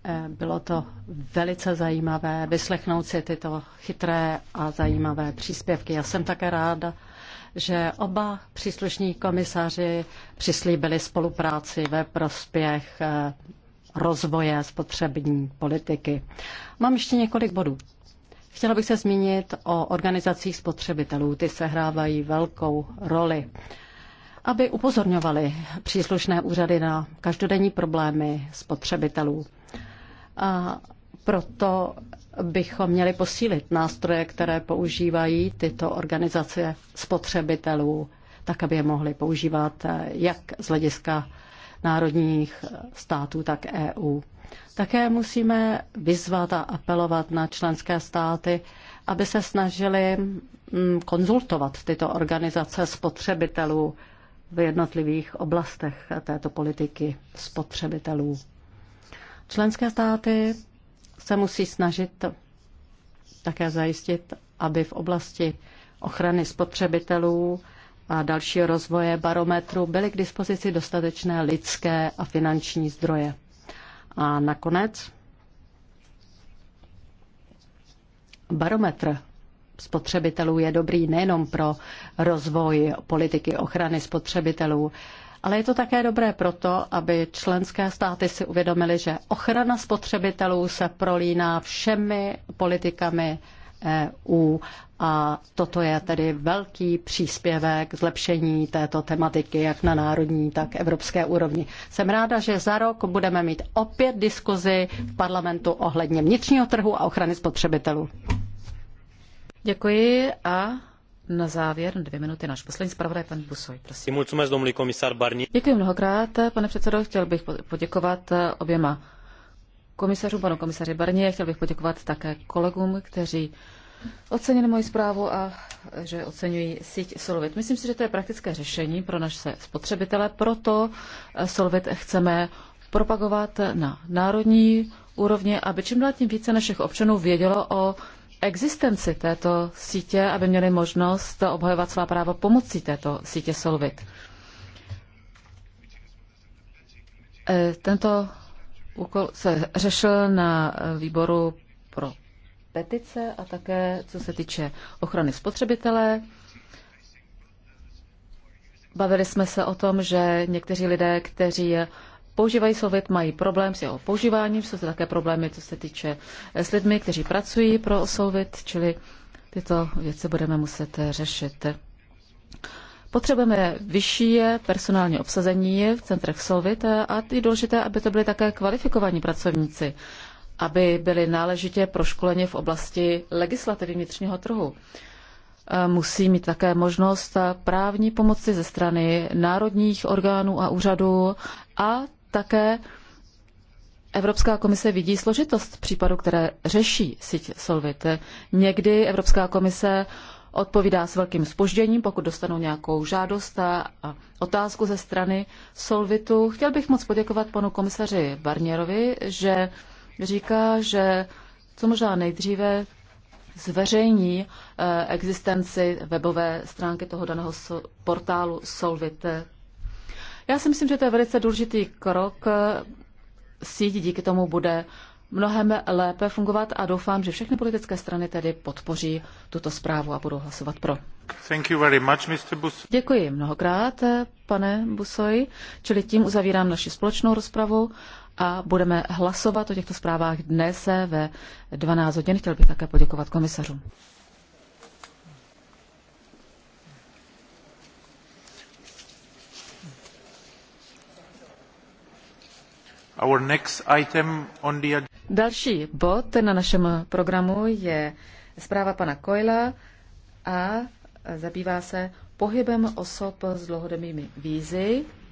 Eh, bylo to velice zajímavé vyslechnout si tyto chytré a zajímavé příspěvky. Já jsem také ráda, že oba příslušní komisaři přislíbili spolupráci ve prospěch eh, rozvoje spotřební politiky. Mám ještě několik bodů. Chtěla bych se zmínit o organizacích spotřebitelů. Ty sehrávají velkou roli aby upozorňovali příslušné úřady na každodenní problémy spotřebitelů. A proto bychom měli posílit nástroje, které používají tyto organizace spotřebitelů, tak aby je mohly používat eh, jak z hlediska národních států, tak EU. Také musíme vyzvat a apelovat na členské státy, aby se snažili mm, konzultovat tyto organizace spotřebitelů v jednotlivých oblastech této politiky spotřebitelů. Členské státy se musí snažit také zajistit, aby v oblasti ochrany spotřebitelů a dalšího rozvoje barometru byly k dispozici dostatečné lidské a finanční zdroje. A nakonec barometr spotřebitelů je dobrý nejenom pro rozvoj politiky ochrany spotřebitelů, ale je to také dobré proto, aby členské státy si uvědomily, že ochrana spotřebitelů se prolíná všemi politikami EU a toto je tedy velký příspěvek zlepšení této tematiky jak na národní, tak evropské úrovni. Jsem ráda, že za rok budeme mít opět diskuzi v parlamentu ohledně vnitřního trhu a ochrany spotřebitelů. Děkuji a na závěr, dvě minuty, náš poslední zpravodaj, pan Busoj, prosím. Děkuji mnohokrát, pane předsedo. Chtěl bych poděkovat eh, oběma komisařům, panu komisaři Barnier. Chtěl bych poděkovat také kolegům, kteří ocenili moji zprávu a že oceňují síť Solvit. Myslím si, že to je praktické řešení pro naše spotřebitele, proto eh, Solvit chceme propagovat na národní úrovni, aby čím dál tím více našich občanů vědělo o existenci této sítě, aby měli možnost obhajovat svá práva pomocí této sítě Solvit. E, tento úkol se řešil na výboru pro petice a také co se týče ochrany spotřebitele. Bavili jsme se o tom, že někteří lidé, kteří používají sovět, mají problém s jeho používáním, jsou to také problémy, co se týče eh, s lidmi, kteří pracují pro sovět, čili tyto věci budeme muset eh, řešit. Potřebujeme vyšší eh, personální obsazení v centrech sovět a je důležité, aby to byly také kvalifikovaní pracovníci, aby byli náležitě proškoleni v oblasti legislativy vnitřního trhu. Musí mít také možnost právní pomoci ze strany národních orgánů a úřadů a také Evropská komise vidí složitost případu, které řeší síť Solvit. Někdy Evropská komise odpovídá s velkým spožděním, pokud dostanou nějakou žádost a otázku ze strany Solvitu. Chtěl bych moc poděkovat panu komisaři Barnierovi, že říká, že co možná nejdříve zveřejní e, existenci webové stránky toho daného portálu Solvit já si myslím, že to je velice důležitý krok. Síť díky tomu bude mnohem lépe fungovat a doufám, že všechny politické strany tedy podpoří tuto zprávu a budou hlasovat pro. Thank you very much, Mr. Bus- Děkuji mnohokrát, pane Busoj. Čili tím uzavírám naši společnou rozpravu a budeme hlasovat o těchto zprávách dnes ve 12 hodin. Chtěl bych také poděkovat komisařům. Další bod na našem programu je zpráva pana Koila a zabývá se pohybem osob s dlouhodobými vízy.